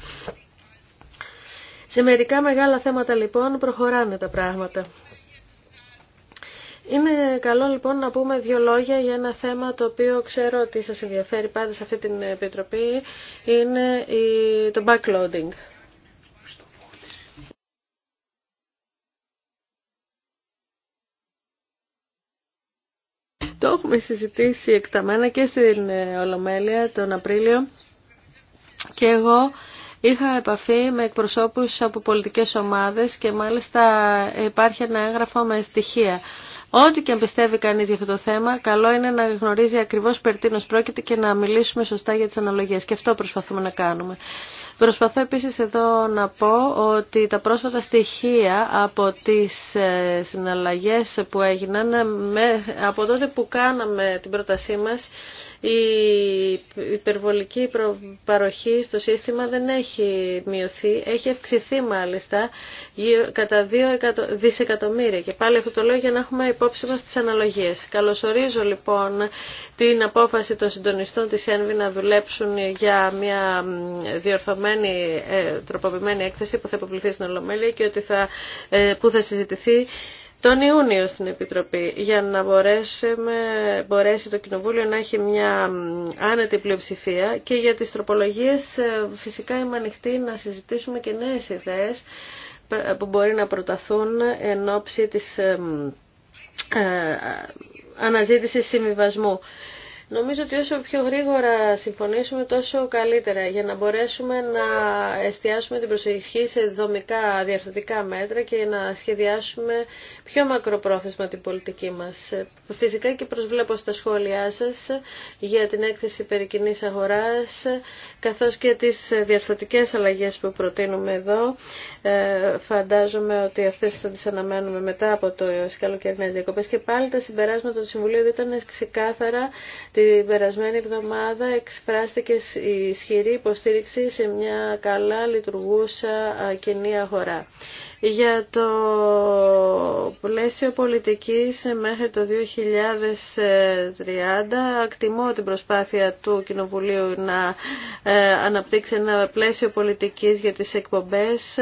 Σε μερικά μεγάλα θέματα λοιπόν προχωράνε τα πράγματα. Είναι καλό λοιπόν να πούμε δύο λόγια για ένα θέμα το οποίο ξέρω ότι σας ενδιαφέρει πάντα σε αυτή την επιτροπή, είναι το backloading. Το έχουμε συζητήσει εκταμένα και στην ε, Ολομέλεια τον Απρίλιο και εγώ είχα επαφή με εκπροσώπους από πολιτικές ομάδες και μάλιστα υπάρχει ένα έγγραφο με στοιχεία. Ό,τι και αν πιστεύει κανείς για αυτό το θέμα, καλό είναι να γνωρίζει ακριβώς περί πρόκειται και να μιλήσουμε σωστά για τις αναλογίες. Και αυτό προσπαθούμε να κάνουμε. Προσπαθώ επίσης εδώ να πω ότι τα πρόσφατα στοιχεία από τις ε, συναλλαγές που έγιναν, ε, από τότε που κάναμε την πρότασή μας, η υπερβολική παροχή στο σύστημα δεν έχει μειωθεί, έχει αυξηθεί μάλιστα κατά 2 δισεκατομμύρια. Και πάλι αυτό το λέω για να έχουμε υπόψη μας τις αναλογίες. Καλωσορίζω λοιπόν την απόφαση των συντονιστών της ΕΝΒΗ να δουλέψουν για μια διορθωμένη ε, τροποποιημένη έκθεση που θα υποβληθεί στην Ολομέλεια και ότι θα, ε, που θα συζητηθεί τον Ιούνιο στην Επιτροπή για να μπορέσει το Κοινοβούλιο να έχει μια άνετη πλειοψηφία και για τις τροπολογίες ε, φυσικά είμαι ανοιχτή να συζητήσουμε και νέες ιδέες που μπορεί να προταθούν εν ώψη της ε, ε, αναζήτησης συμβιβασμού. Νομίζω ότι όσο πιο γρήγορα συμφωνήσουμε τόσο καλύτερα για να μπορέσουμε να εστιάσουμε την προσοχή σε δομικά διαρθωτικά μέτρα και να σχεδιάσουμε πιο μακροπρόθεσμα την πολιτική μας. Φυσικά και προσβλέπω στα σχόλιά σας για την έκθεση περί κοινής αγοράς καθώς και τις διαρθωτικές αλλαγές που προτείνουμε εδώ. Ε, φαντάζομαι ότι αυτές θα τις αναμένουμε μετά από το καλοκαιρινές διακοπές και πάλι τα συμπεράσματα του Συμβουλίου ήταν ξεκάθαρα την περασμένη εβδομάδα εξφράστηκε η ισχυρή υποστήριξη σε μια καλά λειτουργούσα κοινή αγορά. Για το πλαίσιο πολιτικής μέχρι το 2030 ακτιμώ την προσπάθεια του Κοινοβουλίου να ε, αναπτύξει ένα πλαίσιο πολιτικής για τις εκπομπές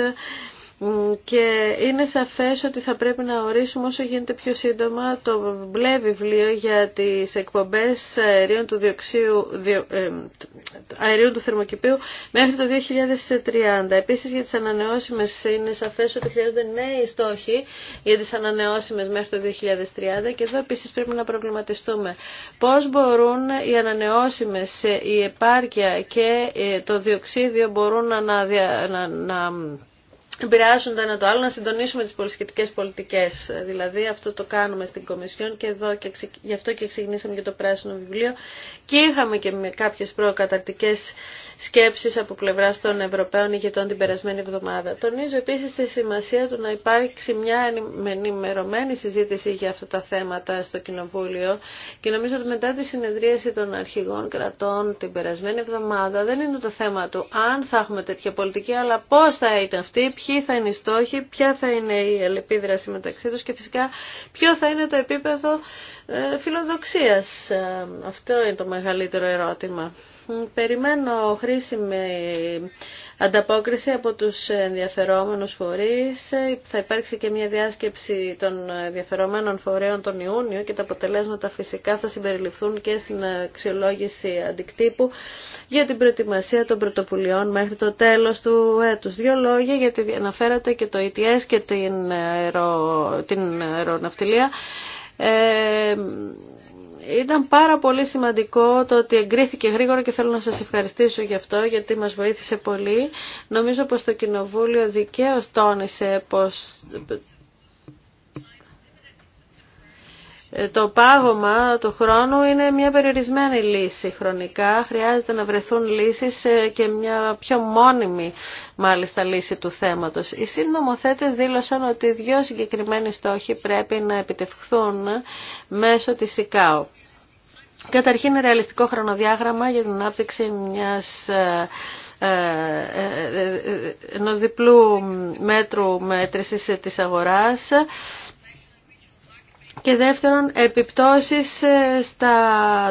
και είναι σαφές ότι θα πρέπει να ορίσουμε όσο γίνεται πιο σύντομα το μπλε βιβλίο για τις εκπομπές αερίων του, διοξίου, ε, αερίων του θερμοκηπίου μέχρι το 2030. Επίσης για τις ανανεώσιμες είναι σαφές ότι χρειάζονται νέοι στόχοι για τις ανανεώσιμες μέχρι το 2030 και εδώ επίσης πρέπει να προβληματιστούμε πώς μπορούν οι ανανεώσιμες, ε, η επάρκεια και ε, το διοξίδιο μπορούν να, να, να επηρεάζουν το ένα το άλλο, να συντονίσουμε τις πολυσχετικές πολιτικές. Δηλαδή αυτό το κάνουμε στην Κομισιόν και εδώ και ξε... γι' αυτό και ξεκινήσαμε και το πράσινο βιβλίο και είχαμε και με κάποιες προκαταρτικές σκέψεις από πλευρά των Ευρωπαίων ηγετών την περασμένη εβδομάδα. Τονίζω επίσης τη σημασία του να υπάρξει μια ενημερωμένη συζήτηση για αυτά τα θέματα στο Κοινοβούλιο και νομίζω ότι μετά τη συνεδρίαση των αρχηγών κρατών την περασμένη εβδομάδα δεν είναι το θέμα του αν θα έχουμε τέτοια πολιτική αλλά πώς θα είναι αυτή, ποιοι θα είναι οι στόχοι, ποια θα είναι η αλληλεπίδραση μεταξύ τους και φυσικά ποιο θα είναι το επίπεδο ε, φιλοδοξίας. Ε, αυτό είναι το μεγαλύτερο ερώτημα. Περιμένω χρήσιμη ανταπόκριση από τους ενδιαφερόμενους φορείς. Θα υπάρξει και μια διάσκεψη των ενδιαφερόμενων φορέων τον Ιούνιο και τα αποτελέσματα φυσικά θα συμπεριληφθούν και στην αξιολόγηση αντικτύπου για την προετοιμασία των πρωτοβουλειών μέχρι το τέλος του έτους. Δύο λόγια γιατί αναφέρατε και το ETS και την, την αεροναυτιλία. Ε, ήταν πάρα πολύ σημαντικό το ότι εγκρίθηκε γρήγορα και θέλω να σας ευχαριστήσω γι' αυτό γιατί μας βοήθησε πολύ. Νομίζω πως το Κοινοβούλιο δικαίως τόνισε πως Ε, το πάγωμα του χρόνου είναι μια περιορισμένη λύση χρονικά. Χρειάζεται να βρεθούν λύσεις ε, και μια πιο μόνιμη μάλιστα λύση του θέματος. Οι συνομοθέτες δήλωσαν ότι δύο συγκεκριμένοι στόχοι πρέπει να επιτευχθούν μέσω της ΙΚΑΟ. Καταρχήν ρεαλιστικό χρονοδιάγραμμα για την ανάπτυξη μιας ε, ενός διπλού μέτρου μέτρησης της αγοράς και δεύτερον επιπτώσεις ε, στα,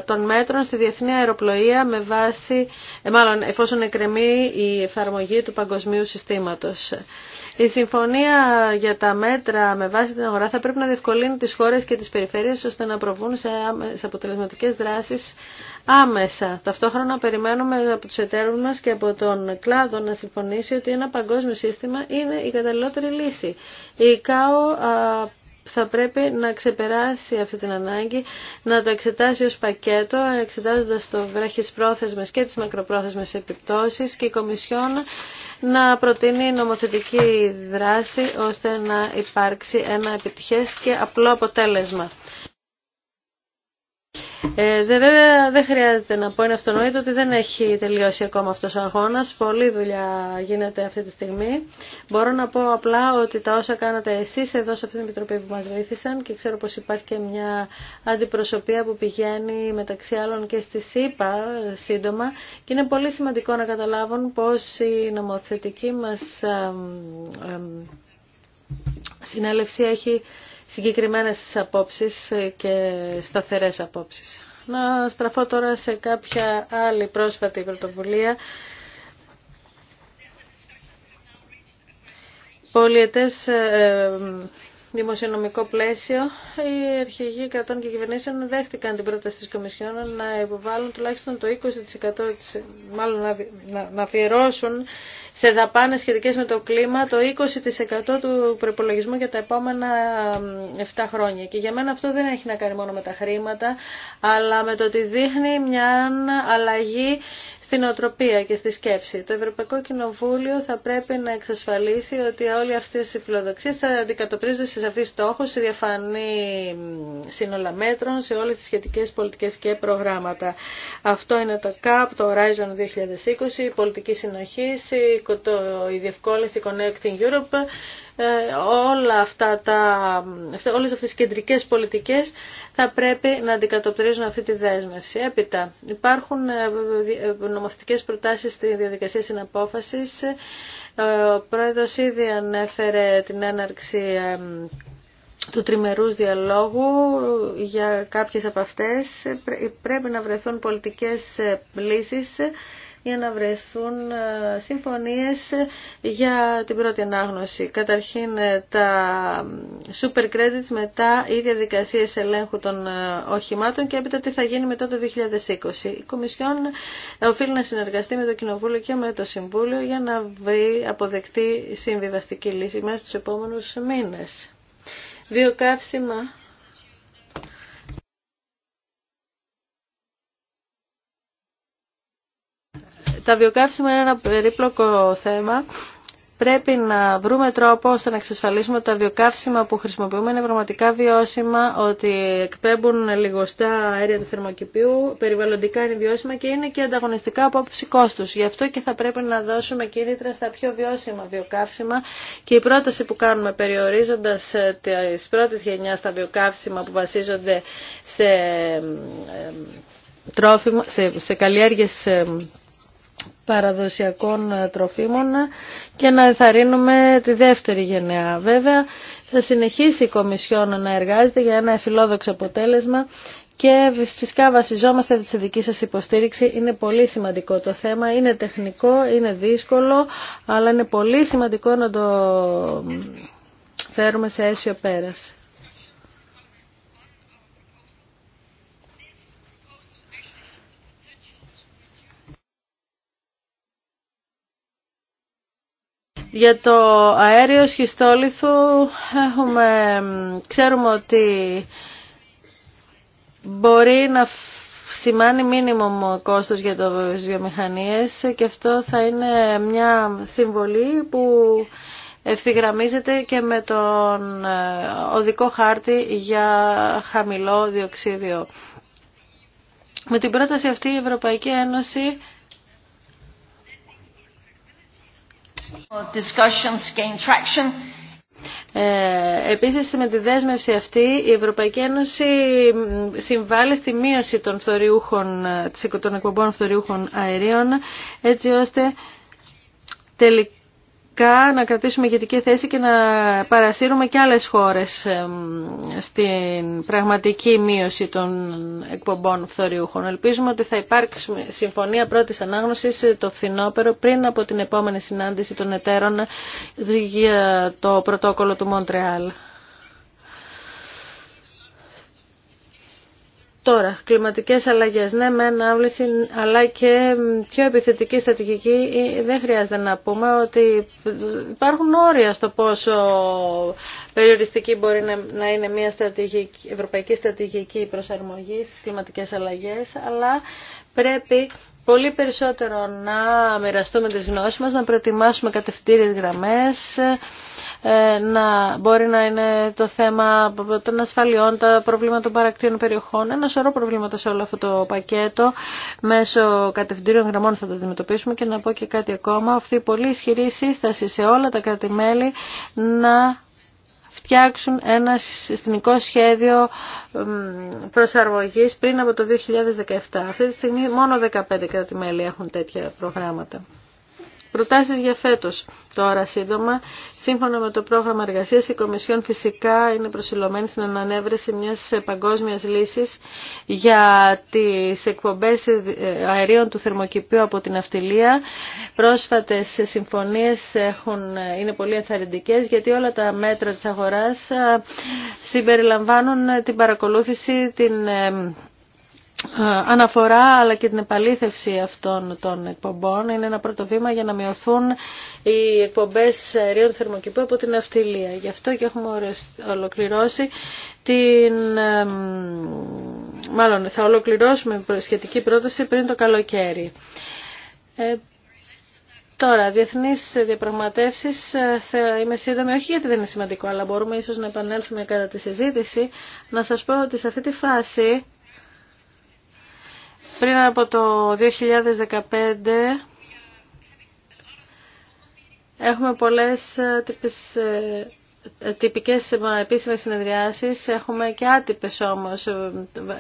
των μέτρων στη διεθνή αεροπλοεία με βάση, ε, μάλλον εφόσον εκκρεμεί η εφαρμογή του παγκοσμίου συστήματος. Η συμφωνία για τα μέτρα με βάση την αγορά θα πρέπει να διευκολύνει τις χώρες και τις περιφέρειες ώστε να προβούν σε, σε αποτελεσματικές δράσεις άμεσα. Ταυτόχρονα περιμένουμε από τους εταίρους μας και από τον κλάδο να συμφωνήσει ότι ένα παγκόσμιο σύστημα είναι η καταλληλότερη λύση. Η ΚΑΟ θα πρέπει να ξεπεράσει αυτή την ανάγκη, να το εξετάσει ως πακέτο, εξετάζοντας το βρέχεις πρόθεσμες και τις μακροπρόθεσμες επιπτώσεις και η Κομισιόν να προτείνει νομοθετική δράση ώστε να υπάρξει ένα επιτυχές και απλό αποτέλεσμα. Ε, βέβαια δεν χρειάζεται να πω, είναι αυτονόητο ότι δεν έχει τελειώσει ακόμα αυτός ο αγώνας. Πολλή δουλειά γίνεται αυτή τη στιγμή. Μπορώ να πω απλά ότι τα όσα κάνατε εσείς εδώ σε αυτήν την Επιτροπή που μας βοήθησαν και ξέρω πως υπάρχει και μια αντιπροσωπεία που πηγαίνει μεταξύ άλλων και στη ΣΥΠΑ ε, σύντομα και είναι πολύ σημαντικό να καταλάβουν πως η νομοθετική μας συνέλευση έχει συγκεκριμένες απόψεις και σταθερές απόψεις. Να στραφώ τώρα σε κάποια άλλη πρόσφατη πρωτοβουλία. Πολιετές ε, δημοσιονομικό πλαίσιο, οι αρχηγοί κρατών και κυβερνήσεων δέχτηκαν την πρόταση της Κομισιόν να υποβάλουν τουλάχιστον το 20% μάλλον να αφιερώσουν σε δαπάνες σχετικές με το κλίμα το 20% του προπολογισμού για τα επόμενα 7 χρόνια. Και για μένα αυτό δεν έχει να κάνει μόνο με τα χρήματα, αλλά με το ότι δείχνει μια αλλαγή στην οτροπία και στη σκέψη. Το Ευρωπαϊκό Κοινοβούλιο θα πρέπει να εξασφαλίσει ότι όλοι αυτέ οι φιλοδοξίε θα αντικατοπτρίζονται σε σαφή στόχο, σε διαφανή σύνολα μέτρων, σε όλε τι σχετικέ πολιτικέ και προγράμματα. Αυτό είναι το CAP, το Horizon 2020, η πολιτική συνοχή, η διευκόλυνση Connecting Europe, ε, όλα αυτά τα, όλες αυτές τις κεντρικές πολιτικές θα πρέπει να αντικατοπτρίζουν αυτή τη δέσμευση. Έπειτα υπάρχουν ε, ε, νομοθετικές προτάσεις στη διαδικασία συναπόφασης. Ο πρόεδρος ήδη ανέφερε την έναρξη του τριμερούς διαλόγου για κάποιες από αυτές πρέπει να βρεθούν πολιτικές λύσεις για να βρεθούν ε, συμφωνίες για την πρώτη ανάγνωση. Καταρχήν ε, τα super credits, μετά οι διαδικασίες ελέγχου των ε, οχημάτων και έπειτα τι θα γίνει μετά το 2020. Η Κομισιόν οφείλει να συνεργαστεί με το Κοινοβούλιο και με το Συμβούλιο για να βρει αποδεκτή συμβιβαστική λύση μέσα στους επόμενους μήνες. Βιοκαύσιμα Τα βιοκαύσιμα είναι ένα περίπλοκο θέμα. Πρέπει να βρούμε τρόπο ώστε να εξασφαλίσουμε ότι τα βιοκαύσιμα που χρησιμοποιούμε είναι πραγματικά βιώσιμα, ότι εκπέμπουν λιγοστά αέρια του θερμοκηπίου, περιβαλλοντικά είναι βιώσιμα και είναι και ανταγωνιστικά από άποψη κόστου. Γι' αυτό και θα πρέπει να δώσουμε κίνητρα στα πιο βιώσιμα βιοκαύσιμα και η πρόταση που κάνουμε περιορίζοντα ε, τι πρώτε γενιά στα βιοκαύσιμα που βασίζονται σε, ε, ε, σε, σε παραδοσιακών ε, τροφίμων και να ενθαρρύνουμε τη δεύτερη γενεά. Βέβαια, θα συνεχίσει η Κομισιόν να εργάζεται για ένα φιλόδοξο αποτέλεσμα και φυσικά βασιζόμαστε τη δική σας υποστήριξη. Είναι πολύ σημαντικό το θέμα, είναι τεχνικό, είναι δύσκολο, αλλά είναι πολύ σημαντικό να το φέρουμε σε αίσιο πέρας. Για το αέριο σχιστόλιθο έχουμε, ξέρουμε ότι μπορεί να σημάνει μήνυμο κόστος για το βιομηχανίες και αυτό θα είναι μια συμβολή που ευθυγραμμίζεται και με τον ε, οδικό χάρτη για χαμηλό διοξίδιο. Με την πρόταση αυτή η Ευρωπαϊκή Ένωση Ε, επίσης με τη δέσμευση αυτή η Ευρωπαϊκή Ένωση συμβάλλει στη μείωση των, φθοριούχων, των εκπομπών φθοριούχων αερίων έτσι ώστε τελικά να κρατήσουμε ηγετική θέση και να παρασύρουμε και άλλες χώρες στην πραγματική μείωση των εκπομπών φθοριούχων. Ελπίζουμε ότι θα υπάρξει συμφωνία πρώτης ανάγνωσης ε, το φθινόπερο πριν από την επόμενη συνάντηση των εταίρων για το πρωτόκολλο του Μοντρεάλ. Τώρα, κλιματικές αλλαγές, ναι, με ανάβληση, αλλά και πιο επιθετική στρατηγική ε, δεν χρειάζεται να πούμε ότι υπάρχουν όρια στο πόσο περιοριστική μπορεί να είναι μια στρατηγική, ευρωπαϊκή στρατηγική προσαρμογή στις κλιματικές αλλαγές, αλλά πρέπει πολύ περισσότερο να μοιραστούμε τις γνώσεις μας, να προετοιμάσουμε κατευθύνες γραμμές, ε, να μπορεί να είναι το θέμα των ασφαλιών, τα προβλήματα των παρακτήων περιοχών, ένα σωρό προβλήματα σε όλο αυτό το πακέτο μέσω κατευθυντήριων γραμμών θα τα αντιμετωπίσουμε και να πω και κάτι ακόμα, αυτή η πολύ ισχυρή σύσταση σε όλα τα κράτη-μέλη να φτιάξουν ένα συστημικό σχέδιο προσαρμογής πριν από το 2017. Αυτή τη στιγμή μόνο 15 κράτη-μέλη έχουν τέτοια προγράμματα. Προτάσεις για φέτος. Τώρα σύντομα, σύμφωνα με το πρόγραμμα εργασίας, η Κομισιόν φυσικά είναι προσιλωμένη στην ανανεύρεση μιας παγκόσμιας λύσης για τις εκπομπές αερίων του θερμοκηπίου από την αυτιλία. Πρόσφατες συμφωνίες έχουν, είναι πολύ ενθαρρυντικές γιατί όλα τα μέτρα της αγοράς ε, συμπεριλαμβάνουν την παρακολούθηση, την ε, αναφορά αλλά και την επαλήθευση αυτών των εκπομπών είναι ένα πρώτο βήμα για να μειωθούν οι εκπομπές αερίων του από την αυτιλία. Γι' αυτό και έχουμε ολοκληρώσει την... Μάλλον θα ολοκληρώσουμε σχετική πρόταση πριν το καλοκαίρι. Ε, τώρα, διεθνεί διαπραγματεύσει ε, θα είμαι σύντομη, όχι γιατί δεν είναι σημαντικό, αλλά μπορούμε ίσω να επανέλθουμε κατά τη συζήτηση. Να σα πω ότι σε αυτή τη φάση πριν από το 2015 έχουμε πολλές ε, τύπες ε, ε, τυπικές επίσημες συνεδριάσεις, έχουμε και άτυπες όμως.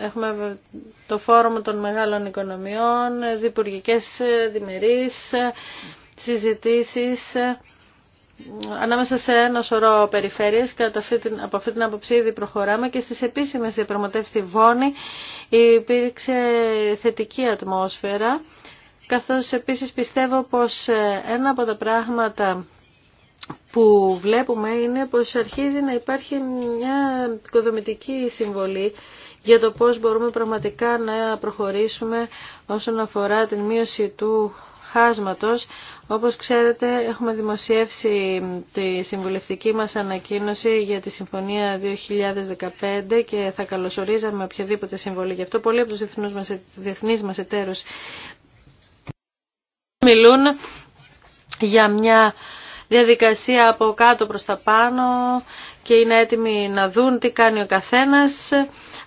Έχουμε το φόρουμ των μεγάλων οικονομιών, διπουργικές διμερείς, συζητήσεις ανάμεσα σε ένα σωρό περιφέρειες, και από αυτή την άποψη προχωράμε και στις επίσημες διαπραγματεύσεις στη Βόνη υπήρξε θετική ατμόσφαιρα, καθώς επίσης πιστεύω πως ε, ένα από τα πράγματα που βλέπουμε είναι πως αρχίζει να υπάρχει μια οικοδομητική συμβολή για το πώς μπορούμε πραγματικά να προχωρήσουμε όσον αφορά την μείωση του χάσματος όπως ξέρετε, έχουμε δημοσιεύσει τη συμβουλευτική μας ανακοίνωση για τη Συμφωνία 2015 και θα καλωσορίζαμε οποιαδήποτε συμβολή. Γι' αυτό πολλοί από τους διεθνείς μας, διεθνείς μας εταίρους μιλούν για μια διαδικασία από κάτω προς τα πάνω και είναι έτοιμοι να δουν τι κάνει ο καθένας.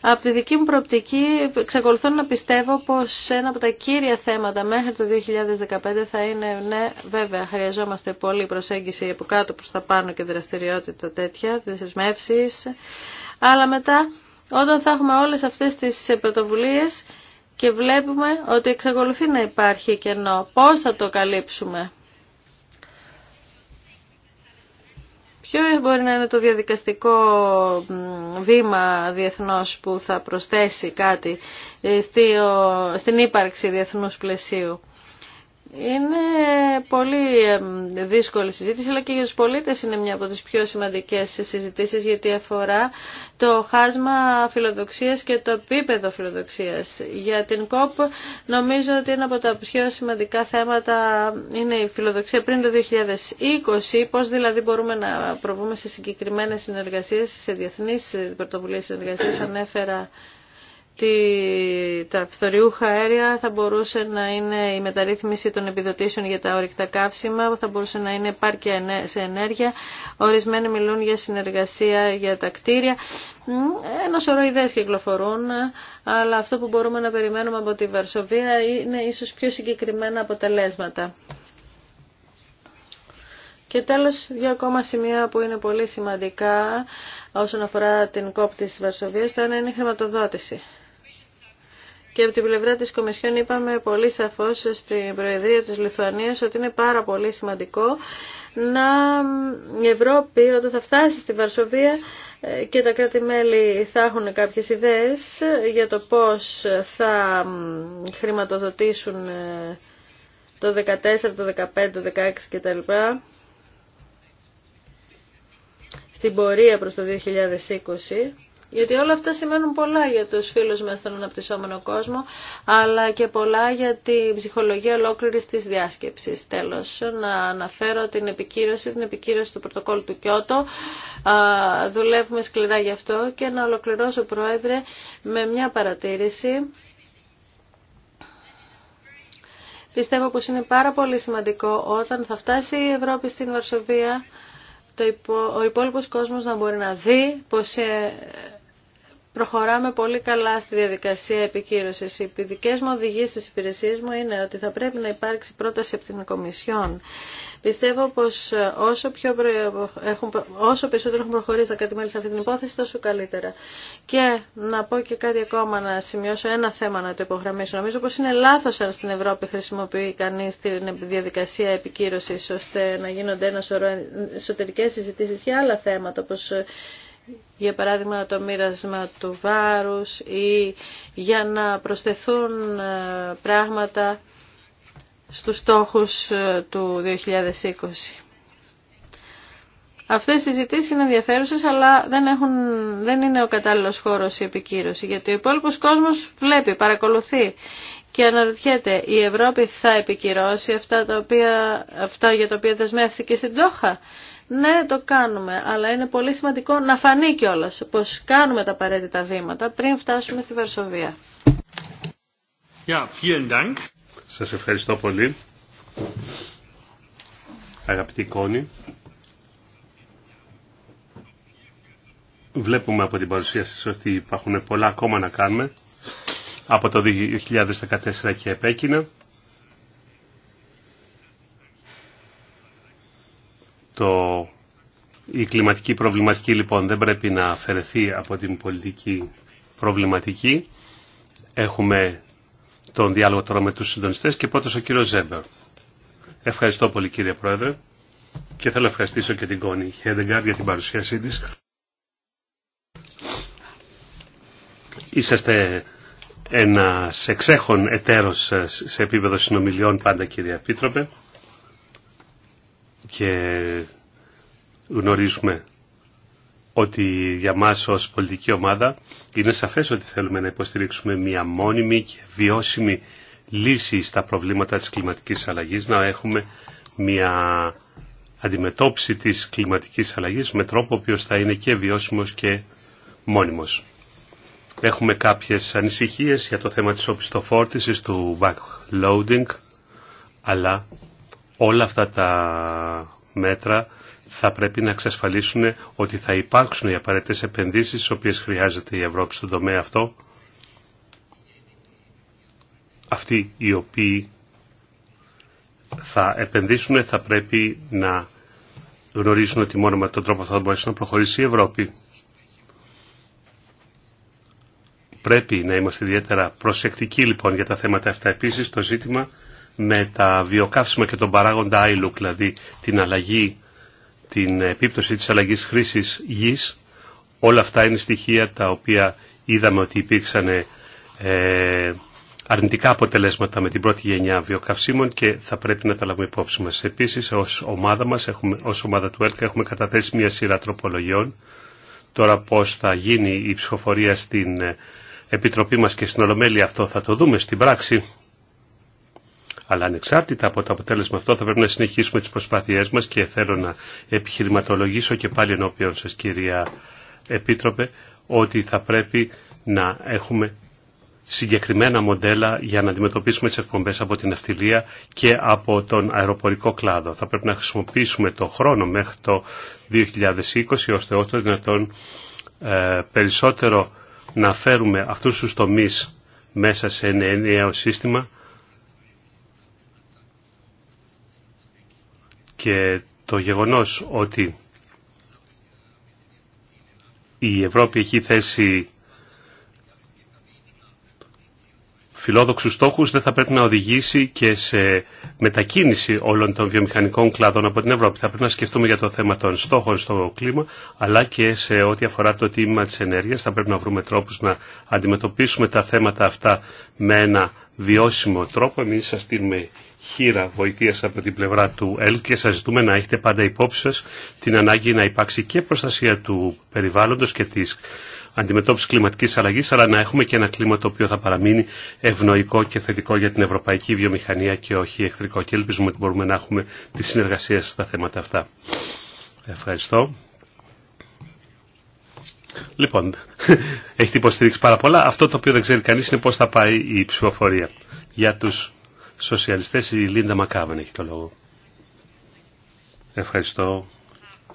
Από τη δική μου προοπτική εξακολουθώ να πιστεύω πως ένα από τα κύρια θέματα μέχρι το 2015 θα είναι ναι βέβαια χρειαζόμαστε πολύ προσέγγιση από κάτω προς τα πάνω και δραστηριότητα τέτοια, δεσμεύσεις. Αλλά μετά όταν θα έχουμε όλες αυτές τις πρωτοβουλίες και βλέπουμε ότι εξακολουθεί να υπάρχει κενό, πώς θα το καλύψουμε. Ποιο μπορεί να είναι το διαδικαστικό βήμα διεθνώς που θα προσθέσει κάτι ε, στην ύπαρξη διεθνούς πλαισίου. Είναι πολύ δύσκολη συζήτηση, αλλά και για τους πολίτες είναι μια από τις πιο σημαντικές συζητήσεις, γιατί αφορά το χάσμα φιλοδοξίας και το επίπεδο φιλοδοξίας. Για την ΚΟΠ νομίζω ότι ένα από τα πιο σημαντικά θέματα είναι η φιλοδοξία πριν το 2020, πώς δηλαδή μπορούμε να προβούμε σε συγκεκριμένες συνεργασίες, σε διεθνείς πρωτοβουλίες συνεργασίες, ανέφερα ότι τα φθοριούχα αέρια θα μπορούσε να είναι η μεταρρύθμιση των επιδοτήσεων για τα ορυκτά καύσιμα, θα μπορούσε να είναι πάρκια σε ενέργεια, ορισμένοι μιλούν για συνεργασία για τα κτίρια. Ένα σωρό ιδέες κυκλοφορούν, αλλά αυτό που μπορούμε να περιμένουμε από τη Βαρσοβία είναι ίσως πιο συγκεκριμένα αποτελέσματα. Και τέλος, δύο ακόμα σημεία που είναι πολύ σημαντικά όσον αφορά την κόπτη της Βαρσοβίας, το ένα είναι η χρηματοδότηση. Και από την πλευρά της Κομισιόν είπαμε πολύ σαφώς στην Προεδρία της Λιθουανίας ότι είναι πάρα πολύ σημαντικό να η Ευρώπη όταν θα φτάσει στη Βαρσοβία ε, και τα κράτη-μέλη θα έχουν κάποιες ιδέες για το πώς θα χρηματοδοτήσουν ε, το 14, το 15, το 16 κτλ. Στην πορεία προς το 2020 γιατί όλα αυτά σημαίνουν πολλά για τους φίλους μας στον αναπτυσσόμενο κόσμο, αλλά και πολλά για την ψυχολογία ολόκληρη της διάσκεψης. Τέλος, να αναφέρω την επικύρωση, την επικύρωση του πρωτοκόλλου του Κιώτο. δουλεύουμε σκληρά γι' αυτό και να ολοκληρώσω, Πρόεδρε, με μια παρατήρηση. Πιστεύω πως είναι πάρα πολύ σημαντικό όταν θα φτάσει η Ευρώπη στην Βαρσοβία ο υπόλοιπος κόσμος να μπορεί να δει πως ε, προχωράμε πολύ καλά στη διαδικασία επικύρωσης. Οι δικέ μου οδηγίε στι υπηρεσίε μου είναι ότι θα πρέπει να υπάρξει πρόταση από την Κομισιόν. Πιστεύω πω ε, όσο, όσο περισσότερο έχουν προχωρήσει τα κάτι σε αυτή την υπόθεση, τόσο καλύτερα. Και να πω και κάτι ακόμα, να σημειώσω ένα θέμα να το υπογραμμίσω. Νομίζω πω είναι λάθο αν στην Ευρώπη χρησιμοποιεί κανεί τη διαδικασία επικύρωσης, ώστε να γίνονται ένα σωρό εσωτερικέ συζητήσει για άλλα θέματα, ε, για παράδειγμα το μοίρασμα του βάρους ή για να προσθεθούν ε, πράγματα στους στόχους ε, του 2020. Αυτές οι συζητήσεις είναι ενδιαφέρουσες, αλλά δεν, έχουν, δεν είναι ο κατάλληλος χώρος η επικύρωση, γιατί ο υπόλοιπο κόσμος βλέπει, παρακολουθεί και αναρωτιέται, η Ευρώπη θα επικυρώσει αυτά, τα οποία, αυτά για τα οποία δεσμεύθηκε στην Τόχα ναι, το κάνουμε, αλλά είναι πολύ σημαντικό να φανεί κιόλα πως κάνουμε τα απαραίτητα βήματα πριν φτάσουμε στη Βαρσοβία. Ja, vielen Σας ευχαριστώ πολύ. Αγαπητή Κόνη, βλέπουμε από την παρουσία σας ότι υπάρχουν πολλά ακόμα να κάνουμε από το 2014 και επέκεινα. Το... Η κλιματική προβληματική λοιπόν δεν πρέπει να αφαιρεθεί από την πολιτική προβληματική. Έχουμε τον διάλογο τώρα με τους συντονιστές και πρώτος ο κύριος Ζέμπερ. Ευχαριστώ πολύ κύριε Πρόεδρε και θέλω να ευχαριστήσω και την Κόνη Χέντεγκάρ για την παρουσίασή της. Είσαστε ένας εξέχων εταίρος σε επίπεδο συνομιλιών πάντα κύριε Επίτροπε και γνωρίζουμε ότι για μας ως πολιτική ομάδα είναι σαφές ότι θέλουμε να υποστηρίξουμε μια μόνιμη και βιώσιμη λύση στα προβλήματα της κλιματικής αλλαγής, να έχουμε μια αντιμετώπιση της κλιματικής αλλαγής με τρόπο ο οποίος θα είναι και βιώσιμος και μόνιμος. Έχουμε κάποιες ανησυχίες για το θέμα της οπισθοφόρτησης του backloading, αλλά όλα αυτά τα μέτρα θα πρέπει να εξασφαλίσουν ότι θα υπάρξουν οι απαραίτητες επενδύσεις στις οποίες χρειάζεται η Ευρώπη στον τομέα αυτό. Αυτοί οι οποίοι θα επενδύσουν θα πρέπει να γνωρίζουν ότι μόνο με τον τρόπο θα μπορέσει να προχωρήσει η Ευρώπη. Πρέπει να είμαστε ιδιαίτερα προσεκτικοί λοιπόν για τα θέματα αυτά. Επίσης το ζήτημα με τα βιοκαύσιμα και τον παράγοντα ILUC, δηλαδή την αλλαγή, την επίπτωση της αλλαγής χρήσης γης, όλα αυτά είναι στοιχεία τα οποία είδαμε ότι υπήρξαν ε, αρνητικά αποτελέσματα με την πρώτη γενιά βιοκαυσίμων και θα πρέπει να τα λάβουμε υπόψη μας. Επίσης, ως ομάδα μας, έχουμε, ως ομάδα του ΕΛΚΑ, έχουμε καταθέσει μια σειρά τροπολογιών. Τώρα πώς θα γίνει η ψηφοφορία στην ε, Επιτροπή μας και στην Ολομέλεια αυτό θα το δούμε στην πράξη. Αλλά ανεξάρτητα από το αποτέλεσμα αυτό θα πρέπει να συνεχίσουμε τις προσπάθειές μας και θέλω να επιχειρηματολογήσω και πάλι ενώπιον σας κυρία Επίτροπε ότι θα πρέπει να έχουμε συγκεκριμένα μοντέλα για να αντιμετωπίσουμε τις εκπομπές από την αυτιλία και από τον αεροπορικό κλάδο. Θα πρέπει να χρησιμοποιήσουμε το χρόνο μέχρι το 2020 ώστε όσο δυνατόν ε, περισσότερο να φέρουμε αυτούς τους τομείς μέσα σε ένα νέο σύστημα και το γεγονός ότι η Ευρώπη έχει θέσει φιλόδοξους στόχους δεν θα πρέπει να οδηγήσει και σε μετακίνηση όλων των βιομηχανικών κλάδων από την Ευρώπη. Θα πρέπει να σκεφτούμε για το θέμα των στόχων στο κλίμα, αλλά και σε ό,τι αφορά το τίμημα της ενέργειας. Θα πρέπει να βρούμε τρόπους να αντιμετωπίσουμε τα θέματα αυτά με ένα βιώσιμο τρόπο. Εμείς σας στείλουμε χείρα βοηθεία από την πλευρά του ΕΛ και σα ζητούμε να έχετε πάντα υπόψη σας την ανάγκη να υπάρξει και προστασία του περιβάλλοντο και τη αντιμετώπιση κλιματική αλλαγή, αλλά να έχουμε και ένα κλίμα το οποίο θα παραμείνει ευνοϊκό και θετικό για την ευρωπαϊκή βιομηχανία και όχι εχθρικό. Και ελπίζουμε ότι μπορούμε να έχουμε τη συνεργασία στα θέματα αυτά. Ευχαριστώ. Λοιπόν, έχετε υποστηρίξει πάρα πολλά. Αυτό το οποίο δεν ξέρει κανεί είναι πώς θα πάει η ψηφοφορία για τους σοσιαλιστές, η Λίντα Μακάβεν έχει το λόγο. Ευχαριστώ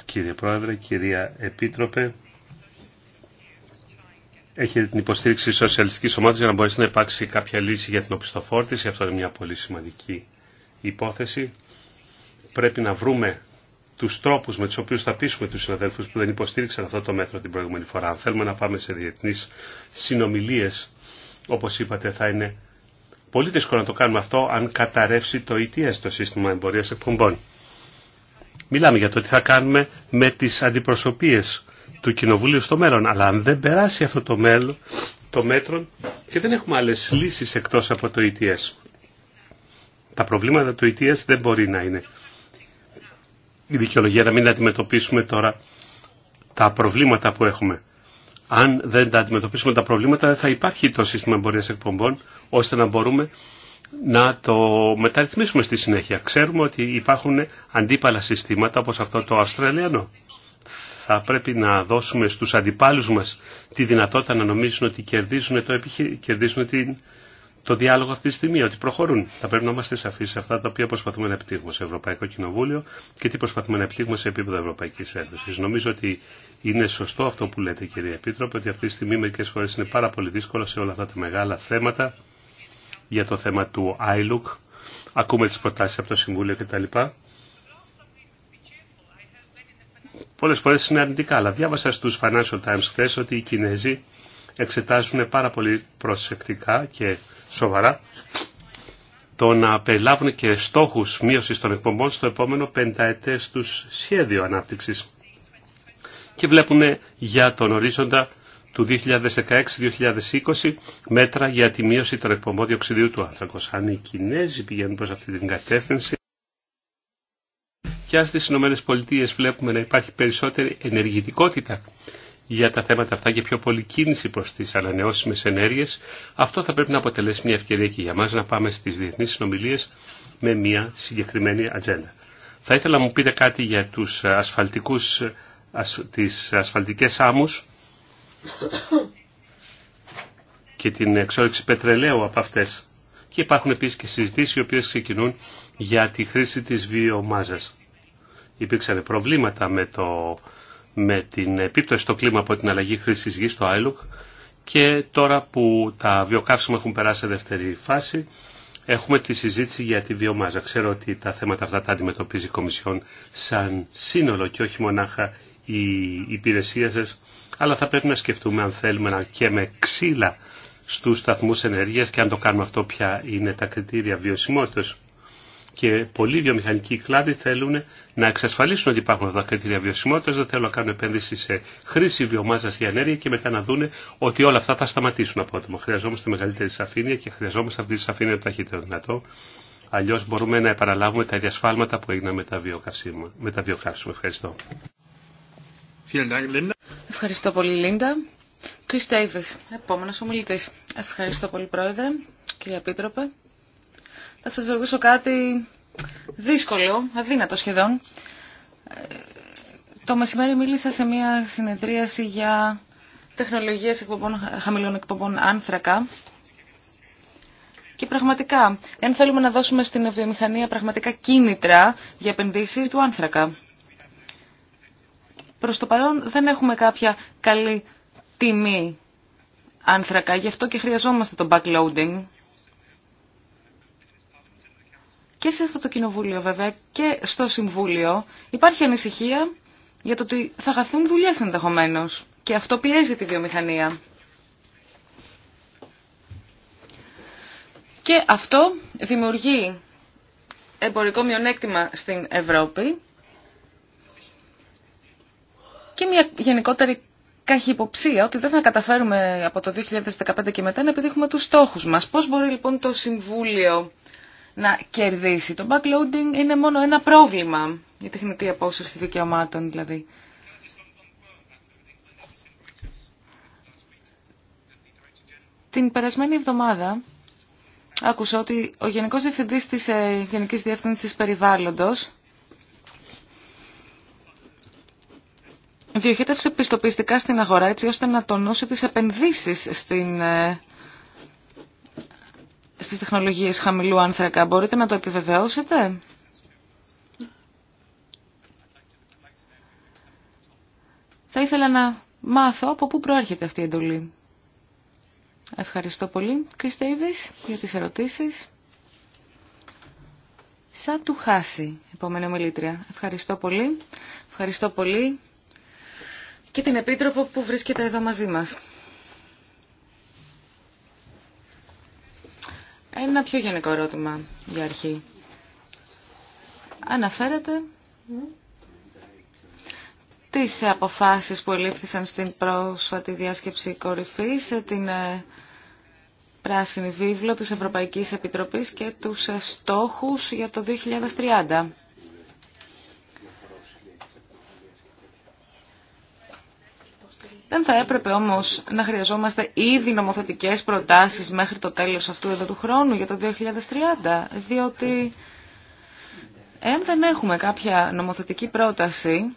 κύριε Πρόεδρε, κυρία Επίτροπε. Έχετε την υποστήριξη της σοσιαλιστικής ομάδας για να μπορέσει να υπάρξει κάποια λύση για την οπισθοφόρτηση. Αυτό είναι μια πολύ σημαντική υπόθεση. Πρέπει να βρούμε τους τρόπους με τους οποίους θα πείσουμε τους συναδέλφους που δεν υποστήριξαν αυτό το μέτρο την προηγούμενη φορά. Αν θέλουμε να πάμε σε διεθνείς συνομιλίες, όπως είπατε, θα είναι πολύ δύσκολο να το κάνουμε αυτό αν καταρρεύσει το ETS, το σύστημα εμπορίας εκπομπών. Μιλάμε για το τι θα κάνουμε με τις αντιπροσωπείες του Κοινοβουλίου στο μέλλον, αλλά αν δεν περάσει αυτό το, μέλλον, το μέτρο και δεν έχουμε άλλες λύσεις εκτός από το ETS. Τα προβλήματα του ETS δεν μπορεί να είναι η δικαιολογία να μην αντιμετωπίσουμε τώρα τα προβλήματα που έχουμε αν δεν τα αντιμετωπίσουμε τα προβλήματα, δεν θα υπάρχει το σύστημα εμπορία εκπομπών, ώστε να μπορούμε να το μεταρρυθμίσουμε στη συνέχεια. Ξέρουμε ότι υπάρχουν αντίπαλα συστήματα, όπως αυτό το Αυστραλιανό. Θα πρέπει να δώσουμε στους αντιπάλους μας τη δυνατότητα να νομίζουν ότι κερδίζουν, το επιχει... κερδίζουν την το διάλογο αυτή τη στιγμή, ότι προχωρούν. Θα πρέπει να είμαστε σαφεί σε αυτά τα οποία προσπαθούμε να επιτύχουμε σε Ευρωπαϊκό Κοινοβούλιο και τι προσπαθούμε να επιτύχουμε σε επίπεδο Ευρωπαϊκή Ένωση. Νομίζω ότι είναι σωστό αυτό που λέτε, κύριε Επίτροπε, ότι αυτή τη στιγμή μερικέ φορέ είναι πάρα πολύ δύσκολο σε όλα αυτά τα μεγάλα θέματα για το θέμα του ILUC. Ακούμε τι προτάσει από το Συμβούλιο κτλ. Πολλέ φορέ είναι αρνητικά, αλλά διάβασα στου Financial Times χθε ότι οι Κινέζοι εξετάζουν πάρα πολύ προσεκτικά και σοβαρά το να περιλάβουν και στόχους μείωσης των εκπομπών στο επόμενο πενταετές του σχέδιο ανάπτυξης. Και βλέπουν για τον ορίζοντα του 2016-2020 μέτρα για τη μείωση των εκπομπών διοξιδίου του άνθρακος. Αν οι Κινέζοι πηγαίνουν προς αυτή την κατεύθυνση, και στις ΗΠΑ βλέπουμε να υπάρχει περισσότερη ενεργητικότητα για τα θέματα αυτά και πιο πολύ κίνηση προς τις ανανεώσιμες ενέργειες. Αυτό θα πρέπει να αποτελέσει μια ευκαιρία και για μας να πάμε στις διεθνείς συνομιλίες με μια συγκεκριμένη ατζέντα. Θα ήθελα να μου πείτε κάτι για τους ασφαλτικούς, ασ, τις ασφαλτικές άμμους και την εξόρυξη πετρελαίου από αυτές. Και υπάρχουν επίσης και συζητήσεις οι οποίες ξεκινούν για τη χρήση της βιομάζας. Υπήρξαν προβλήματα με το με την επίπτωση στο κλίμα από την αλλαγή χρήσης γης στο Άιλουκ και τώρα που τα βιοκαύσιμα έχουν περάσει σε δεύτερη φάση έχουμε τη συζήτηση για τη βιομάζα. Ξέρω ότι τα θέματα αυτά τα αντιμετωπίζει η Κομισιόν σαν σύνολο και όχι μονάχα η υπηρεσία σας αλλά θα πρέπει να σκεφτούμε αν θέλουμε να και με ξύλα στους σταθμούς ενέργειας και αν το κάνουμε αυτό ποια είναι τα κριτήρια βιωσιμότητας και πολλοί βιομηχανικοί κλάδοι θέλουν να εξασφαλίσουν ότι υπάρχουν εδώ τα κριτήρια βιωσιμότητα, δεν θέλουν να κάνουν επένδυση σε χρήση βιομάζα για ενέργεια και μετά να δούνε ότι όλα αυτά θα σταματήσουν απότομα. Χρειαζόμαστε μεγαλύτερη σαφήνεια και χρειαζόμαστε αυτή τη σαφήνεια το ταχύτερο δυνατό. Αλλιώ μπορούμε να επαναλάβουμε τα ίδια σφάλματα που έγιναν με τα βιοκαύσιμα. Ευχαριστώ. Ευχαριστώ πολύ, Λίντα. Κρι επόμενο ομιλητή. Ευχαριστώ πολύ, Πρόεδρε, κυρία Επίτροπε θα σας ρωτήσω κάτι δύσκολο, αδύνατο σχεδόν. Ε, το μεσημέρι μίλησα σε μια συνεδρίαση για τεχνολογίες εκπομπών, χαμηλών εκπομπών άνθρακα. Και πραγματικά, εάν θέλουμε να δώσουμε στην βιομηχανία πραγματικά κίνητρα για επενδύσεις του άνθρακα. Προς το παρόν δεν έχουμε κάποια καλή τιμή άνθρακα, γι' αυτό και χρειαζόμαστε το backloading και σε αυτό το κοινοβούλιο βέβαια και στο Συμβούλιο υπάρχει ανησυχία για το ότι θα χαθούν δουλειές ενδεχομένω και αυτό πιέζει τη βιομηχανία. Και αυτό δημιουργεί εμπορικό μειονέκτημα στην Ευρώπη και μια γενικότερη καχυποψία ότι δεν θα καταφέρουμε από το 2015 και μετά να επιτύχουμε τους στόχους μας. Πώς μπορεί λοιπόν το Συμβούλιο να κερδίσει. Το backloading είναι μόνο ένα πρόβλημα, η τεχνητή απόσυρση δικαιωμάτων δηλαδή. Την περασμένη εβδομάδα άκουσα ότι ο Γενικός Διευθυντής της ε, Γενικής Διεύθυνσης Περιβάλλοντος διοχέτευσε πιστοποιητικά στην αγορά έτσι ώστε να τονώσει τις επενδύσεις στην ε, στις τεχνολογίες χαμηλού άνθρακα. Μπορείτε να το επιβεβαιώσετε. Θα ήθελα να μάθω από πού προέρχεται αυτή η εντολή. Ευχαριστώ πολύ, Ήβης, για τις ερωτήσεις. Σαν του χάσει, επόμενη ομιλήτρια. Ευχαριστώ πολύ. Ευχαριστώ πολύ και την Επίτροπο που βρίσκεται εδώ μαζί μας. Ένα πιο γενικό ερώτημα για αρχή. Αναφέρεται τις αποφάσεις που ελήφθησαν στην πρόσφατη διάσκεψη σε την ε, πράσινη βίβλο της Ευρωπαϊκής Επιτροπής και τους ε, στόχους για το 2030. Δεν θα έπρεπε όμως να χρειαζόμαστε ήδη νομοθετικές προτάσεις μέχρι το τέλος αυτού εδώ του χρόνου για το 2030, διότι εάν δεν έχουμε κάποια νομοθετική πρόταση,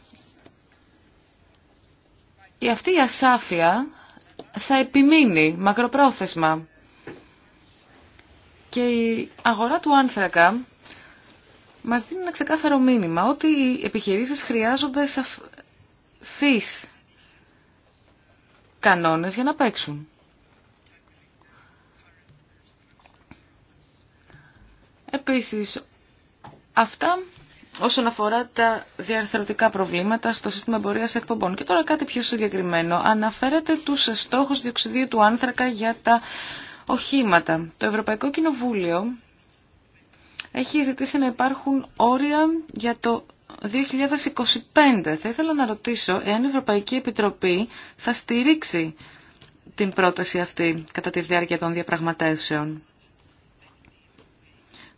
η αυτή η ασάφεια θα επιμείνει μακροπρόθεσμα. Και η αγορά του άνθρακα μας δίνει ένα ξεκάθαρο μήνυμα ότι οι επιχειρήσεις χρειάζονται φύση κανόνες για να παίξουν. Επίσης, αυτά όσον αφορά τα διαρθρωτικά προβλήματα στο σύστημα εμπορία εκπομπών. Και τώρα κάτι πιο συγκεκριμένο. Αναφέρεται τους στόχους διοξιδίου του άνθρακα για τα οχήματα. Το Ευρωπαϊκό Κοινοβούλιο έχει ζητήσει να υπάρχουν όρια για το 2025. Θα ήθελα να ρωτήσω εάν η Ευρωπαϊκή Επιτροπή θα στηρίξει την πρόταση αυτή κατά τη διάρκεια των διαπραγματεύσεων.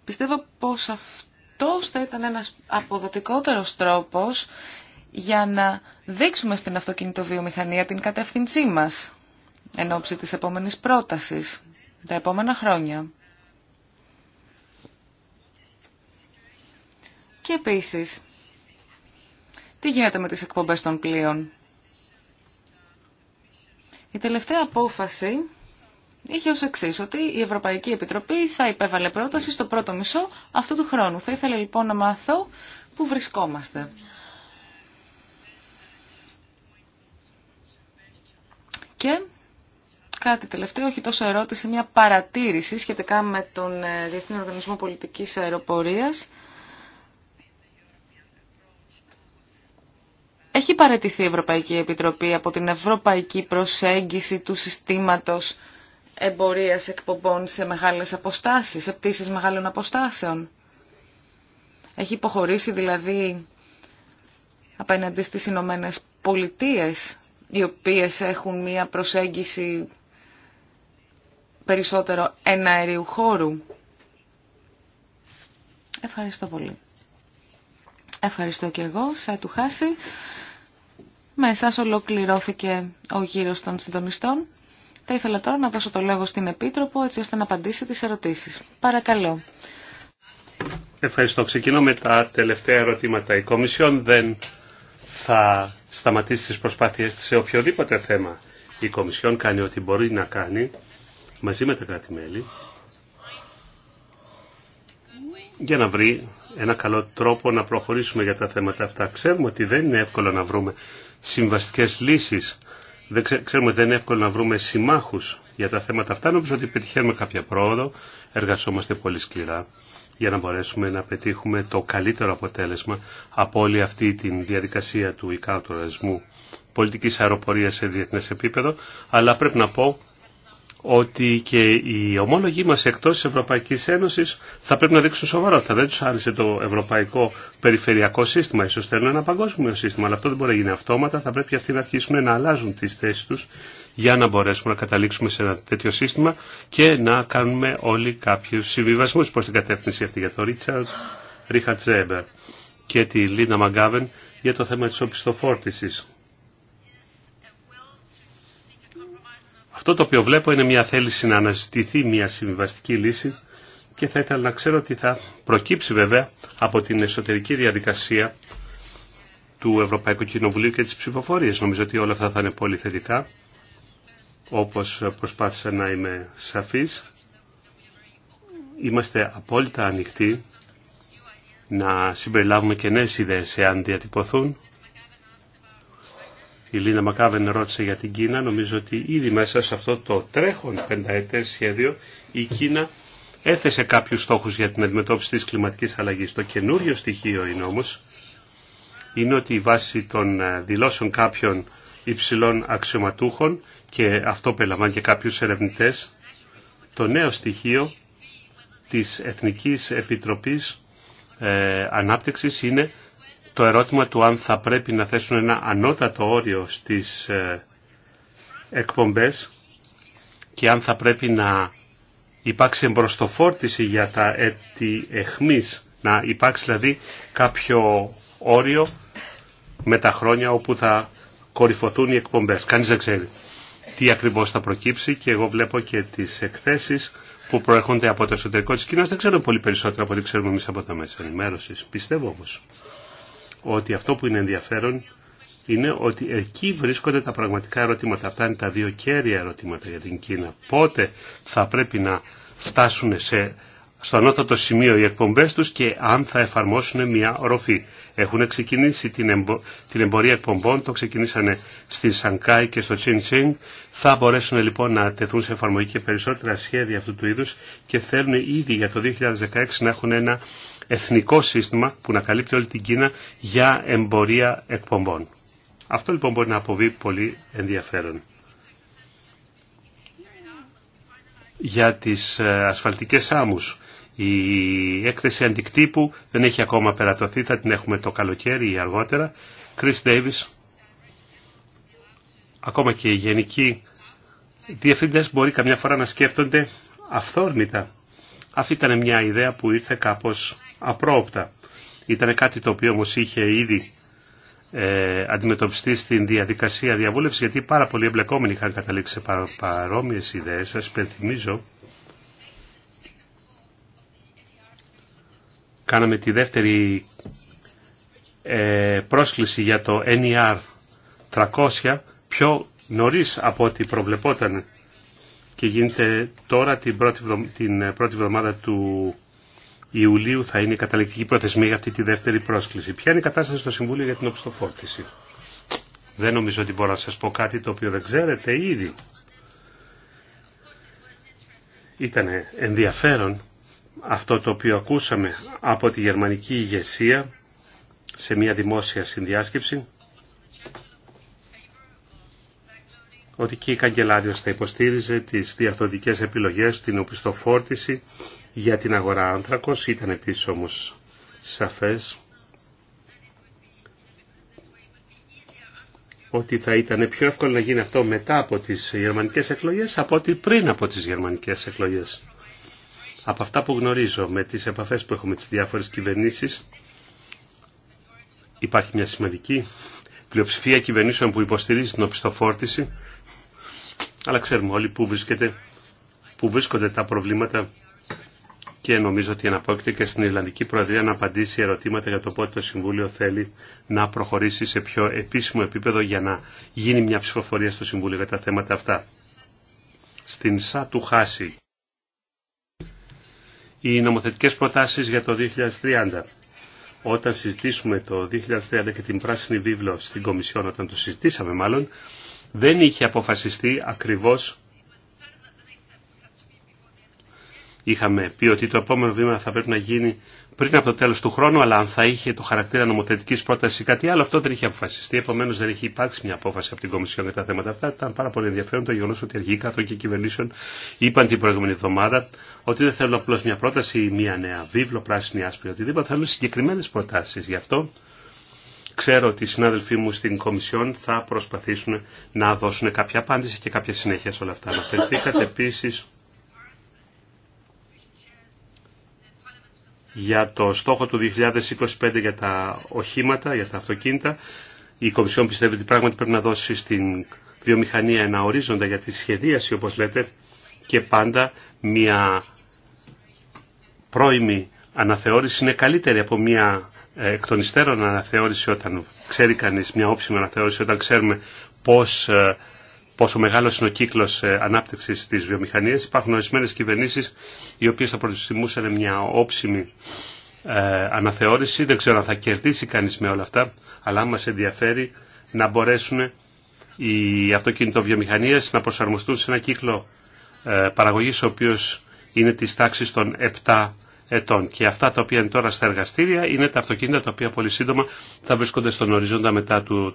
Πιστεύω πως αυτός θα ήταν ένας αποδοτικότερος τρόπος για να δείξουμε στην αυτοκινητοβιομηχανία την κατεύθυνσή μας εν ώψη της επόμενης πρότασης τα επόμενα χρόνια. Και επίσης, τι γίνεται με τις εκπομπές των πλοίων. Η τελευταία απόφαση είχε ως εξή ότι η Ευρωπαϊκή Επιτροπή θα υπέβαλε πρόταση στο πρώτο μισό αυτού του χρόνου. Θα ήθελα λοιπόν να μάθω πού βρισκόμαστε. Και κάτι τελευταίο, όχι τόσο ερώτηση, μια παρατήρηση σχετικά με τον ε, Διεθνή Οργανισμό Πολιτικής Αεροπορίας. έχει παρατηθεί η Ευρωπαϊκή Επιτροπή από την ευρωπαϊκή προσέγγιση του συστήματος εμπορίας εκπομπών σε μεγάλες αποστάσεις, σε πτήσεις μεγάλων αποστάσεων. Έχει υποχωρήσει δηλαδή απέναντι στις Ηνωμένε Πολιτείες, οι οποίες έχουν μία προσέγγιση περισσότερο εναερίου χώρου. Ευχαριστώ πολύ. Ευχαριστώ και εγώ, σαν του χάσει. Με εσάς ολοκληρώθηκε ο γύρος των συντονιστών. Θα ήθελα τώρα να δώσω το λόγο στην Επίτροπο έτσι ώστε να απαντήσει τις ερωτήσεις. Παρακαλώ. Ευχαριστώ. Ξεκινώ με τα τελευταία ερωτήματα. Η Κομισιόν δεν θα σταματήσει τις προσπάθειές της σε οποιοδήποτε θέμα. Η Κομισιόν κάνει ό,τι μπορεί να κάνει μαζί με τα κράτη-μέλη για να βρει ένα καλό τρόπο να προχωρήσουμε για τα θέματα αυτά. Ξέρουμε ότι δεν είναι εύκολο να βρούμε συμβαστικές λύσεις. Δεν ξέρουμε ότι δεν είναι εύκολο να βρούμε συμμάχους για τα θέματα αυτά. Νομίζω ότι πετυχαίνουμε κάποια πρόοδο, εργαζόμαστε πολύ σκληρά για να μπορέσουμε να πετύχουμε το καλύτερο αποτέλεσμα από όλη αυτή τη διαδικασία του ικανοτορασμού πολιτικής αεροπορίας σε διεθνές επίπεδο, αλλά πρέπει να πω ότι και οι ομόλογοι μας εκτός της Ευρωπαϊκής Ένωσης θα πρέπει να δείξουν σοβαρότητα. Δεν τους άρεσε το ευρωπαϊκό περιφερειακό σύστημα. Ίσως θέλουν ένα παγκόσμιο σύστημα, αλλά αυτό δεν μπορεί να γίνει αυτόματα. Θα πρέπει αυτοί να αρχίσουν να αλλάζουν τις θέσεις τους για να μπορέσουμε να καταλήξουμε σε ένα τέτοιο σύστημα και να κάνουμε όλοι κάποιους συμβιβασμούς προς την κατεύθυνση αυτή για τον Ρίτσαρτ Ρίχαρτ Ζέμπερ και τη Λίνα Μαγκάβεν για το θέμα της οπισθοφόρτησης. Το το οποίο βλέπω είναι μια θέληση να αναζητηθεί μια συμβιβαστική λύση και θα ήθελα να ξέρω ότι θα προκύψει βέβαια από την εσωτερική διαδικασία του Ευρωπαϊκού Κοινοβουλίου και τις ψηφοφορίες. Νομίζω ότι όλα αυτά θα είναι πολύ θετικά, όπως προσπάθησα να είμαι σαφής. Είμαστε απόλυτα ανοιχτοί να συμπεριλάβουμε και νέες ιδέες εάν διατυπωθούν η Λίνα Μακάβεν ρώτησε για την Κίνα. Νομίζω ότι ήδη μέσα σε αυτό το τρέχον πενταετέ σχέδιο η Κίνα έθεσε κάποιους στόχους για την αντιμετώπιση της κλιματικής αλλαγής. Το καινούριο στοιχείο είναι όμως είναι ότι η βάση των ε, δηλώσεων κάποιων υψηλών αξιωματούχων και αυτό περιλαμβάνει και κάποιους ερευνητές το νέο στοιχείο της Εθνικής Επιτροπής ε, Ανάπτυξης είναι το ερώτημα του αν θα πρέπει να θέσουν ένα ανώτατο όριο στις ε, εκπομπές και αν θα πρέπει να υπάρξει εμπροστοφόρτιση για τα έτη εχμής, να υπάρξει δηλαδή κάποιο όριο με τα χρόνια όπου θα κορυφωθούν οι εκπομπές. Κανείς δεν ξέρει τι ακριβώς θα προκύψει και εγώ βλέπω και τις εκθέσεις που προέρχονται από το εσωτερικό της Κίνας. Δεν ξέρουν πολύ περισσότερο από ό,τι ξέρουμε εμείς από τα μέσα ενημέρωση. Πιστεύω όμως ότι αυτό που είναι ενδιαφέρον είναι ότι εκεί βρίσκονται τα πραγματικά ερωτήματα. Αυτά είναι τα δύο κέρια ερωτήματα για την Κίνα. Πότε θα πρέπει να φτάσουν σε, στο ανώτατο σημείο οι εκπομπές τους και αν θα εφαρμόσουν μια οροφή. Έχουν ξεκινήσει την, την εμπορία εκπομπών, το ξεκινήσανε στην Σανκάη και στο Τσιν Θα μπορέσουν λοιπόν να τεθούν σε εφαρμογή και περισσότερα σχέδια αυτού του είδους και θέλουν ήδη για το 2016 να έχουν ένα εθνικό σύστημα που να καλύπτει όλη την Κίνα για εμπορία εκπομπών. Αυτό λοιπόν μπορεί να αποβεί πολύ ενδιαφέρον. Για τις ε, ασφαλτικές άμμους η έκθεση αντικτύπου δεν έχει ακόμα περατωθεί, θα την έχουμε το καλοκαίρι ή αργότερα. Chris Davis, ακόμα και οι γενικοί διευθυντές μπορεί καμιά φορά να σκέφτονται αυθόρμητα. Αυτή ήταν μια ιδέα που ήρθε κάπως απρόοπτα. Ήταν κάτι το οποίο όμως είχε ήδη ε, αντιμετωπιστεί στην διαδικασία διαβούλευση γιατί πάρα πολλοί εμπλεκόμενοι είχαν καταλήξει σε παρόμοιες ιδέες. Σας υπενθυμίζω κάναμε τη δεύτερη ε, πρόσκληση για το NER 300 πιο νωρίς από ό,τι προβλεπόταν και γίνεται τώρα την πρώτη, την πρώτη του Ιουλίου θα είναι η καταληκτική προθεσμία για αυτή τη δεύτερη πρόσκληση. Ποια είναι η κατάσταση στο Συμβούλιο για την Οπισθοφόρτιση. Δεν νομίζω ότι μπορώ να σας πω κάτι το οποίο δεν ξέρετε ήδη. Ήταν ενδιαφέρον αυτό το οποίο ακούσαμε από τη γερμανική ηγεσία σε μια δημόσια συνδιάσκεψη ότι και η Καγκελάριος θα υποστήριζε τις διαθροντικές επιλογές, την οπισθοφόρτιση για την αγορά άνθρακος. Ήταν επίσης όμως σαφές ότι θα ήταν πιο εύκολο να γίνει αυτό μετά από τις γερμανικές εκλογές από ότι πριν από τις γερμανικές εκλογές. Από αυτά που γνωρίζω με τις επαφές που έχουμε με τις διάφορες κυβερνήσεις, υπάρχει μια σημαντική πλειοψηφία κυβερνήσεων που υποστηρίζει την οπισθοφόρτηση, αλλά ξέρουμε όλοι που, βρίσκεται, που βρίσκονται τα προβλήματα και νομίζω ότι αναπόκειται και στην Ιρλανδική Προεδρία να απαντήσει ερωτήματα για το πότε το Συμβούλιο θέλει να προχωρήσει σε πιο επίσημο επίπεδο για να γίνει μια ψηφοφορία στο Συμβούλιο για τα θέματα αυτά. Στην ΣΑ του Χάση οι νομοθετικές προτάσεις για το 2030. Όταν συζητήσουμε το 2030 και την πράσινη βίβλο στην Κομισιόν, όταν το συζητήσαμε μάλλον, δεν είχε αποφασιστεί ακριβώς Είχαμε πει ότι το επόμενο βήμα θα πρέπει να γίνει πριν από το τέλος του χρόνου, αλλά αν θα είχε το χαρακτήρα νομοθετικής πρόταση ή κάτι άλλο, αυτό δεν είχε αποφασιστεί. Επομένω δεν είχε υπάρξει μια απόφαση από την Κομισιόν για τα θέματα αυτά. Ήταν πάρα πολύ ενδιαφέρον το γεγονό ότι αργή κάτω και κυβερνήσεων είπαν την προηγούμενη εβδομάδα ότι δεν θέλουν απλώ μια πρόταση ή μια νέα βίβλο, πράσινη, άσπρη, οτιδήποτε. Θέλουν συγκεκριμένε προτάσει. Γι' αυτό ξέρω ότι οι συνάδελφοί μου στην Κομισιόν θα προσπαθήσουν να δώσουν κάποια απάντηση και κάποια συνέχεια σε όλα αυτά. Αναφερθήκατε για το στόχο του 2025 για τα οχήματα, για τα αυτοκίνητα. Η Κομισιόν πιστεύει ότι πράγματι πρέπει να δώσει στην βιομηχανία ένα ορίζοντα για τη σχεδίαση, όπως λέτε, και πάντα μια πρώιμη αναθεώρηση είναι καλύτερη από μια ε, εκ των υστέρων αναθεώρηση όταν ξέρει κανείς, μια όψιμη αναθεώρηση όταν ξέρουμε πώς ε, πόσο μεγάλο είναι ο κύκλο ε, ανάπτυξη τη βιομηχανία. Υπάρχουν ορισμένε κυβερνήσει οι οποίε θα προτιμούσαν μια όψιμη ε, αναθεώρηση. Δεν ξέρω αν θα κερδίσει κανεί με όλα αυτά, αλλά μα ενδιαφέρει να μπορέσουν οι βιομηχανίε να προσαρμοστούν σε ένα κύκλο ε, παραγωγή ο οποίο είναι τη τάξη των 7 ετών. Και αυτά τα οποία είναι τώρα στα εργαστήρια είναι τα αυτοκίνητα τα οποία πολύ σύντομα θα βρίσκονται στον οριζόντα μετά το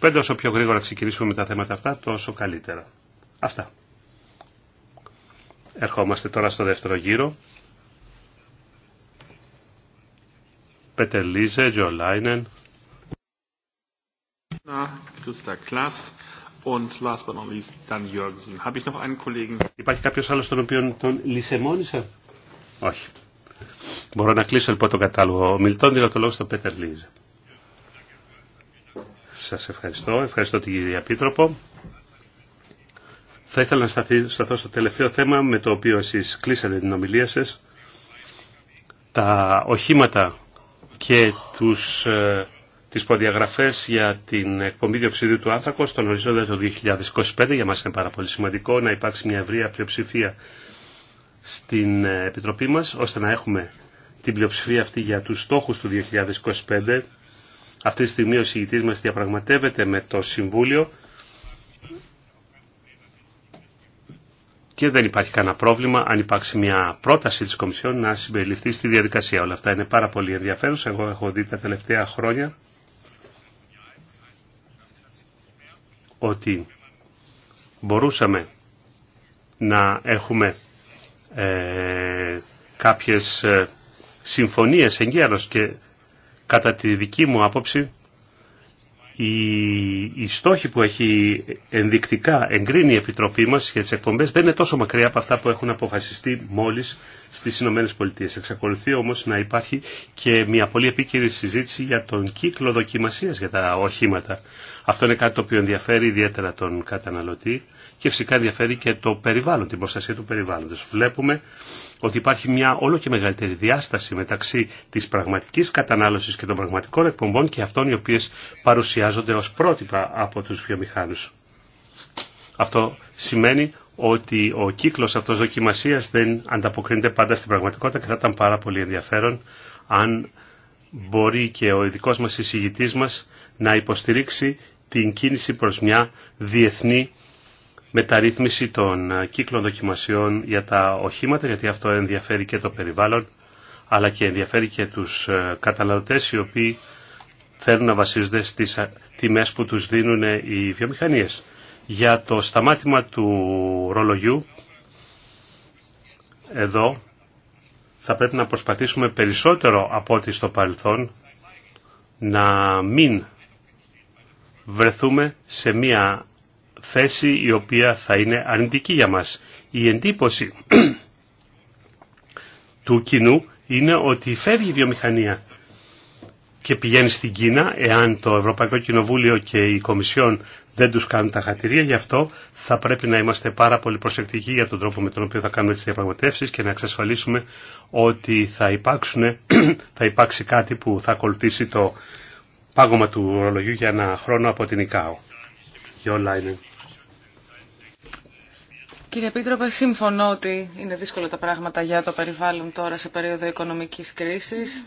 2025. Όσο πιο γρήγορα ξεκινήσουμε με τα θέματα αυτά, τόσο καλύτερα. Αυτά. Ερχόμαστε τώρα στο δεύτερο γύρο. Πέτερ Λίζε, Τζο Λάινεν. Υπάρχει κάποιος άλλος τον οποίον τον λησεμόνισε. Όχι. Μπορώ να κλείσω λοιπόν τον κατάλογο. Ο Μιλτών δίνω το λόγο στον Πέτερ Λίζε. Σας ευχαριστώ. Ευχαριστώ την κυρία Πίτροπο. Θα ήθελα να σταθώ στο τελευταίο θέμα με το οποίο εσείς κλείσατε την ομιλία σας. Τα οχήματα και τους, ε, τις προδιαγραφές για την εκπομπή διοξιδίου του άνθρακος στον οριζόντα το 2025. Για μας είναι πάρα πολύ σημαντικό να υπάρξει μια ευρεία πλειοψηφία στην ε, Επιτροπή μας, ώστε να έχουμε την πλειοψηφία αυτή για τους στόχους του 2025. Αυτή τη στιγμή ο συγητής μας διαπραγματεύεται με το Συμβούλιο και δεν υπάρχει κανένα πρόβλημα αν υπάρξει μια πρόταση της Κομισιόν να συμπεριληφθεί στη διαδικασία. Όλα αυτά είναι πάρα πολύ ενδιαφέρουσα. Εγώ έχω δει τα τελευταία χρόνια ότι μπορούσαμε να έχουμε ε, κάποιες ε, συμφωνίες εγκαίρως και κατά τη δική μου άποψη οι, οι στόχοι που έχει ενδεικτικά εγκρίνει η Επιτροπή μας για τις εκπομπές δεν είναι τόσο μακριά από αυτά που έχουν αποφασιστεί μόλις στις Ηνωμένες Πολιτείες. Εξακολουθεί όμως να υπάρχει και μια πολύ επίκαιρη συζήτηση για τον κύκλο δοκιμασίας για τα οχήματα. Αυτό είναι κάτι το οποίο ενδιαφέρει ιδιαίτερα τον καταναλωτή και φυσικά ενδιαφέρει και το περιβάλλον, την προστασία του περιβάλλοντος. Βλέπουμε ότι υπάρχει μια όλο και μεγαλύτερη διάσταση μεταξύ της πραγματικής κατανάλωσης και των πραγματικών εκπομπών και αυτών οι οποίες παρουσιάζονται ως πρότυπα από τους βιομηχάνους. Αυτό σημαίνει ότι ο κύκλος αυτός δοκιμασίας δεν ανταποκρίνεται πάντα στην πραγματικότητα και θα ήταν πάρα πολύ ενδιαφέρον αν μπορεί και ο ειδικό μα εισηγητής μα να υποστηρίξει την κίνηση προς μια διεθνή μεταρρύθμιση των ε, κύκλων δοκιμασιών για τα οχήματα, γιατί αυτό ενδιαφέρει και το περιβάλλον, αλλά και ενδιαφέρει και τους ε, καταναλωτές οι οποίοι θέλουν να βασίζονται στις ε, τιμές που τους δίνουν οι βιομηχανίες. Για το σταμάτημα του ρολογιού, εδώ θα πρέπει να προσπαθήσουμε περισσότερο από ό,τι στο παρελθόν να μην βρεθούμε σε μια θέση η οποία θα είναι αρνητική για μας. Η εντύπωση του κοινού είναι ότι φεύγει η βιομηχανία και πηγαίνει στην Κίνα, εάν το Ευρωπαϊκό Κοινοβούλιο και η Κομισιόν δεν τους κάνουν τα χατηρία, γι' αυτό θα πρέπει να είμαστε πάρα πολύ προσεκτικοί για τον τρόπο με τον οποίο θα κάνουμε τις διαπραγματεύσεις και να εξασφαλίσουμε ότι θα, θα υπάρξει κάτι που θα ακολουθήσει το πάγωμα του ορολογιού για ένα χρόνο από την ΙΚΑΟ. Κύριε Επίτροπε, σύμφωνο ότι είναι δύσκολα τα πράγματα για το περιβάλλον τώρα σε περίοδο οικονομικής κρίσης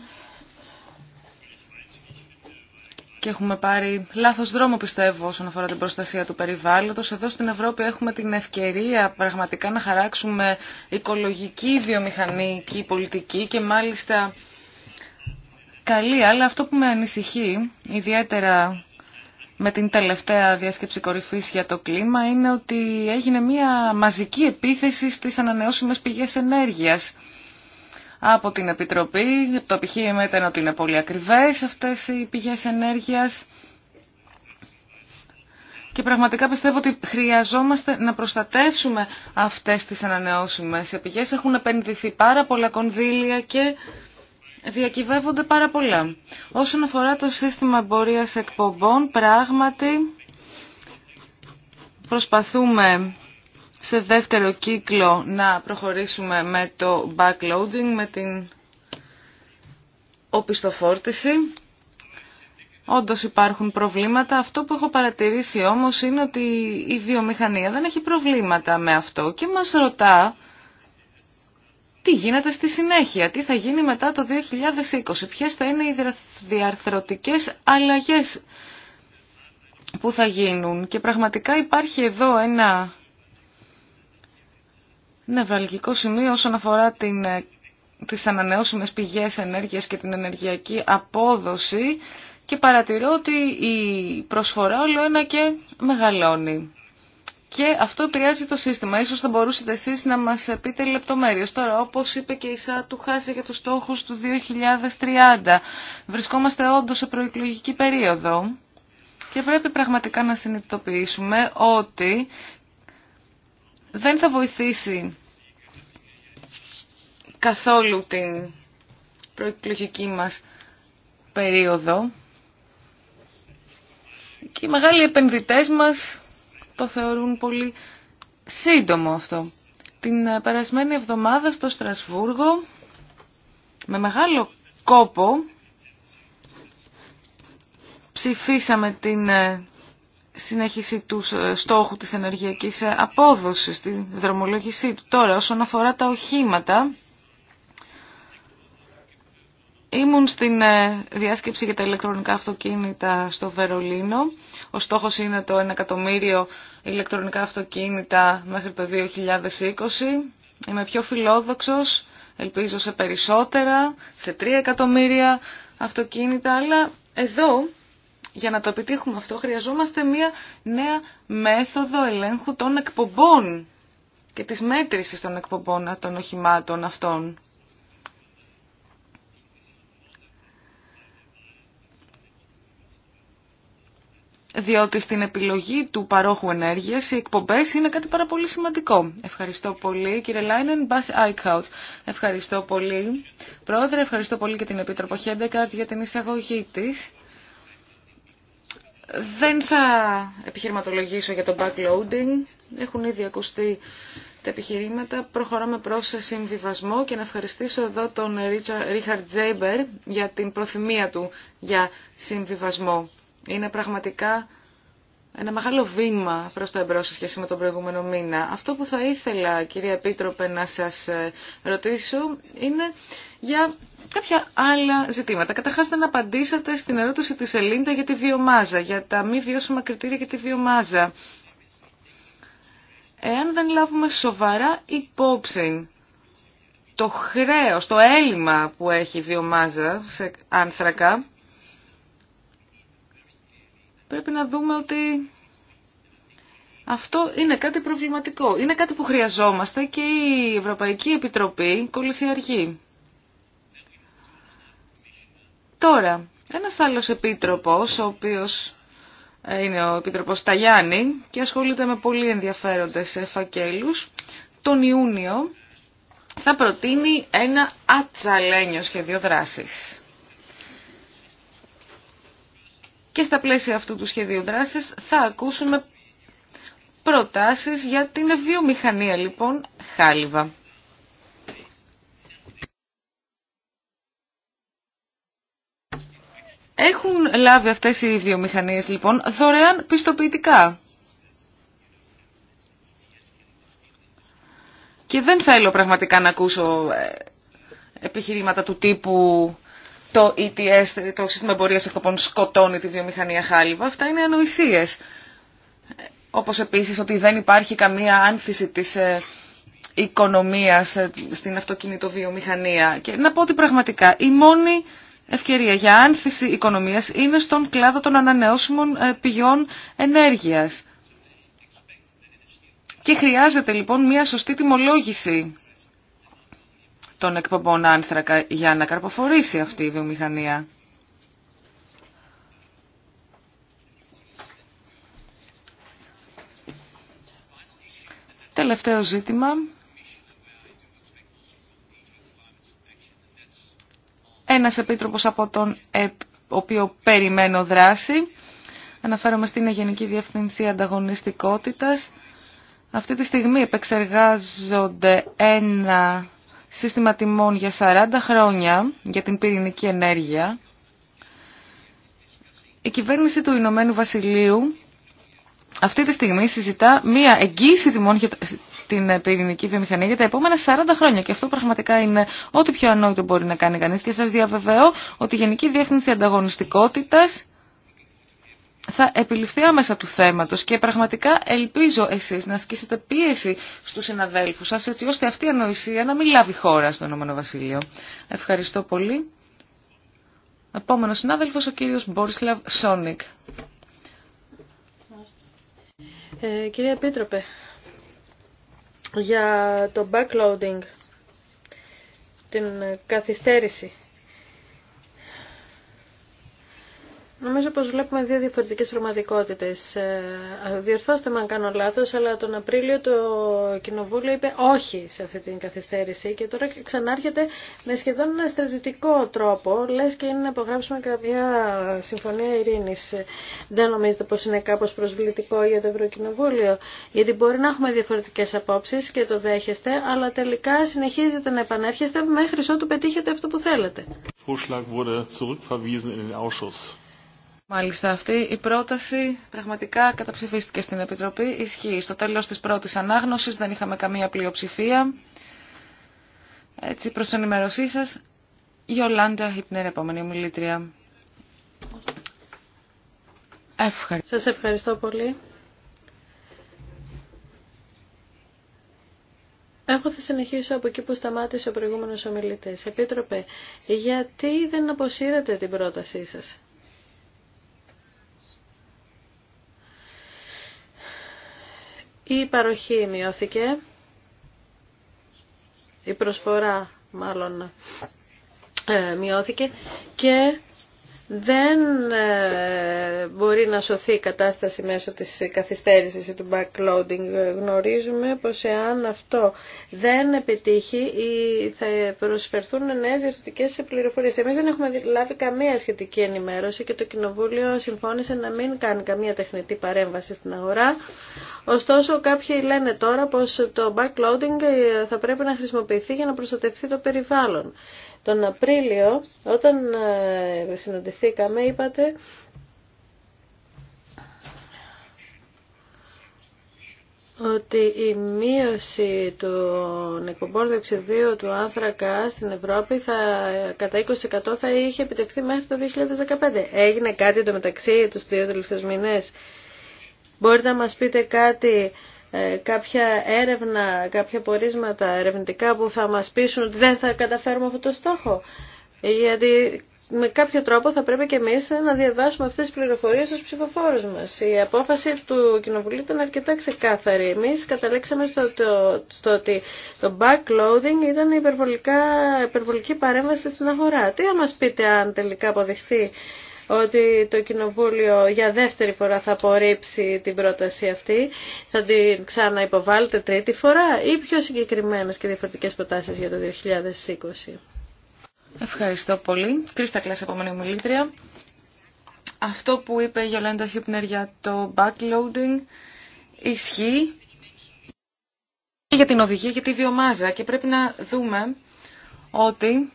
και έχουμε πάρει λάθος δρόμο πιστεύω όσον αφορά την προστασία του περιβάλλοντος. Εδώ στην Ευρώπη έχουμε την ευκαιρία πραγματικά να χαράξουμε οικολογική βιομηχανική πολιτική και μάλιστα καλή, αλλά αυτό που με ανησυχεί, ιδιαίτερα με την τελευταία διάσκεψη κορυφής για το κλίμα, είναι ότι έγινε μια μαζική επίθεση στις ανανεώσιμες πηγές ενέργειας από την Επιτροπή. Το επιχείρημα ήταν ότι είναι πολύ ακριβές αυτές οι πηγές ενέργειας. Και πραγματικά πιστεύω ότι χρειαζόμαστε να προστατεύσουμε αυτές τις ανανεώσιμες πηγές. Έχουν επενδυθεί πάρα πολλά κονδύλια και διακυβεύονται πάρα πολλά. Όσον αφορά το σύστημα εμπορία εκπομπών, πράγματι προσπαθούμε σε δεύτερο κύκλο να προχωρήσουμε με το backloading, με την οπισθοφόρτιση. Όντως υπάρχουν προβλήματα. Αυτό που έχω παρατηρήσει όμως είναι ότι η βιομηχανία δεν έχει προβλήματα με αυτό και μας ρωτά τι γίνεται στη συνέχεια, τι θα γίνει μετά το 2020, ποιες θα είναι οι διαρθρωτικές αλλαγές που θα γίνουν. Και πραγματικά υπάρχει εδώ ένα νευραλγικό σημείο όσον αφορά την, τις ανανεώσιμες πηγές ενέργειας και την ενεργειακή απόδοση και παρατηρώ ότι η προσφορά όλο ένα και μεγαλώνει. Και αυτό επηρεάζει το σύστημα. Ίσως θα μπορούσατε εσείς να μας πείτε λεπτομέρειες. Τώρα, όπως είπε και η ΣΑ του Χάση για τους στόχους του 2030, βρισκόμαστε όντως σε προεκλογική περίοδο και πρέπει πραγματικά να συνειδητοποιήσουμε ότι δεν θα βοηθήσει καθόλου την προεκλογική μας περίοδο και οι μεγάλοι επενδυτές μας το θεωρούν πολύ σύντομο αυτό. Την ε, περασμένη εβδομάδα στο Στρασβούργο, με μεγάλο κόπο, ψηφίσαμε την ε, συνέχιση του ε, στόχου της ενεργειακής απόδοσης, τη δρομολόγησή του. Τώρα, όσον αφορά τα οχήματα, ήμουν στην διάσκεψη για τα ηλεκτρονικά αυτοκίνητα στο Βερολίνο ο στόχος είναι το 1 εκατομμύριο ηλεκτρονικά αυτοκίνητα μέχρι το 2020. Είμαι πιο φιλόδοξος, ελπίζω σε περισσότερα, σε 3 εκατομμύρια αυτοκίνητα, αλλά εδώ για να το επιτύχουμε αυτό χρειαζόμαστε μια νέα μέθοδο ελέγχου των εκπομπών και της μέτρησης των εκπομπών των οχημάτων αυτών. διότι στην επιλογή του παρόχου ενέργειας οι εκπομπές είναι κάτι πάρα πολύ σημαντικό. Ευχαριστώ πολύ κύριε Λάινεν, Μπάς Άικχαουτ. Ευχαριστώ πολύ. Πρόεδρε, ευχαριστώ πολύ και την Επίτροπο Χέντεκαρτ για την εισαγωγή της. Δεν θα επιχειρηματολογήσω για το backloading. Έχουν ήδη ακουστεί τα επιχειρήματα. Προχωράμε προς συμβιβασμό και να ευχαριστήσω εδώ τον Ρίχαρτ Τζέιμπερ για την προθυμία του για συμβιβασμό. Είναι πραγματικά ένα μεγάλο βήμα προς τα εμπρός σε σχέση με τον προηγούμενο μήνα. Αυτό που θα ήθελα, κυρία Επίτροπε, να σας ε, ρωτήσω είναι για κάποια άλλα ζητήματα. Καταρχάς, να απαντήσατε στην ερώτηση της Ελίντα για τη βιομάζα, για τα μη βιώσιμα κριτήρια για τη βιομάζα. Εάν δεν λάβουμε σοβαρά υπόψη το χρέος, το έλλειμμα που έχει η βιομάζα σε άνθρακα, πρέπει να δούμε ότι αυτό είναι κάτι προβληματικό. Είναι κάτι που χρειαζόμαστε και η Ευρωπαϊκή Επιτροπή κολλησιαρχεί. Τώρα, ένας άλλος επίτροπος, ο οποίος ε, είναι ο Επίτροπος Ταγιάννη και ασχολείται με πολύ ενδιαφέροντες φακέλους, τον Ιούνιο θα προτείνει ένα ατσαλένιο σχεδίο δράσης. Και στα πλαίσια αυτού του σχεδίου δράσης θα ακούσουμε προτάσεις για την βιομηχανία λοιπόν χάλιβα. Έχουν λάβει αυτές οι βιομηχανίες λοιπόν δωρεάν πιστοποιητικά. Και δεν θέλω πραγματικά να ακούσω ε, επιχειρήματα του τύπου το ETS, το σύστημα εμπορία εκπομπών, σκοτώνει τη βιομηχανία χάλιβα. Αυτά είναι ανοησίε. Όπως επίσης ότι δεν υπάρχει καμία άνθηση της ε, οικονομίας ε, στην αυτοκινητοβιομηχανία. Και να πω ότι πραγματικά η μόνη ευκαιρία για άνθηση οικονομίας είναι στον κλάδο των ανανεώσιμων ε, πηγών ενέργειας. Και χρειάζεται λοιπόν μια σωστή τιμολόγηση των εκπομπών άνθρακα για να καρποφορήσει αυτή η βιομηχανία. Τελευταίο ζήτημα. Ένας επίτροπος από τον οποίο περιμένω δράση. Αναφέρομαι στην Γενική Διευθυνσία Ανταγωνιστικότητας. Αυτή τη στιγμή επεξεργάζονται ένα σύστημα τιμών για 40 χρόνια για την πυρηνική ενέργεια, η κυβέρνηση του Ηνωμένου Βασιλείου αυτή τη στιγμή συζητά μία εγγύηση τιμών για την πυρηνική βιομηχανία για τα επόμενα 40 χρόνια. Και αυτό πραγματικά είναι ό,τι πιο ανόητο μπορεί να κάνει κανείς. Και σας διαβεβαιώ ότι η Γενική Διεύθυνση Ανταγωνιστικότητας θα επιληφθεί άμεσα του θέματος και πραγματικά ελπίζω εσείς να ασκήσετε πίεση στους συναδέλφους σας έτσι ώστε αυτή η ανοησία να μην λάβει χώρα στο Ηνωμένο Βασίλειο. Ευχαριστώ πολύ. Επόμενος συνάδελφος ο κύριος Μπόρισλαβ Σόνικ. Ε, κυρία Επίτροπε, για το backloading, την καθυστέρηση Νομίζω πως βλέπουμε δύο διαφορετικές πραγματικότητες. Ε, διορθώστε με αν κάνω λάθος, αλλά τον Απρίλιο το Κοινοβούλιο είπε όχι σε αυτή την καθυστέρηση και τώρα ξανάρχεται με σχεδόν ένα στρατιωτικό τρόπο, λες και είναι να υπογράψουμε κάποια συμφωνία ειρήνης. Δεν νομίζετε πως είναι κάπως προσβλητικό για το Ευρωκοινοβούλιο, γιατί μπορεί να έχουμε διαφορετικές απόψεις και το δέχεστε, αλλά τελικά συνεχίζετε να επανέρχεστε μέχρι ότου πετύχετε αυτό που θέλετε. Μάλιστα αυτή η πρόταση πραγματικά καταψηφίστηκε στην Επιτροπή. Ισχύει. Στο τέλος της πρώτης ανάγνωσης δεν είχαμε καμία πλειοψηφία. Έτσι προς ενημερωσή σας, η Ολάντα Χιπνέρ, επόμενη ομιλήτρια. Ευχαριστώ. Σας ευχαριστώ πολύ. Εγώ θα συνεχίσω από εκεί που σταμάτησε ο προηγούμενος ομιλητής. Επίτροπε, γιατί δεν αποσύρετε την πρότασή σας. Η παροχή μειώθηκε, η προσφορά μάλλον ε, μειώθηκε και δεν ε, μπορεί να σωθεί η κατάσταση μέσω της καθυστέρησης ή του backloading. Γνωρίζουμε πως εάν αυτό δεν επιτύχει θα προσφερθούν νέες διευθυντικές πληροφορίες. Εμείς δεν έχουμε λάβει καμία σχετική ενημέρωση και το Κοινοβούλιο συμφώνησε να μην κάνει καμία τεχνητή παρέμβαση στην αγορά. Ωστόσο κάποιοι λένε τώρα πως το backloading ε, θα πρέπει να χρησιμοποιηθεί για να προστατευτεί το περιβάλλον. Τον Απρίλιο, όταν ε, συναντηθήκαμε, είπατε ότι η μείωση των εκπομπών διοξιδίου του άνθρακα στην Ευρώπη θα, κατά 20% θα είχε επιτευχθεί μέχρι το 2015. Έγινε κάτι το μεταξύ τους δύο τελευταίους μήνες. Μπορείτε να μας πείτε κάτι ε, κάποια έρευνα, κάποια πορίσματα ερευνητικά που θα μας πείσουν ότι δεν θα καταφέρουμε αυτό το στόχο. Γιατί με κάποιο τρόπο θα πρέπει και εμείς να διαβάσουμε αυτές τις πληροφορίες στους ψηφοφόρους μας. Η απόφαση του Κοινοβουλίου ήταν αρκετά ξεκάθαρη. Εμείς καταλέξαμε στο, ότι το backloading ήταν υπερβολικά, υπερβολική παρέμβαση στην αγορά. Τι θα μας πείτε αν τελικά αποδειχθεί ότι το Κοινοβούλιο για δεύτερη φορά θα απορρίψει την πρόταση αυτή. Θα την ξαναυποβάλλετε τρίτη φορά ή πιο συγκεκριμένες και διαφορετικές προτάσεις για το 2020. Ευχαριστώ πολύ. Κρίστα Κλάς, επόμενη ομιλήτρια. Αυτό που είπε η Γιολέντα Χιούπνερ για το backloading ισχύει για την οδηγία για τη βιομάζα και πρέπει να δούμε ότι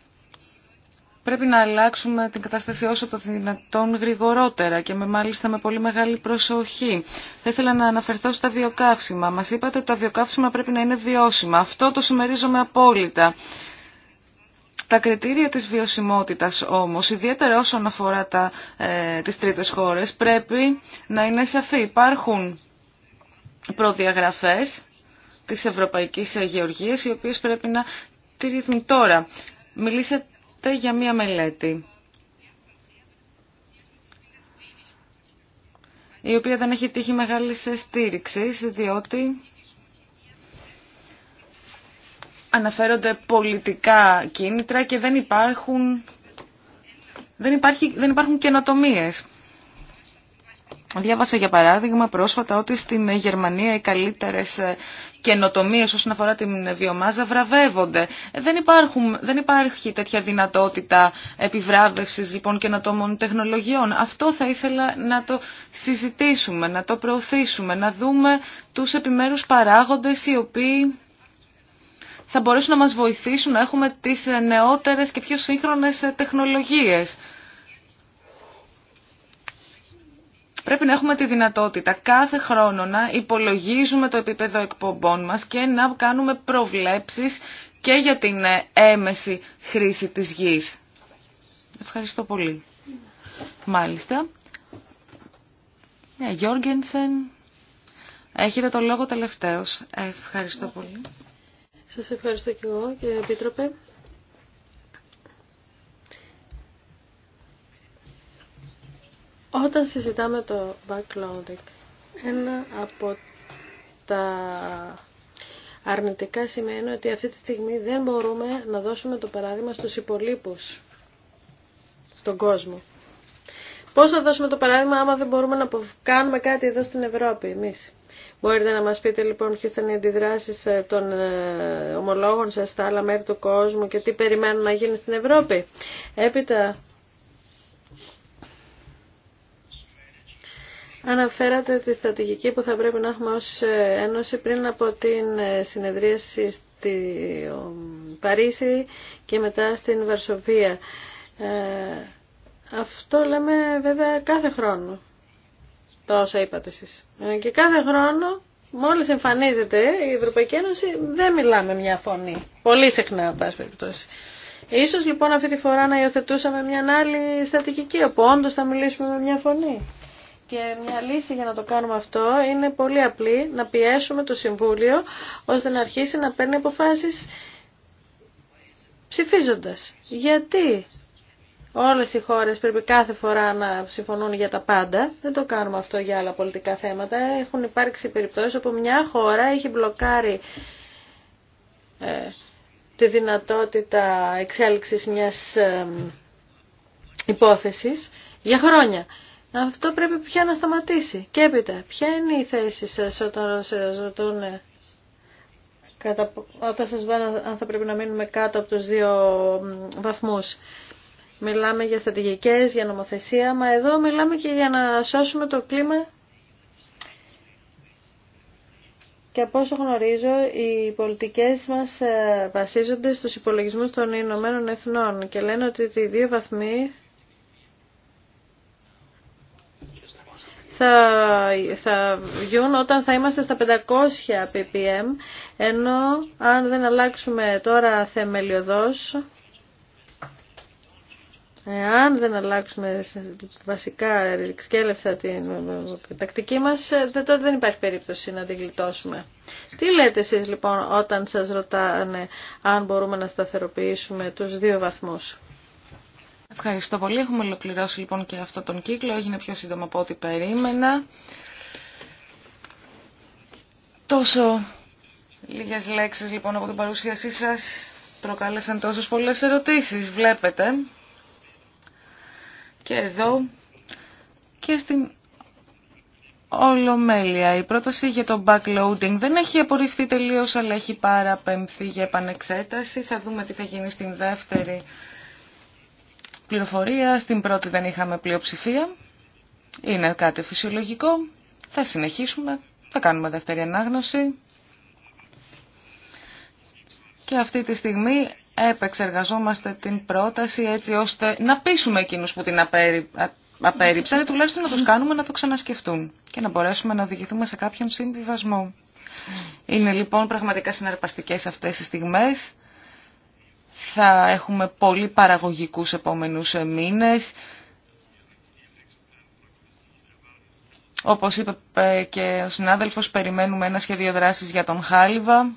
πρέπει να αλλάξουμε την κατάσταση όσο το δυνατόν γρηγορότερα και με, μάλιστα με πολύ μεγάλη προσοχή. Θα ήθελα να αναφερθώ στα βιοκαύσιμα. Μα είπατε ότι τα βιοκαύσιμα πρέπει να είναι βιώσιμα. Αυτό το συμμερίζομαι απόλυτα. Τα κριτήρια της βιωσιμότητας όμως, ιδιαίτερα όσον αφορά τα, ε, τις τρίτες χώρες, πρέπει να είναι σαφή. Υπάρχουν προδιαγραφές της Ευρωπαϊκής Αγεωργίας, οι οποίες πρέπει να τηρηθούν τώρα. Μιλήσατε για μία μελέτη, η οποία δεν έχει τύχει μεγάλη στήριξη, διότι αναφέρονται πολιτικά κίνητρα και δεν υπάρχουν, δεν υπάρχει, δεν υπάρχουν καινοτομίες. Διάβασα για παράδειγμα πρόσφατα ότι στην Γερμανία οι καλύτερες ε, καινοτομίες όσον αφορά την βιομάζα βραβεύονται. Δεν, υπάρχουν, δεν υπάρχει τέτοια δυνατότητα επιβράβευσης λοιπόν καινοτόμων τεχνολογιών. Αυτό θα ήθελα να το συζητήσουμε, να το προωθήσουμε, να δούμε τους επιμέρους παράγοντες οι οποίοι θα μπορέσουν να μας βοηθήσουν να έχουμε τις ε, νεότερες και πιο σύγχρονες ε, τεχνολογίες. Πρέπει να έχουμε τη δυνατότητα κάθε χρόνο να υπολογίζουμε το επίπεδο εκπομπών μας και να κάνουμε προβλέψεις και για την ε, έμεση χρήση της γης. Ευχαριστώ πολύ. Μάλιστα. Ναι, Γιόργενσεν, έχετε το λόγο τελευταίος. Ευχαριστώ πολύ. Σας ευχαριστώ και εγώ κύριε Επίτροπε. Όταν συζητάμε το backloading, ένα από τα αρνητικά σημαίνει ότι αυτή τη στιγμή δεν μπορούμε να δώσουμε το παράδειγμα στους υπολείπους, στον κόσμο. Πώς θα δώσουμε το παράδειγμα άμα δεν μπορούμε να κάνουμε κάτι εδώ στην Ευρώπη εμείς. Μπορείτε να μας πείτε λοιπόν ποιες ήταν οι αντιδράσεις ε, των ε, ομολόγων σας στα άλλα μέρη του κόσμου και τι περιμένουν να γίνει στην Ευρώπη. Έπειτα Αναφέρατε τη στρατηγική που θα πρέπει να έχουμε ως ε, Ένωση πριν από την ε, συνεδρίαση στη Παρίσι και μετά στην Βαρσοβία. Ε, αυτό λέμε βέβαια κάθε χρόνο, τα όσα είπατε εσείς. Και κάθε χρόνο μόλις εμφανίζεται η Ευρωπαϊκή Ένωση δεν μιλάμε μια φωνή. Πολύ συχνά, πάση περιπτώσει. Ίσως λοιπόν αυτή τη φορά να υιοθετούσαμε μια άλλη στρατηγική, όπου όντως θα μιλήσουμε με μια φωνή. Και μια λύση για να το κάνουμε αυτό είναι πολύ απλή, να πιέσουμε το Συμβούλιο ώστε να αρχίσει να παίρνει αποφάσει ψηφίζοντας. Γιατί όλες οι χώρες πρέπει κάθε φορά να συμφωνούν για τα πάντα. Δεν το κάνουμε αυτό για άλλα πολιτικά θέματα. Έχουν υπάρξει περιπτώσεις όπου μια χώρα έχει μπλοκάρει ε, τη δυνατότητα εξέλιξης μιας ε, υπόθεσης για χρόνια. Αυτό πρέπει πια να σταματήσει. Και έπειτα, ποια είναι η θέση σας όταν σας ρωτούν αν θα πρέπει να μείνουμε κάτω από τους δύο βαθμούς. Μιλάμε για στρατηγικές, για νομοθεσία, μα εδώ μιλάμε και για να σώσουμε το κλίμα. Και από όσο γνωρίζω, οι πολιτικές μας ε, βασίζονται στους υπολογισμούς των Ηνωμένων Εθνών και λένε ότι οι δύο βαθμοί θα, θα βγουν όταν θα είμαστε στα 500 ppm, ενώ αν δεν αλλάξουμε τώρα θεμελιωδώς, αν δεν αλλάξουμε βασικά ρηξικέλευτα την τακτική μας, ε, τότε δεν υπάρχει περίπτωση να την γλιτώσουμε. Τι λέτε εσείς λοιπόν όταν σας ρωτάνε αν μπορούμε να σταθεροποιήσουμε τους δύο βαθμούς. Ευχαριστώ πολύ. Έχουμε ολοκληρώσει λοιπόν και αυτό τον κύκλο. Έγινε πιο σύντομα από ό,τι περίμενα. Τόσο λίγες λέξεις λοιπόν από την παρουσίασή σας προκάλεσαν τόσες πολλές ερωτήσεις. Βλέπετε και εδώ και στην Ολομέλεια. Η πρόταση για το backloading δεν έχει απορριφθεί τελείως αλλά έχει παραπέμφθει για επανεξέταση. Θα δούμε τι θα γίνει στην δεύτερη πληροφορία, στην πρώτη δεν είχαμε πλειοψηφία. Είναι κάτι φυσιολογικό. Θα συνεχίσουμε, θα κάνουμε δεύτερη ανάγνωση. Και αυτή τη στιγμή επεξεργαζόμαστε την πρόταση έτσι ώστε να πείσουμε εκείνους που την απέρι... απέριψαν τουλάχιστον να τους κάνουμε να το ξανασκεφτούν και να μπορέσουμε να οδηγηθούμε σε κάποιον συμβιβασμό. Είναι λοιπόν πραγματικά συναρπαστικές αυτές οι στιγμές θα έχουμε πολύ παραγωγικούς επόμενους μήνες. Όπως είπε και ο συνάδελφος, περιμένουμε ένα σχέδιο δράσης για τον Χάλιβα.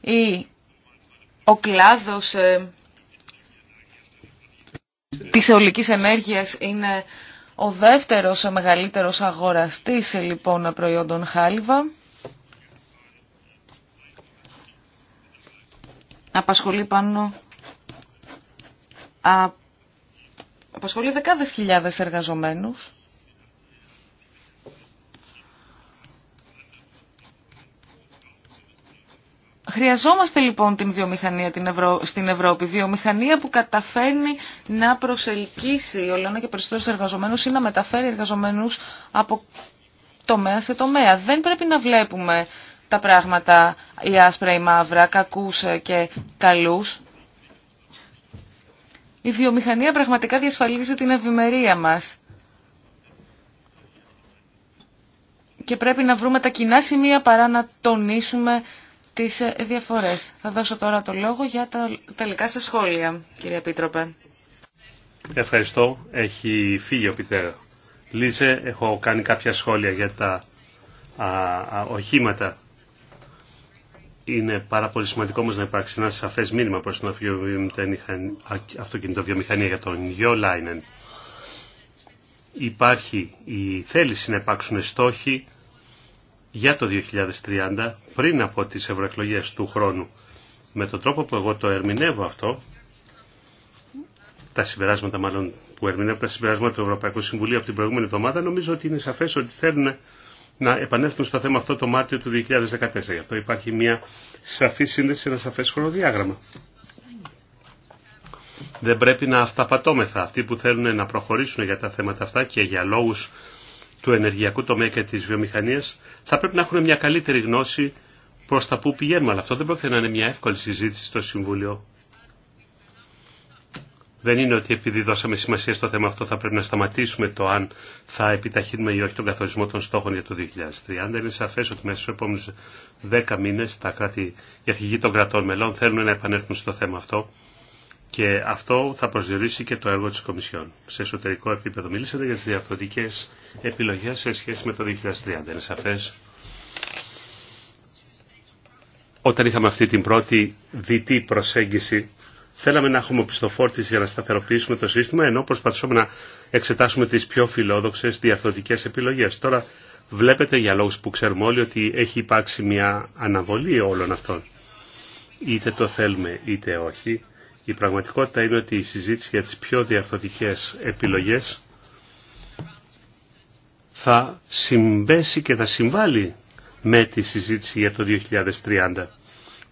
Ή ο κλάδος ε, της αιωλικής ενέργειας είναι ο δεύτερος ο μεγαλύτερος αγοραστής λοιπόν προϊόντων Χάλιβα. απασχολεί πάνω α, απασχολεί δεκάδες χιλιάδες εργαζομένους Χρειαζόμαστε λοιπόν την βιομηχανία την Ευρω... στην Ευρώπη. Βιομηχανία που καταφέρνει να προσελκύσει όλο και περισσότερους εργαζομένους ή να μεταφέρει εργαζομένους από τομέα σε τομέα. Δεν πρέπει να βλέπουμε τα πράγματα η άσπρα, η μαύρα, κακούς και καλούς. Η βιομηχανία πραγματικά διασφαλίζει την ευημερία μας. Και πρέπει να βρούμε τα κοινά σημεία παρά να τονίσουμε τις διαφορές. Θα δώσω τώρα το λόγο για τα τελικά σας σχόλια, κύριε Επίτροπε. Ευχαριστώ. Έχει φύγει ο Πιτέρα. Λίζε, έχω κάνει κάποια σχόλια για τα α, οχήματα είναι πάρα πολύ σημαντικό όμω να υπάρξει ένα σαφέ μήνυμα προ την αυτοκινητοβιομηχανία για τον Γιώ Υπάρχει η θέληση να υπάρξουν στόχοι για το 2030 πριν από τις ευρωεκλογέ του χρόνου. Με τον τρόπο που εγώ το ερμηνεύω αυτό, τα συμπεράσματα μάλλον που ερμηνεύω τα συμπεράσματα του Ευρωπαϊκού Συμβουλίου από την προηγούμενη εβδομάδα, νομίζω ότι είναι σαφέ ότι θέλουν να επανέλθουν στο θέμα αυτό το Μάρτιο του 2014. Γι' αυτό υπάρχει μια σαφή σύνδεση, ένα σαφές χρονοδιάγραμμα. Δεν πρέπει να αυταπατώμεθα αυτοί που θέλουν να προχωρήσουν για τα θέματα αυτά και για λόγους του ενεργειακού τομέα και της βιομηχανίας θα πρέπει να έχουν μια καλύτερη γνώση προς τα που πηγαίνουμε. Αλλά αυτό δεν πρόκειται να είναι μια εύκολη συζήτηση στο Συμβούλιο δεν είναι ότι επειδή δώσαμε σημασία στο θέμα αυτό θα πρέπει να σταματήσουμε το αν θα επιταχύνουμε ή όχι τον καθορισμό των στόχων για το 2030. Είναι σαφές ότι μέσα στους επόμενους δέκα μήνες τα κράτη, οι αρχηγοί των κρατών μελών θέλουν να επανέλθουν στο θέμα αυτό και αυτό θα προσδιορίσει και το έργο της Κομισιόν. Σε εσωτερικό επίπεδο μιλήσατε για τις διαφορετικές επιλογές σε σχέση με το 2030. Είναι σαφές όταν είχαμε αυτή την πρώτη διτή προσέγγιση Θέλαμε να έχουμε πιστοφόρτιση για να σταθεροποιήσουμε το σύστημα, ενώ προσπαθούμε να εξετάσουμε τι πιο φιλόδοξε διαρθωτικέ επιλογέ. Τώρα βλέπετε για λόγου που ξέρουμε όλοι ότι έχει υπάρξει μια αναβολή όλων αυτών. Είτε το θέλουμε είτε όχι. Η πραγματικότητα είναι ότι η συζήτηση για τις πιο διαρθρωτικές επιλογές θα συμπέσει και θα συμβάλλει με τη συζήτηση για το 2030.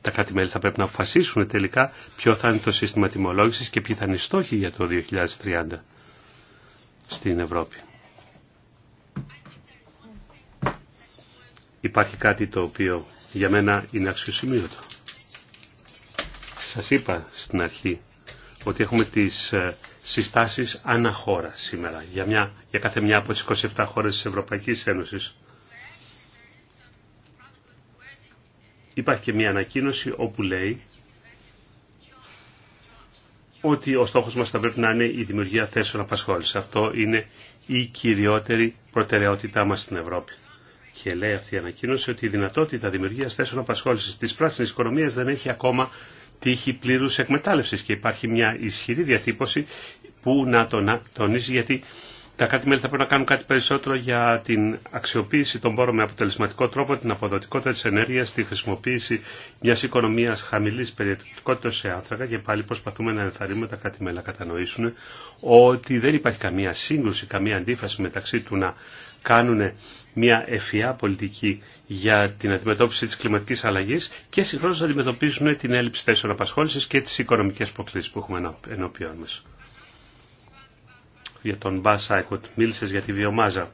Τα κράτη-μέλη θα πρέπει να αποφασίσουν τελικά ποιο θα είναι το σύστημα τιμολόγησης και ποιοι θα είναι οι στόχοι για το 2030 στην Ευρώπη. Υπάρχει κάτι το οποίο για μένα είναι αξιοσημείωτο. Σας είπα στην αρχή ότι έχουμε τις ε, συστάσεις αναχώρα σήμερα για, μια, για κάθε μια από τις 27 χώρες της Ευρωπαϊκής Ένωσης. Υπάρχει και μια ανακοίνωση όπου λέει ότι ο στόχος μας θα πρέπει να είναι η δημιουργία θέσεων απασχόλησης. Αυτό είναι η κυριότερη προτεραιότητά μας στην Ευρώπη. Και λέει αυτή η ανακοίνωση ότι η δυνατότητα δημιουργία θέσεων απασχόληση τη πράσινη οικονομία δεν έχει ακόμα τύχη πλήρου εκμετάλλευση. Και υπάρχει μια ισχυρή διατύπωση που να τονίζει γιατί τα κάτι μελη θα πρέπει να κάνουν κάτι περισσότερο για την αξιοποίηση των πόρων με αποτελεσματικό τρόπο, την αποδοτικότητα της ενέργειας, τη χρησιμοποίηση μιας οικονομίας χαμηλής περιεκτικότητας σε άνθρακα και πάλι προσπαθούμε να ενθαρρύνουμε τα κάτι μελη να κατανοήσουν ότι δεν υπάρχει καμία σύγκρουση, καμία αντίφαση μεταξύ του να κάνουν μια ευφυά πολιτική για την αντιμετώπιση της κλιματικής αλλαγής και συγχρόνως να αντιμετωπίζουν την έλλειψη θέσεων απασχόλησης και τις οικονομικές προκλήσεις που έχουμε ενώπιόν μας για τον Μπα Σάικοτ. Μίλησες για τη βιομάζα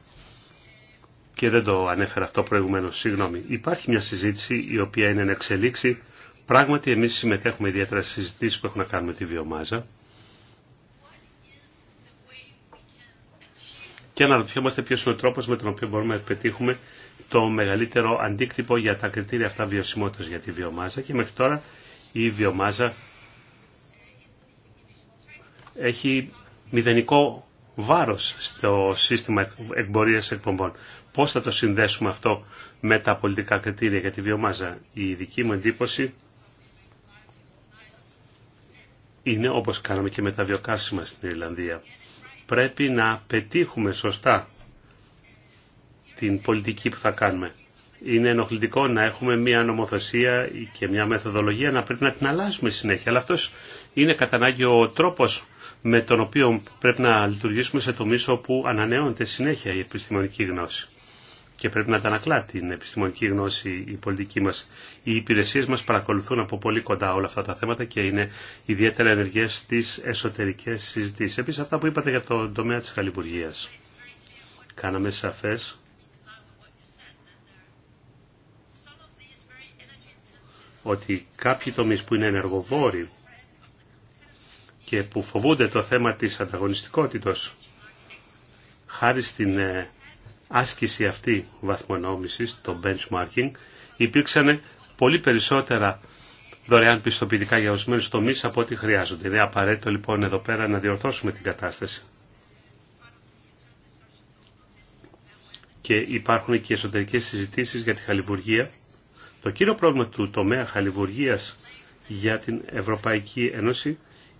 και δεν το ανέφερα αυτό προηγουμένως, συγγνώμη. Υπάρχει μια συζήτηση η οποία είναι εν εξελίξη. Πράγματι εμείς συμμετέχουμε ιδιαίτερα στις συζητήσεις που έχουν να κάνουν με τη βιομάζα. Και αναρωτιόμαστε ποιος είναι ο τρόπος με τον οποίο μπορούμε να πετύχουμε το μεγαλύτερο αντίκτυπο για τα κριτήρια αυτά βιωσιμότητας για τη βιομάζα και μέχρι τώρα η βιομάζα έχει μηδενικό βάρος στο σύστημα εκμπορίας εκπομπών. Πώς θα το συνδέσουμε αυτό με τα πολιτικά κριτήρια για τη βιομάζα. Η δική μου εντύπωση είναι όπως κάναμε και με τα βιοκάρσιμα στην Ιρλανδία. Πρέπει να πετύχουμε σωστά την πολιτική που θα κάνουμε. Είναι ενοχλητικό να έχουμε μια νομοθεσία και μια μεθοδολογία να πρέπει να την αλλάζουμε συνέχεια. Αλλά αυτός είναι κατά ανάγκη ο τρόπος με τον οποίο πρέπει να λειτουργήσουμε σε τομείς όπου ανανεώνεται συνέχεια η επιστημονική γνώση. Και πρέπει να αντανακλά την επιστημονική γνώση η πολιτική μας. Οι υπηρεσίες μας παρακολουθούν από πολύ κοντά όλα αυτά τα θέματα και είναι ιδιαίτερα ενεργές στις εσωτερικές συζητήσεις. Επίσης αυτά που είπατε για το τομέα της χαλιβουργίας. Κάναμε σαφές ότι κάποιοι τομείς που είναι ενεργοβόροι και που φοβούνται το θέμα της ανταγωνιστικότητας χάρη στην ε, άσκηση αυτή βαθμονόμησης, το benchmarking, υπήρξαν πολύ περισσότερα δωρεάν πιστοποιητικά για ορισμένου τομεί από ό,τι χρειάζονται. Είναι απαραίτητο λοιπόν εδώ πέρα να διορθώσουμε την κατάσταση. Και υπάρχουν και εσωτερικές συζητήσεις για τη χαλιβουργία. Το κύριο πρόβλημα του τομέα χαλιβουργίας για την Ευρωπαϊκή Ένωση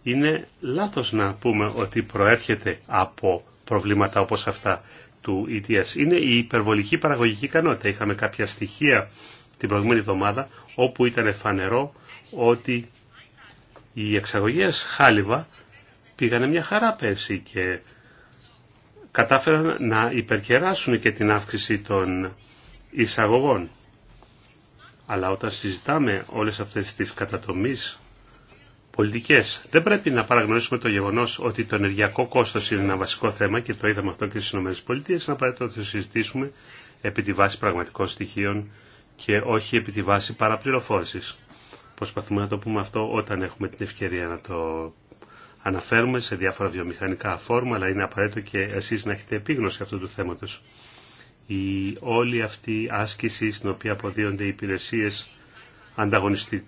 είναι λάθος να πούμε ότι προέρχεται από προβλήματα όπως αυτά του ETS. Είναι η υπερβολική παραγωγική ικανότητα. Είχαμε κάποια στοιχεία την προηγούμενη εβδομάδα όπου ήταν φανερό ότι οι εξαγωγές χάλιβα πήγανε μια χαρά πέρσι και κατάφεραν να υπερκεράσουν και την αύξηση των εισαγωγών. Αλλά όταν συζητάμε όλες αυτές τις κατατομίες Πολιτικέ, Δεν πρέπει να παραγνωρίσουμε το γεγονό ότι το ενεργειακό κόστο είναι ένα βασικό θέμα και το είδαμε αυτό και στι ΗΠΑ, να απαραίτητο να το συζητήσουμε επί τη βάση πραγματικών στοιχείων και όχι επί τη βάση παραπληροφόρηση. Προσπαθούμε να το πούμε αυτό όταν έχουμε την ευκαιρία να το αναφέρουμε σε διάφορα βιομηχανικά φόρμα, αλλά είναι απαραίτητο και εσεί να έχετε επίγνωση αυτού του θέματο. Η όλη αυτή άσκηση στην οποία αποδίονται οι υπηρεσίε υπηρεσίες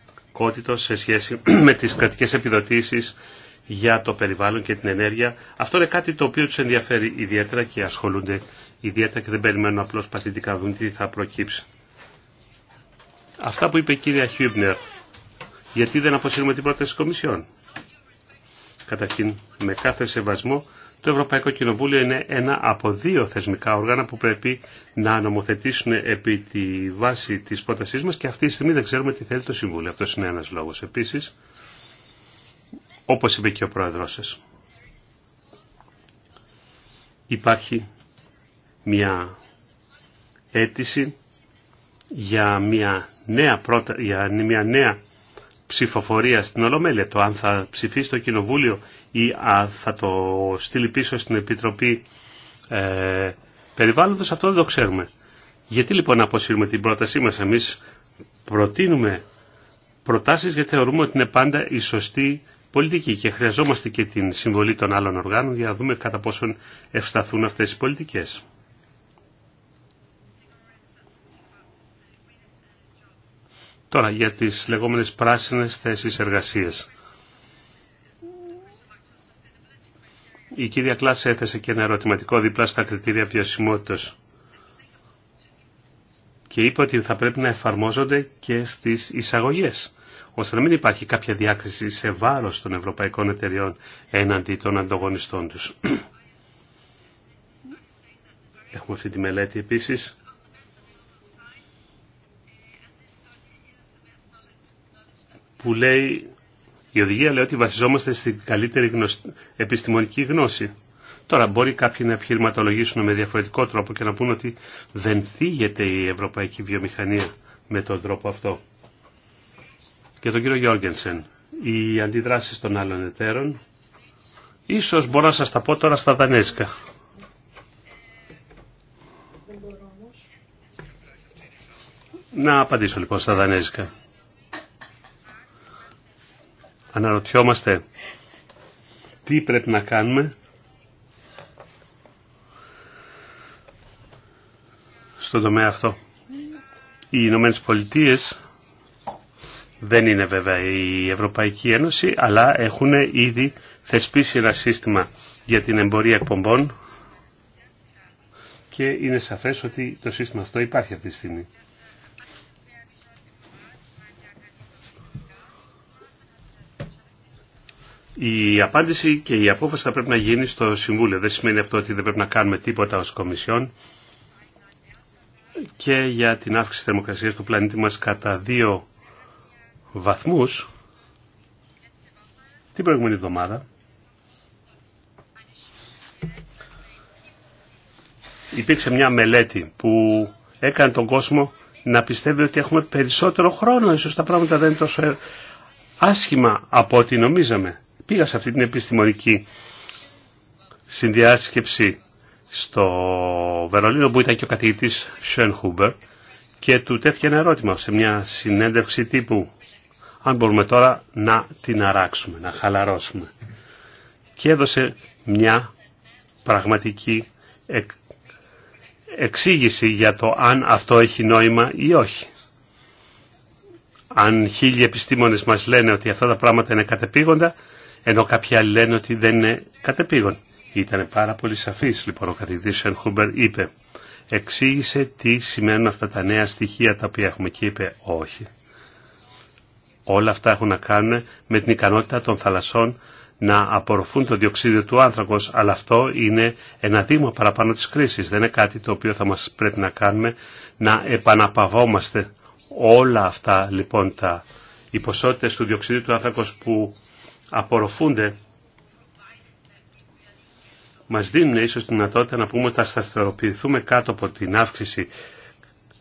σε σχέση με τις κρατικές επιδοτήσεις για το περιβάλλον και την ενέργεια. Αυτό είναι κάτι το οποίο τους ενδιαφέρει ιδιαίτερα και ασχολούνται ιδιαίτερα και δεν περιμένουν απλώς παθητικά δουν τι θα προκύψει. Αυτά που είπε η κυρία Χιούμπνερ, γιατί δεν αποσύρουμε την πρόταση της Κομισιόν. Καταρχήν, με κάθε σεβασμό, το Ευρωπαϊκό Κοινοβούλιο είναι ένα από δύο θεσμικά όργανα που πρέπει να νομοθετήσουν επί τη βάση της πρότασής μας και αυτή τη στιγμή δεν ξέρουμε τι θέλει το Συμβούλιο. Αυτό είναι ένας λόγος. Επίσης, όπως είπε και ο Πρόεδρός σας, υπάρχει μια αίτηση για μια νέα, πρώτα, για μια νέα ψηφοφορία στην Ολομέλεια. Το αν θα ψηφίσει το Κοινοβούλιο ή α, θα το στείλει πίσω στην Επιτροπή ε, Περιβάλλοντος, αυτό δεν το ξέρουμε. Γιατί λοιπόν αποσύρουμε την πρότασή μας εμείς προτείνουμε προτάσεις γιατί θεωρούμε ότι είναι πάντα η σωστή πολιτική και χρειαζόμαστε και την συμβολή των άλλων οργάνων για να δούμε κατά πόσον ευσταθούν αυτές οι πολιτικές. Τώρα για τις λεγόμενες πράσινες θέσεις εργασίας. Η κυρία Κλάσσα έθεσε και ένα ερωτηματικό δίπλα στα κριτήρια βιωσιμότητας και είπε ότι θα πρέπει να εφαρμόζονται και στις εισαγωγές ώστε να μην υπάρχει κάποια διάκριση σε βάρος των ευρωπαϊκών εταιριών έναντι των ανταγωνιστών τους. Έχουμε αυτή τη μελέτη επίσης. που λέει η οδηγία λέει ότι βασιζόμαστε στην καλύτερη γνωσ... επιστημονική γνώση. Τώρα μπορεί κάποιοι να επιχειρηματολογήσουν με διαφορετικό τρόπο και να πούν ότι δεν θίγεται η ευρωπαϊκή βιομηχανία με τον τρόπο αυτό. Και τον κύριο Γιώργενσεν, οι αντιδράσεις των άλλων εταίρων, ίσως μπορώ να σας τα πω τώρα στα δανέζικα. Να απαντήσω λοιπόν στα δανέζικα αναρωτιόμαστε τι πρέπει να κάνουμε στον τομέα αυτό. Οι Ηνωμένε Πολιτείε δεν είναι βέβαια η Ευρωπαϊκή Ένωση, αλλά έχουν ήδη θεσπίσει ένα σύστημα για την εμπορία εκπομπών και είναι σαφές ότι το σύστημα αυτό υπάρχει αυτή τη στιγμή. Η απάντηση και η απόφαση θα πρέπει να γίνει στο Συμβούλιο. Δεν σημαίνει αυτό ότι δεν πρέπει να κάνουμε τίποτα ως Κομισιόν και για την αύξηση θερμοκρασίας του πλανήτη μας κατά δύο βαθμούς την προηγούμενη εβδομάδα. Υπήρξε μια μελέτη που έκανε τον κόσμο να πιστεύει ότι έχουμε περισσότερο χρόνο. Ίσως τα πράγματα δεν είναι τόσο άσχημα από ό,τι νομίζαμε πήγα σε αυτή την επιστημονική συνδιάσκεψη στο Βερολίνο που ήταν και ο καθηγητής Χούμπερ και του τέθηκε ένα ερώτημα σε μια συνέντευξη τύπου αν μπορούμε τώρα να την αράξουμε, να χαλαρώσουμε. Και έδωσε μια πραγματική εξήγηση για το αν αυτό έχει νόημα ή όχι. Αν χίλιοι επιστήμονες μας λένε ότι αυτά τα πράγματα είναι κατεπήγοντα, ενώ κάποιοι άλλοι λένε ότι δεν είναι κατεπήγον. Ήταν πάρα πολύ σαφής λοιπόν ο καθηγητής Χούμπερ είπε εξήγησε τι σημαίνουν αυτά τα νέα στοιχεία τα οποία έχουμε και είπε όχι. Όλα αυτά έχουν να κάνουν με την ικανότητα των θαλασσών να απορροφούν το διοξίδιο του άνθρακος, αλλά αυτό είναι ένα δήμα παραπάνω της κρίσης. Δεν είναι κάτι το οποίο θα μας πρέπει να κάνουμε να επαναπαυόμαστε όλα αυτά λοιπόν τα οι ποσότητες του διοξιδίου του άνθρακος που απορροφούνται μας δίνουν ίσως τη δυνατότητα να πούμε ότι θα σταθεροποιηθούμε κάτω από την αύξηση,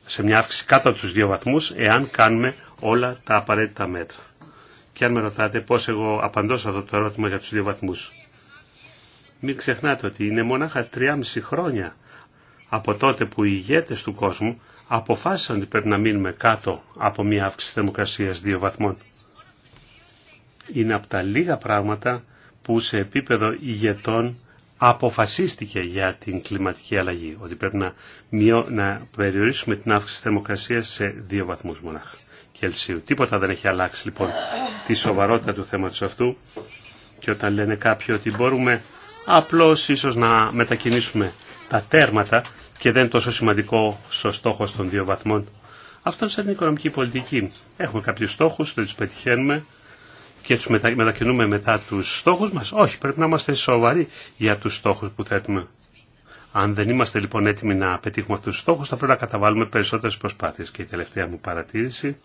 σε μια αύξηση κάτω από τους δύο βαθμούς, εάν κάνουμε όλα τα απαραίτητα μέτρα. Και αν με ρωτάτε πώς εγώ απαντώ σε αυτό το ερώτημα για τους δύο βαθμούς. Μην ξεχνάτε ότι είναι μονάχα 3,5 χρόνια από τότε που οι ηγέτες του κόσμου αποφάσισαν ότι πρέπει να μείνουμε κάτω από μια αύξηση θερμοκρασίας δύο βαθμών είναι από τα λίγα πράγματα που σε επίπεδο ηγετών αποφασίστηκε για την κλιματική αλλαγή, ότι πρέπει να, μειώ, να περιορίσουμε την αύξηση θερμοκρασία σε δύο βαθμούς μονάχα Κελσίου. Τίποτα δεν έχει αλλάξει λοιπόν τη σοβαρότητα του θέματος αυτού και όταν λένε κάποιοι ότι μπορούμε απλώς ίσως να μετακινήσουμε τα τέρματα και δεν είναι τόσο σημαντικό στο στόχο των δύο βαθμών. Αυτό είναι σαν την οικονομική πολιτική. Έχουμε κάποιους στόχους, δεν τους πετυχαίνουμε, και τους μετακινούμε μετά τους στόχους μας. Όχι, πρέπει να είμαστε σοβαροί για τους στόχους που θέτουμε. Αν δεν είμαστε λοιπόν έτοιμοι να πετύχουμε αυτούς τους στόχους, θα πρέπει να καταβάλουμε περισσότερες προσπάθειες. Και η τελευταία μου παρατήρηση,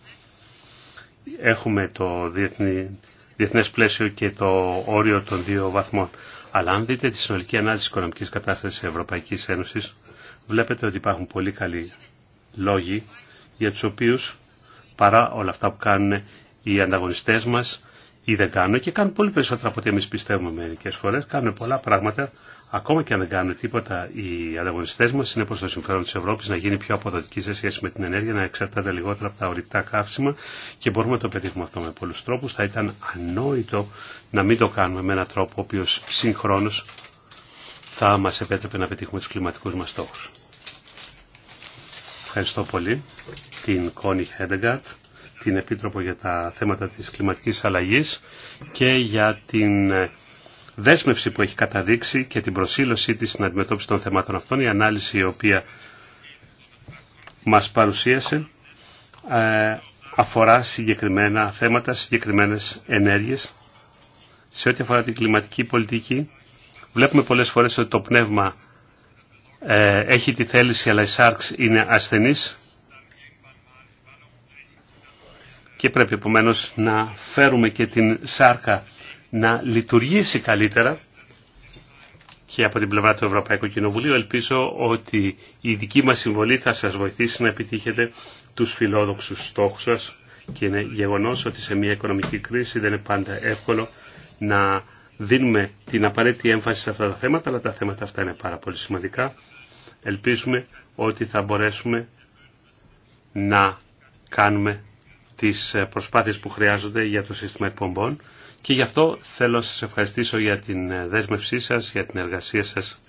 έχουμε το διεθνή, διεθνές πλαίσιο και το όριο των δύο βαθμών. Αλλά αν δείτε τη συνολική ανάλυση οικονομικής κατάστασης της Ευρωπαϊκής Ένωσης, βλέπετε ότι υπάρχουν πολύ καλοί λόγοι για τους οποίους, παρά όλα αυτά που κάνουν οι ανταγωνιστές μας, ή δεν κάνουν και κάνουν πολύ περισσότερα από ό,τι εμεί πιστεύουμε μερικέ φορέ. Κάνουν πολλά πράγματα, ακόμα και αν δεν κάνουν τίποτα οι ανταγωνιστέ μα είναι προ το συμφέρον τη Ευρώπη να γίνει πιο αποδοτική σε σχέση με την ενέργεια, να εξαρτάται λιγότερα από τα ορυκτά καύσιμα και μπορούμε να το πετύχουμε αυτό με πολλού τρόπου. Θα ήταν ανόητο να μην το κάνουμε με έναν τρόπο ο οποίο συγχρόνω θα μα επέτρεπε να πετύχουμε του κλιματικού μα στόχου. Ευχαριστώ πολύ την κόνη Χέντεγκαρτ την Επίτροπο για τα θέματα της κλιματικής αλλαγής και για την ε, δέσμευση που έχει καταδείξει και την προσήλωσή της στην αντιμετώπιση των θεμάτων αυτών. Η ανάλυση η οποία μας παρουσίασε ε, αφορά συγκεκριμένα θέματα, συγκεκριμένες ενέργειες. Σε ό,τι αφορά την κλιματική πολιτική, βλέπουμε πολλές φορές ότι το πνεύμα ε, έχει τη θέληση αλλά η ΣΑΡΚΣ είναι ασθενής και πρέπει επομένω να φέρουμε και την σάρκα να λειτουργήσει καλύτερα και από την πλευρά του Ευρωπαϊκού Κοινοβουλίου ελπίζω ότι η δική μας συμβολή θα σας βοηθήσει να επιτύχετε τους φιλόδοξους στόχους σας και είναι γεγονός ότι σε μια οικονομική κρίση δεν είναι πάντα εύκολο να δίνουμε την απαραίτητη έμφαση σε αυτά τα θέματα, αλλά τα θέματα αυτά είναι πάρα πολύ σημαντικά. Ελπίζουμε ότι θα μπορέσουμε να κάνουμε τις ε, προσπάθειες που χρειάζονται για το σύστημα εκπομπών και γι' αυτό θέλω να σας ευχαριστήσω για την ε, δέσμευσή σας, για την εργασία σας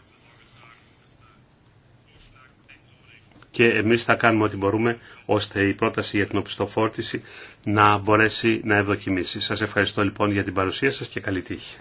και εμείς θα κάνουμε ό,τι μπορούμε ώστε η πρόταση για την οπισθοφόρτηση να μπορέσει να ευδοκιμήσει. Σας ευχαριστώ λοιπόν για την παρουσία σας και καλή τύχη.